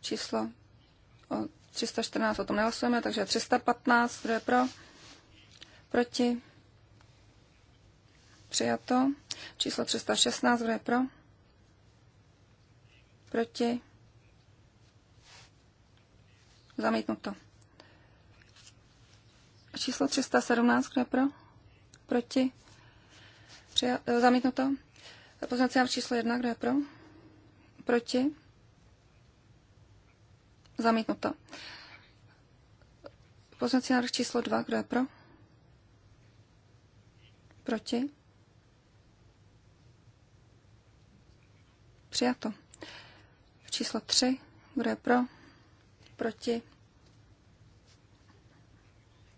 číslo o 314. O tom nehlasujeme, takže 315. Kdo je pro? Proti? Přijato. Číslo 316. Kdo je pro? Proti? Zamítnuto. Číslo 317. Kdo je pro? Proti? Přija- e, zamítnuto. Poznací návrh číslo jedna. Kdo je pro? Proti? Zamítnuto. Poznací návrh číslo dva. Kdo je pro? Proti? Přijato. Číslo tři. Kdo je pro? Proti?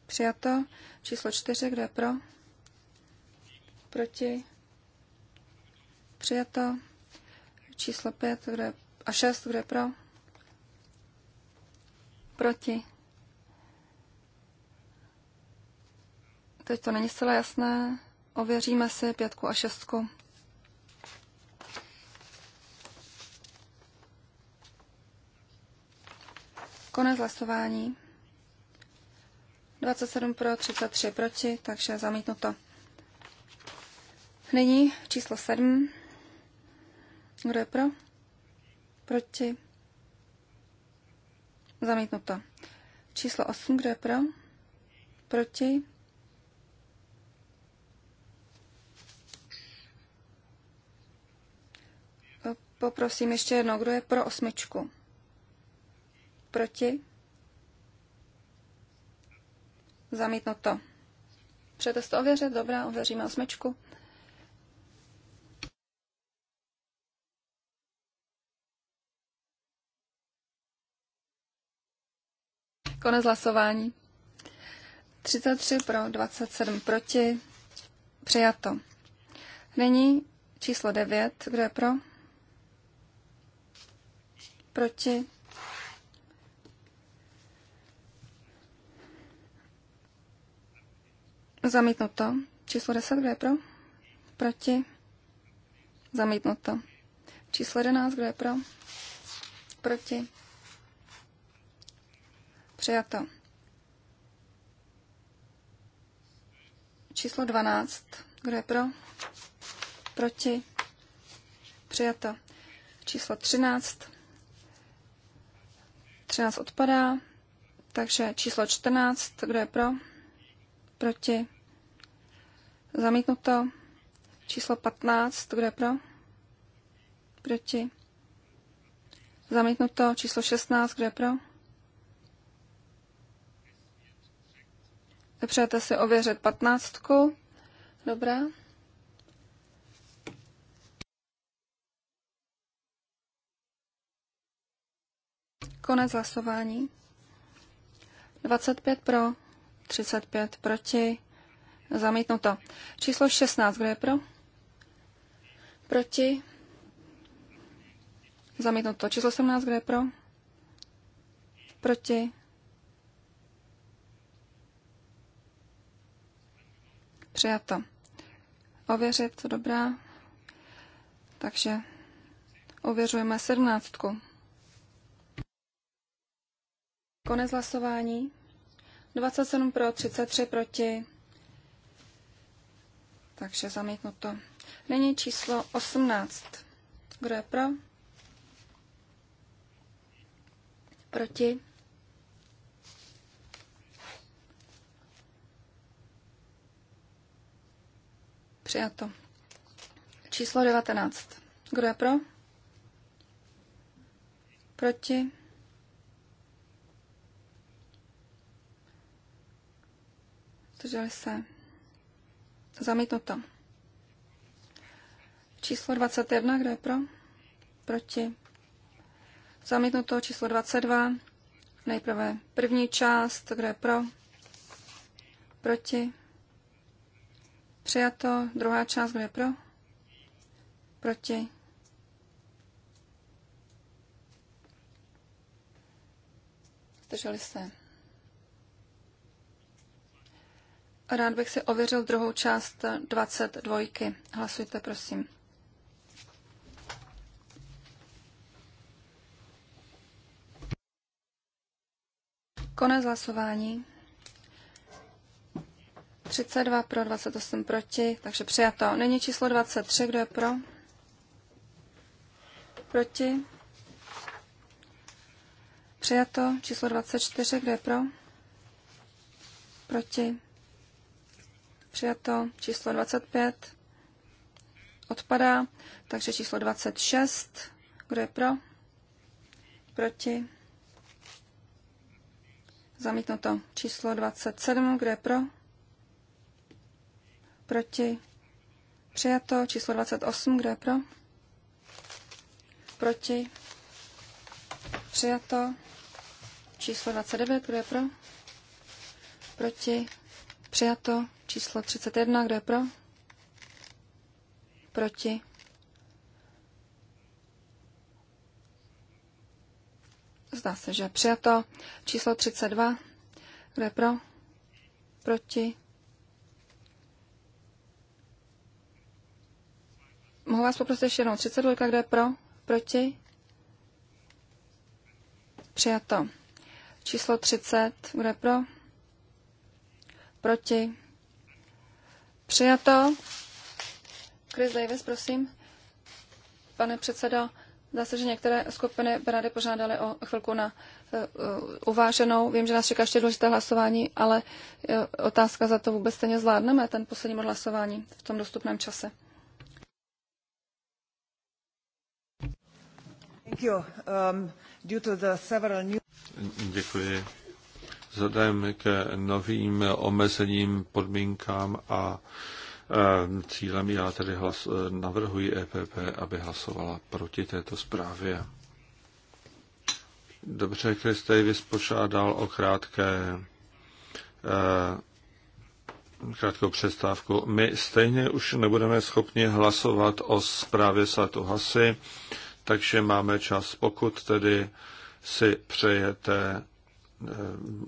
Přijato. Číslo čtyři. Kdo je pro? proti, přijato, číslo 5 kde, a 6, kde pro, proti. Teď to není zcela jasné, ověříme si pětku a šestku. Konec hlasování. 27 pro, 33 proti, takže zamítnuto. Nyní číslo sedm Kdo je pro? Proti? Zamítnuto. Číslo osm Kdo je pro? Proti? Poprosím ještě jednou, kdo je pro osmičku? Proti? Zamítnuto. Chcete to ověřit? Dobrá, ověříme osmičku. Konec hlasování. 33 pro, 27 proti. Přijato. Nyní číslo 9. Kdo je pro? Proti. Zamítnuto. Číslo 10. Kdo je pro? Proti. Zamítnuto. Číslo 11. Kdo je pro? Proti. Přijato. Číslo 12. Kdo je pro? Proti? Přijato. Číslo 13. 13 odpadá. Takže číslo 14. Kdo je pro? Proti? Zamítnuto. Číslo 15. Kdo je pro? Proti? Zamítnuto. Číslo 16. Kdo je pro? Přejete si ověřit patnáctku? Dobrá. Konec hlasování. 25 pro, 35 proti, zamítnuto. Číslo 16, kdo je pro? Proti, zamítnuto. Číslo 17, kdo je pro? Proti, Přijato. Ověřit, dobrá. Takže ověřujeme sedmnáctku. Konec hlasování. 27 pro, 33 proti. Takže zamítnuto. Nyní číslo 18. Kdo je pro? Proti? Přijato. Číslo 19. Kdo je pro? Proti? Zdrželi se. Zamítnuto. Číslo 21. Kdo je pro? Proti? Zamítnuto. Číslo 22. Nejprve první část. Kdo je pro? Proti? Přijato. Druhá část, kdo je pro? Proti? Zdrželi se. Rád bych si ověřil druhou část 22. Hlasujte, prosím. Konec hlasování. 32 pro, 28 proti, takže přijato. Není číslo 23, kdo je pro? Proti? Přijato. Číslo 24, kdo je pro? Proti? Přijato. Číslo 25 odpadá, takže číslo 26, kdo je pro? Proti? Zamítnuto. Číslo 27, kdo je pro? Proti? Přijato. Číslo 28. Kdo je pro? Proti? Přijato. Číslo 29. Kdo je pro? Proti? Přijato. Číslo 31. Kdo je pro? Proti? Zdá se, že přijato. Číslo 32. Kdo je pro? Proti? Mohu vás poprosit ještě jednou 32, kdo je pro, proti? Přijato. Číslo 30, kdo je pro? Proti? Přijato. Chris Davis, prosím. Pane předsedo, zdá se, že některé skupiny rady požádaly o chvilku na uh, uváženou. Vím, že nás čeká ještě důležité hlasování, ale uh, otázka za to vůbec stejně zvládneme, ten poslední hlasování v tom dostupném čase. Um, Děkuji. Vzhledem k novým omezením, podmínkám a um, cílem já tedy hlas, eh, navrhuji EPP, aby hlasovala proti této zprávě. Dobře, Chris Davis požádal o krátké, eh, krátkou přestávku. My stejně už nebudeme schopni hlasovat o zprávě Satu Hasy. Eh, takže máme čas. Pokud tedy si přejete, eh,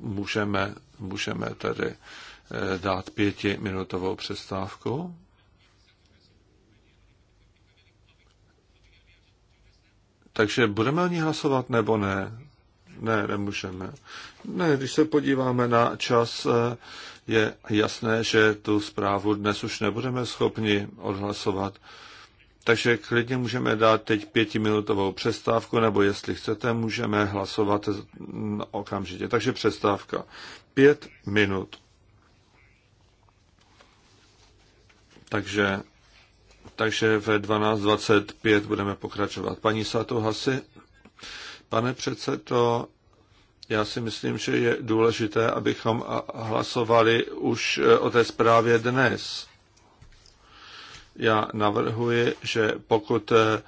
můžeme, můžeme tedy eh, dát pětiminutovou přestávku. Takže budeme o ní hlasovat nebo ne? Ne, nemůžeme. Ne, když se podíváme na čas, eh, je jasné, že tu zprávu dnes už nebudeme schopni odhlasovat. Takže klidně můžeme dát teď pětiminutovou přestávku, nebo jestli chcete, můžeme hlasovat okamžitě. Takže přestávka. Pět minut. Takže, takže ve 12.25 budeme pokračovat. Paní Hasi, pane předsedo, já si myslím, že je důležité, abychom hlasovali už o té zprávě dnes já navrhuji, že pokud eh,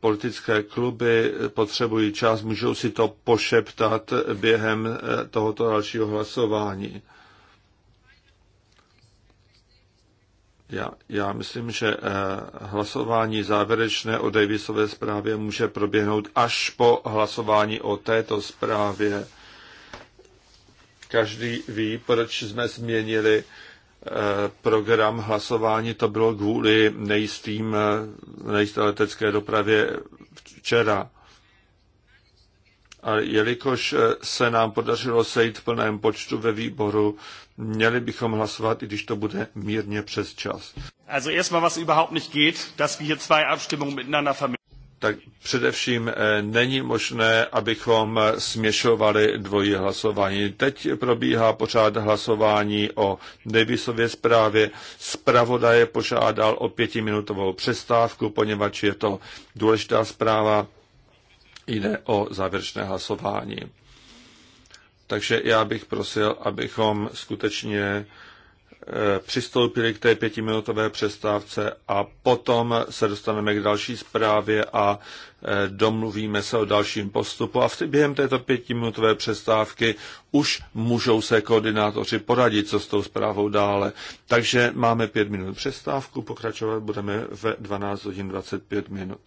politické kluby potřebují čas, můžou si to pošeptat během eh, tohoto dalšího hlasování. Já, já myslím, že eh, hlasování závěrečné o Davisové zprávě může proběhnout až po hlasování o této zprávě. Každý ví, proč jsme změnili program hlasování, to bylo kvůli nejistým, nejisté letecké dopravě včera. A jelikož se nám podařilo sejít v plném počtu ve výboru, měli bychom hlasovat, i když to bude mírně přes čas. Also erstmal was überhaupt nicht geht, dass wir hier zwei Abstimmungen miteinander vermitteln tak především eh, není možné, abychom směšovali dvojí hlasování. Teď probíhá pořád hlasování o Davisově zprávě. Spravodaje požádal o pětiminutovou přestávku, poněvadž je to důležitá zpráva. Jde o závěrečné hlasování. Takže já bych prosil, abychom skutečně Eh, přistoupili k té pětiminutové přestávce a potom se dostaneme k další zprávě a eh, domluvíme se o dalším postupu. A v během této pětiminutové přestávky už můžou se koordinátoři poradit, co s tou zprávou dále. Takže máme pět minut přestávku, pokračovat budeme ve 12 hodin 25 minut.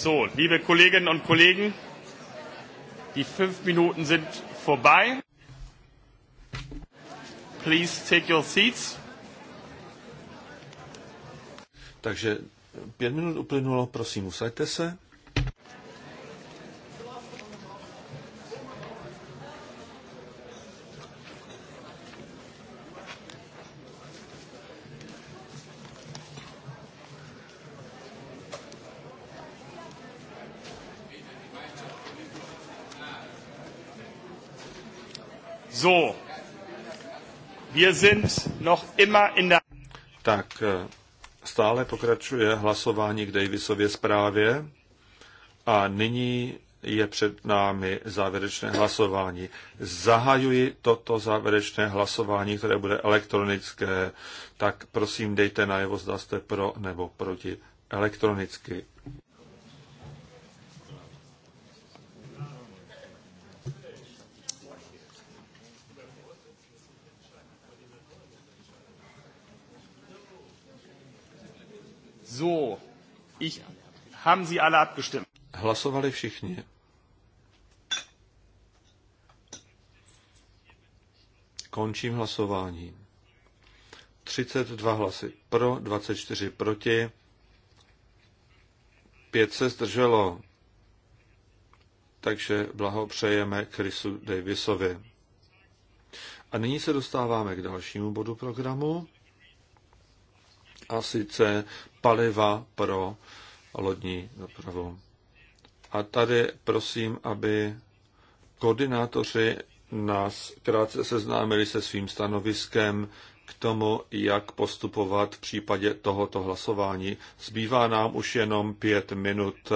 So, liebe Kolleginnen und Kollegen, die fünf Minuten sind vorbei. Please take your seats. Takže pět minut uplynulo, prosím, usaďte se. Tak eh, stále pokračuje hlasování k Davisově zprávě a nyní je před námi závěrečné hlasování. Zahajuji toto závěrečné hlasování, které bude elektronické, tak prosím dejte najevo, zda jste pro nebo proti elektronicky. Ich, haben Sie alle abgestimmt? Hlasovali všichni. Končím hlasování. 32 hlasy pro, 24 proti, 5 se zdrželo. Takže blahopřejeme Chrisu Davisovi. A nyní se dostáváme k dalšímu bodu programu a sice paliva pro lodní dopravu. A tady prosím, aby koordinátoři nás krátce seznámili se svým stanoviskem k tomu, jak postupovat v případě tohoto hlasování. Zbývá nám už jenom pět minut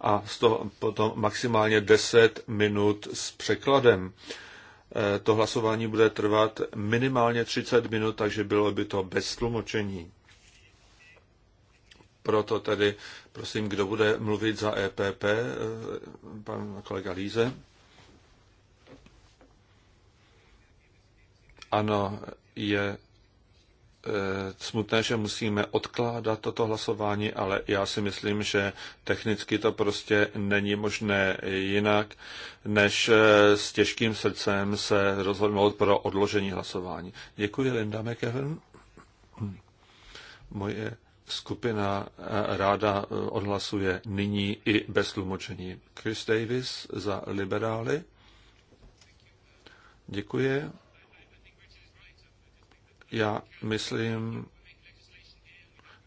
a z toho potom maximálně deset minut s překladem. Eh, to hlasování bude trvat minimálně 30 minut, takže bylo by to bez tlumočení. Proto tedy prosím, kdo bude mluvit za EPP, eh, pan kolega Líze. Ano, je eh, smutné, že musíme odkládat toto hlasování, ale já si myslím, že technicky to prostě není možné jinak, než eh, s těžkým srdcem se rozhodnout pro odložení hlasování. Děkuji, Linda McEwen. Moje skupina eh, ráda eh, odhlasuje nyní i bez tlumočení. Chris Davis za liberály. Děkuji. Já myslím,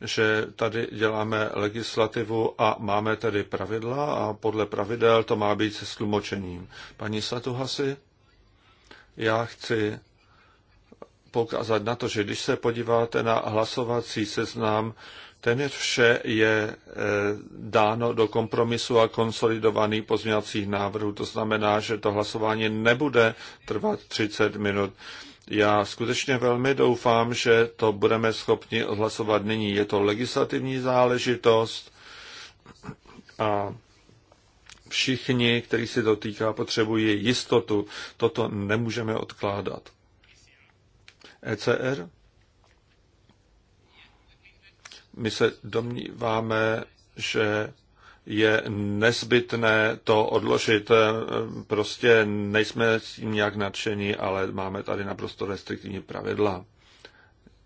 že tady děláme legislativu a máme tedy pravidla a podle pravidel to má být se tlumočením. Paní Satuhasi, já chci poukázat na to, že když se podíváte na hlasovací seznam, téměř vše je e, dáno do kompromisu a konsolidovaných pozměňovacích návrhů. To znamená, že to hlasování nebude trvat 30 minut. Já skutečně velmi doufám, že to budeme schopni hlasovat nyní. Je to legislativní záležitost a všichni, kteří si to týká, potřebují jistotu. Toto nemůžeme odkládat. ECR. My se domníváme, že je nezbytné to odložit. Prostě nejsme s tím nějak nadšení, ale máme tady naprosto restriktivní pravidla.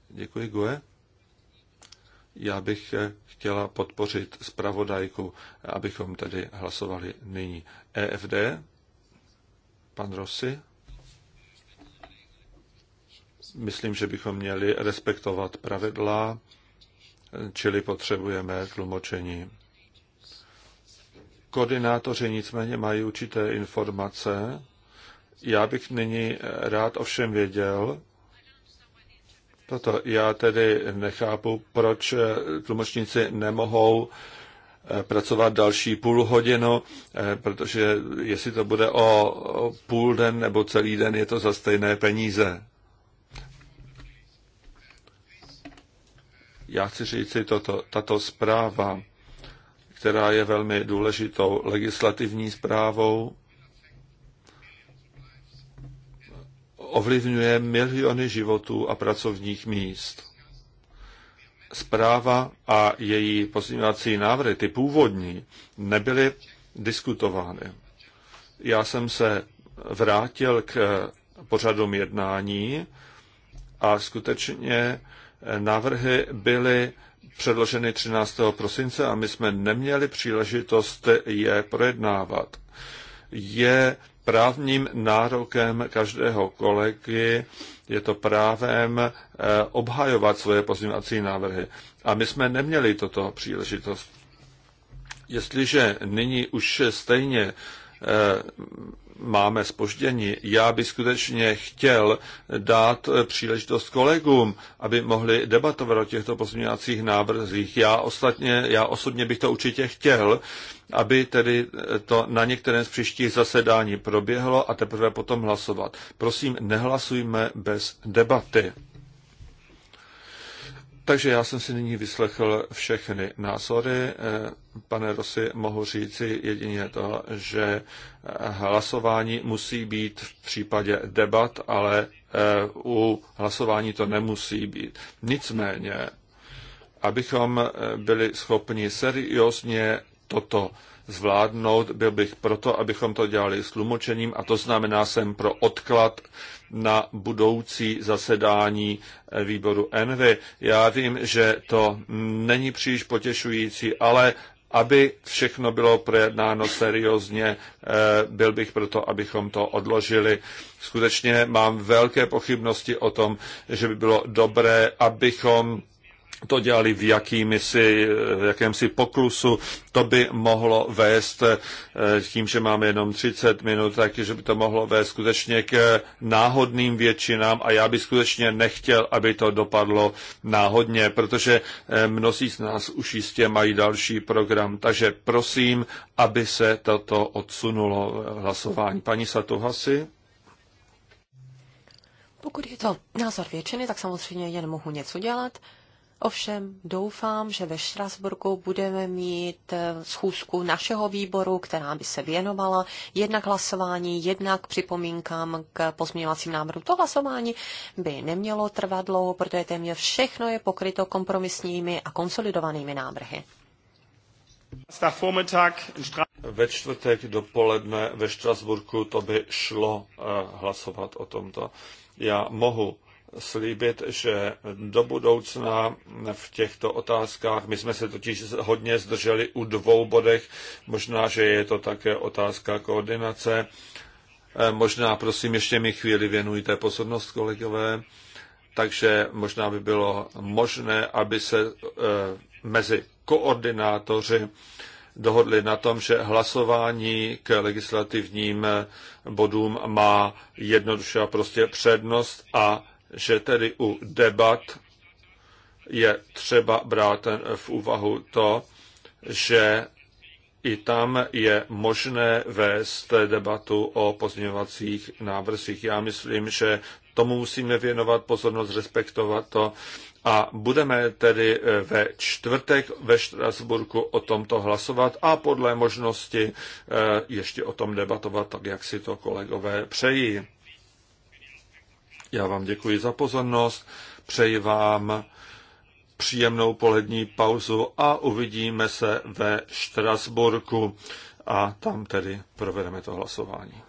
Děkuji, Gue. Já bych chtěla podpořit zpravodajku, abychom tedy hlasovali nyní. EFD, pan Rossi. Myslím, že bychom měli respektovat pravidla, čili potřebujeme tlumočení. Koordinátoři nicméně mají určité informace. Já bych nyní rád ovšem věděl, toto já tedy nechápu, proč tlumočníci nemohou eh, pracovat další půl hodinu, eh, protože jestli to bude o půl den nebo celý den, je to za stejné peníze. Já chci říct si toto, tato zpráva, která je velmi důležitou legislativní zprávou, ovlivňuje miliony životů a pracovních míst. Zpráva a její pozměňovací návrhy, ty původní, nebyly diskutovány. Já jsem se vrátil k pořadům jednání a skutečně Návrhy byly předloženy 13. prosince a my jsme neměli příležitost je projednávat. Je právním nárokem každého kolegy, je to právem eh, obhajovat svoje pozměňovací návrhy. A my jsme neměli toto příležitost. Jestliže nyní už stejně eh, máme spoždění. Já bych skutečně chtěl dát příležitost kolegům, aby mohli debatovat o těchto pozměňovacích návrzích. Já, ostatně, já osobně bych to určitě chtěl, aby tedy to na některém z příštích zasedání proběhlo a teprve potom hlasovat. Prosím, nehlasujme bez debaty. Takže já jsem si nyní vyslechl všechny názory. Eh, pane Rosy, mohu říci jedině to, že eh, hlasování musí být v případě debat, ale eh, u hlasování to nemusí být. Nicméně, abychom byli schopni seriózně toto zvládnout, byl bych proto, abychom to dělali s tlumočením a to znamená, jsem pro odklad na budoucí zasedání výboru Envy. Já vím, že to není příliš potěšující, ale aby všechno bylo projednáno seriózně, eh, byl bych proto, abychom to odložili. Skutečně mám velké pochybnosti o tom, že by bylo dobré, abychom to dělali v jakýmisi, v jakémsi poklusu, to by mohlo vést eh, tím, že máme jenom 30 minut, takže by to mohlo vést skutečně k eh, náhodným většinám a já bych skutečně nechtěl, aby to dopadlo náhodně, protože eh, mnozí z nás už jistě mají další program, takže prosím, aby se toto odsunulo hlasování. Paní Satuhasi? Pokud je to názor většiny, tak samozřejmě jen mohu něco dělat. Ovšem doufám, že ve Štrasburku budeme mít eh, schůzku našeho výboru, která by se věnovala jednak hlasování, jednak připomínkám k pozměňovacím návrhům. To hlasování by nemělo trvat dlouho, protože téměř všechno je pokryto kompromisními a konsolidovanými návrhy. Ve čtvrtek dopoledne ve Štrasburku to by šlo eh, hlasovat o tomto. Já mohu slíbit, že do budoucna v těchto otázkách, my jsme se totiž hodně zdrželi u dvou bodech, možná, že je to také otázka koordinace, eh, možná, prosím, ještě mi chvíli věnujte pozornost, kolegové, takže možná by bylo možné, aby se eh, mezi koordinátoři dohodli na tom, že hlasování k legislativním eh, bodům má jednoduše a prostě přednost a že tedy u debat je třeba brát v úvahu to, že i tam je možné vést debatu o pozměňovacích návrzích. Já myslím, že tomu musíme věnovat pozornost, respektovat to a budeme tedy ve čtvrtek ve Štrasburku o tomto hlasovat a podle možnosti eh, ještě o tom debatovat, tak jak si to kolegové přejí. Já vám děkuji za pozornost, přeji vám příjemnou polední pauzu a uvidíme se ve Štrasburku a tam tedy provedeme to hlasování.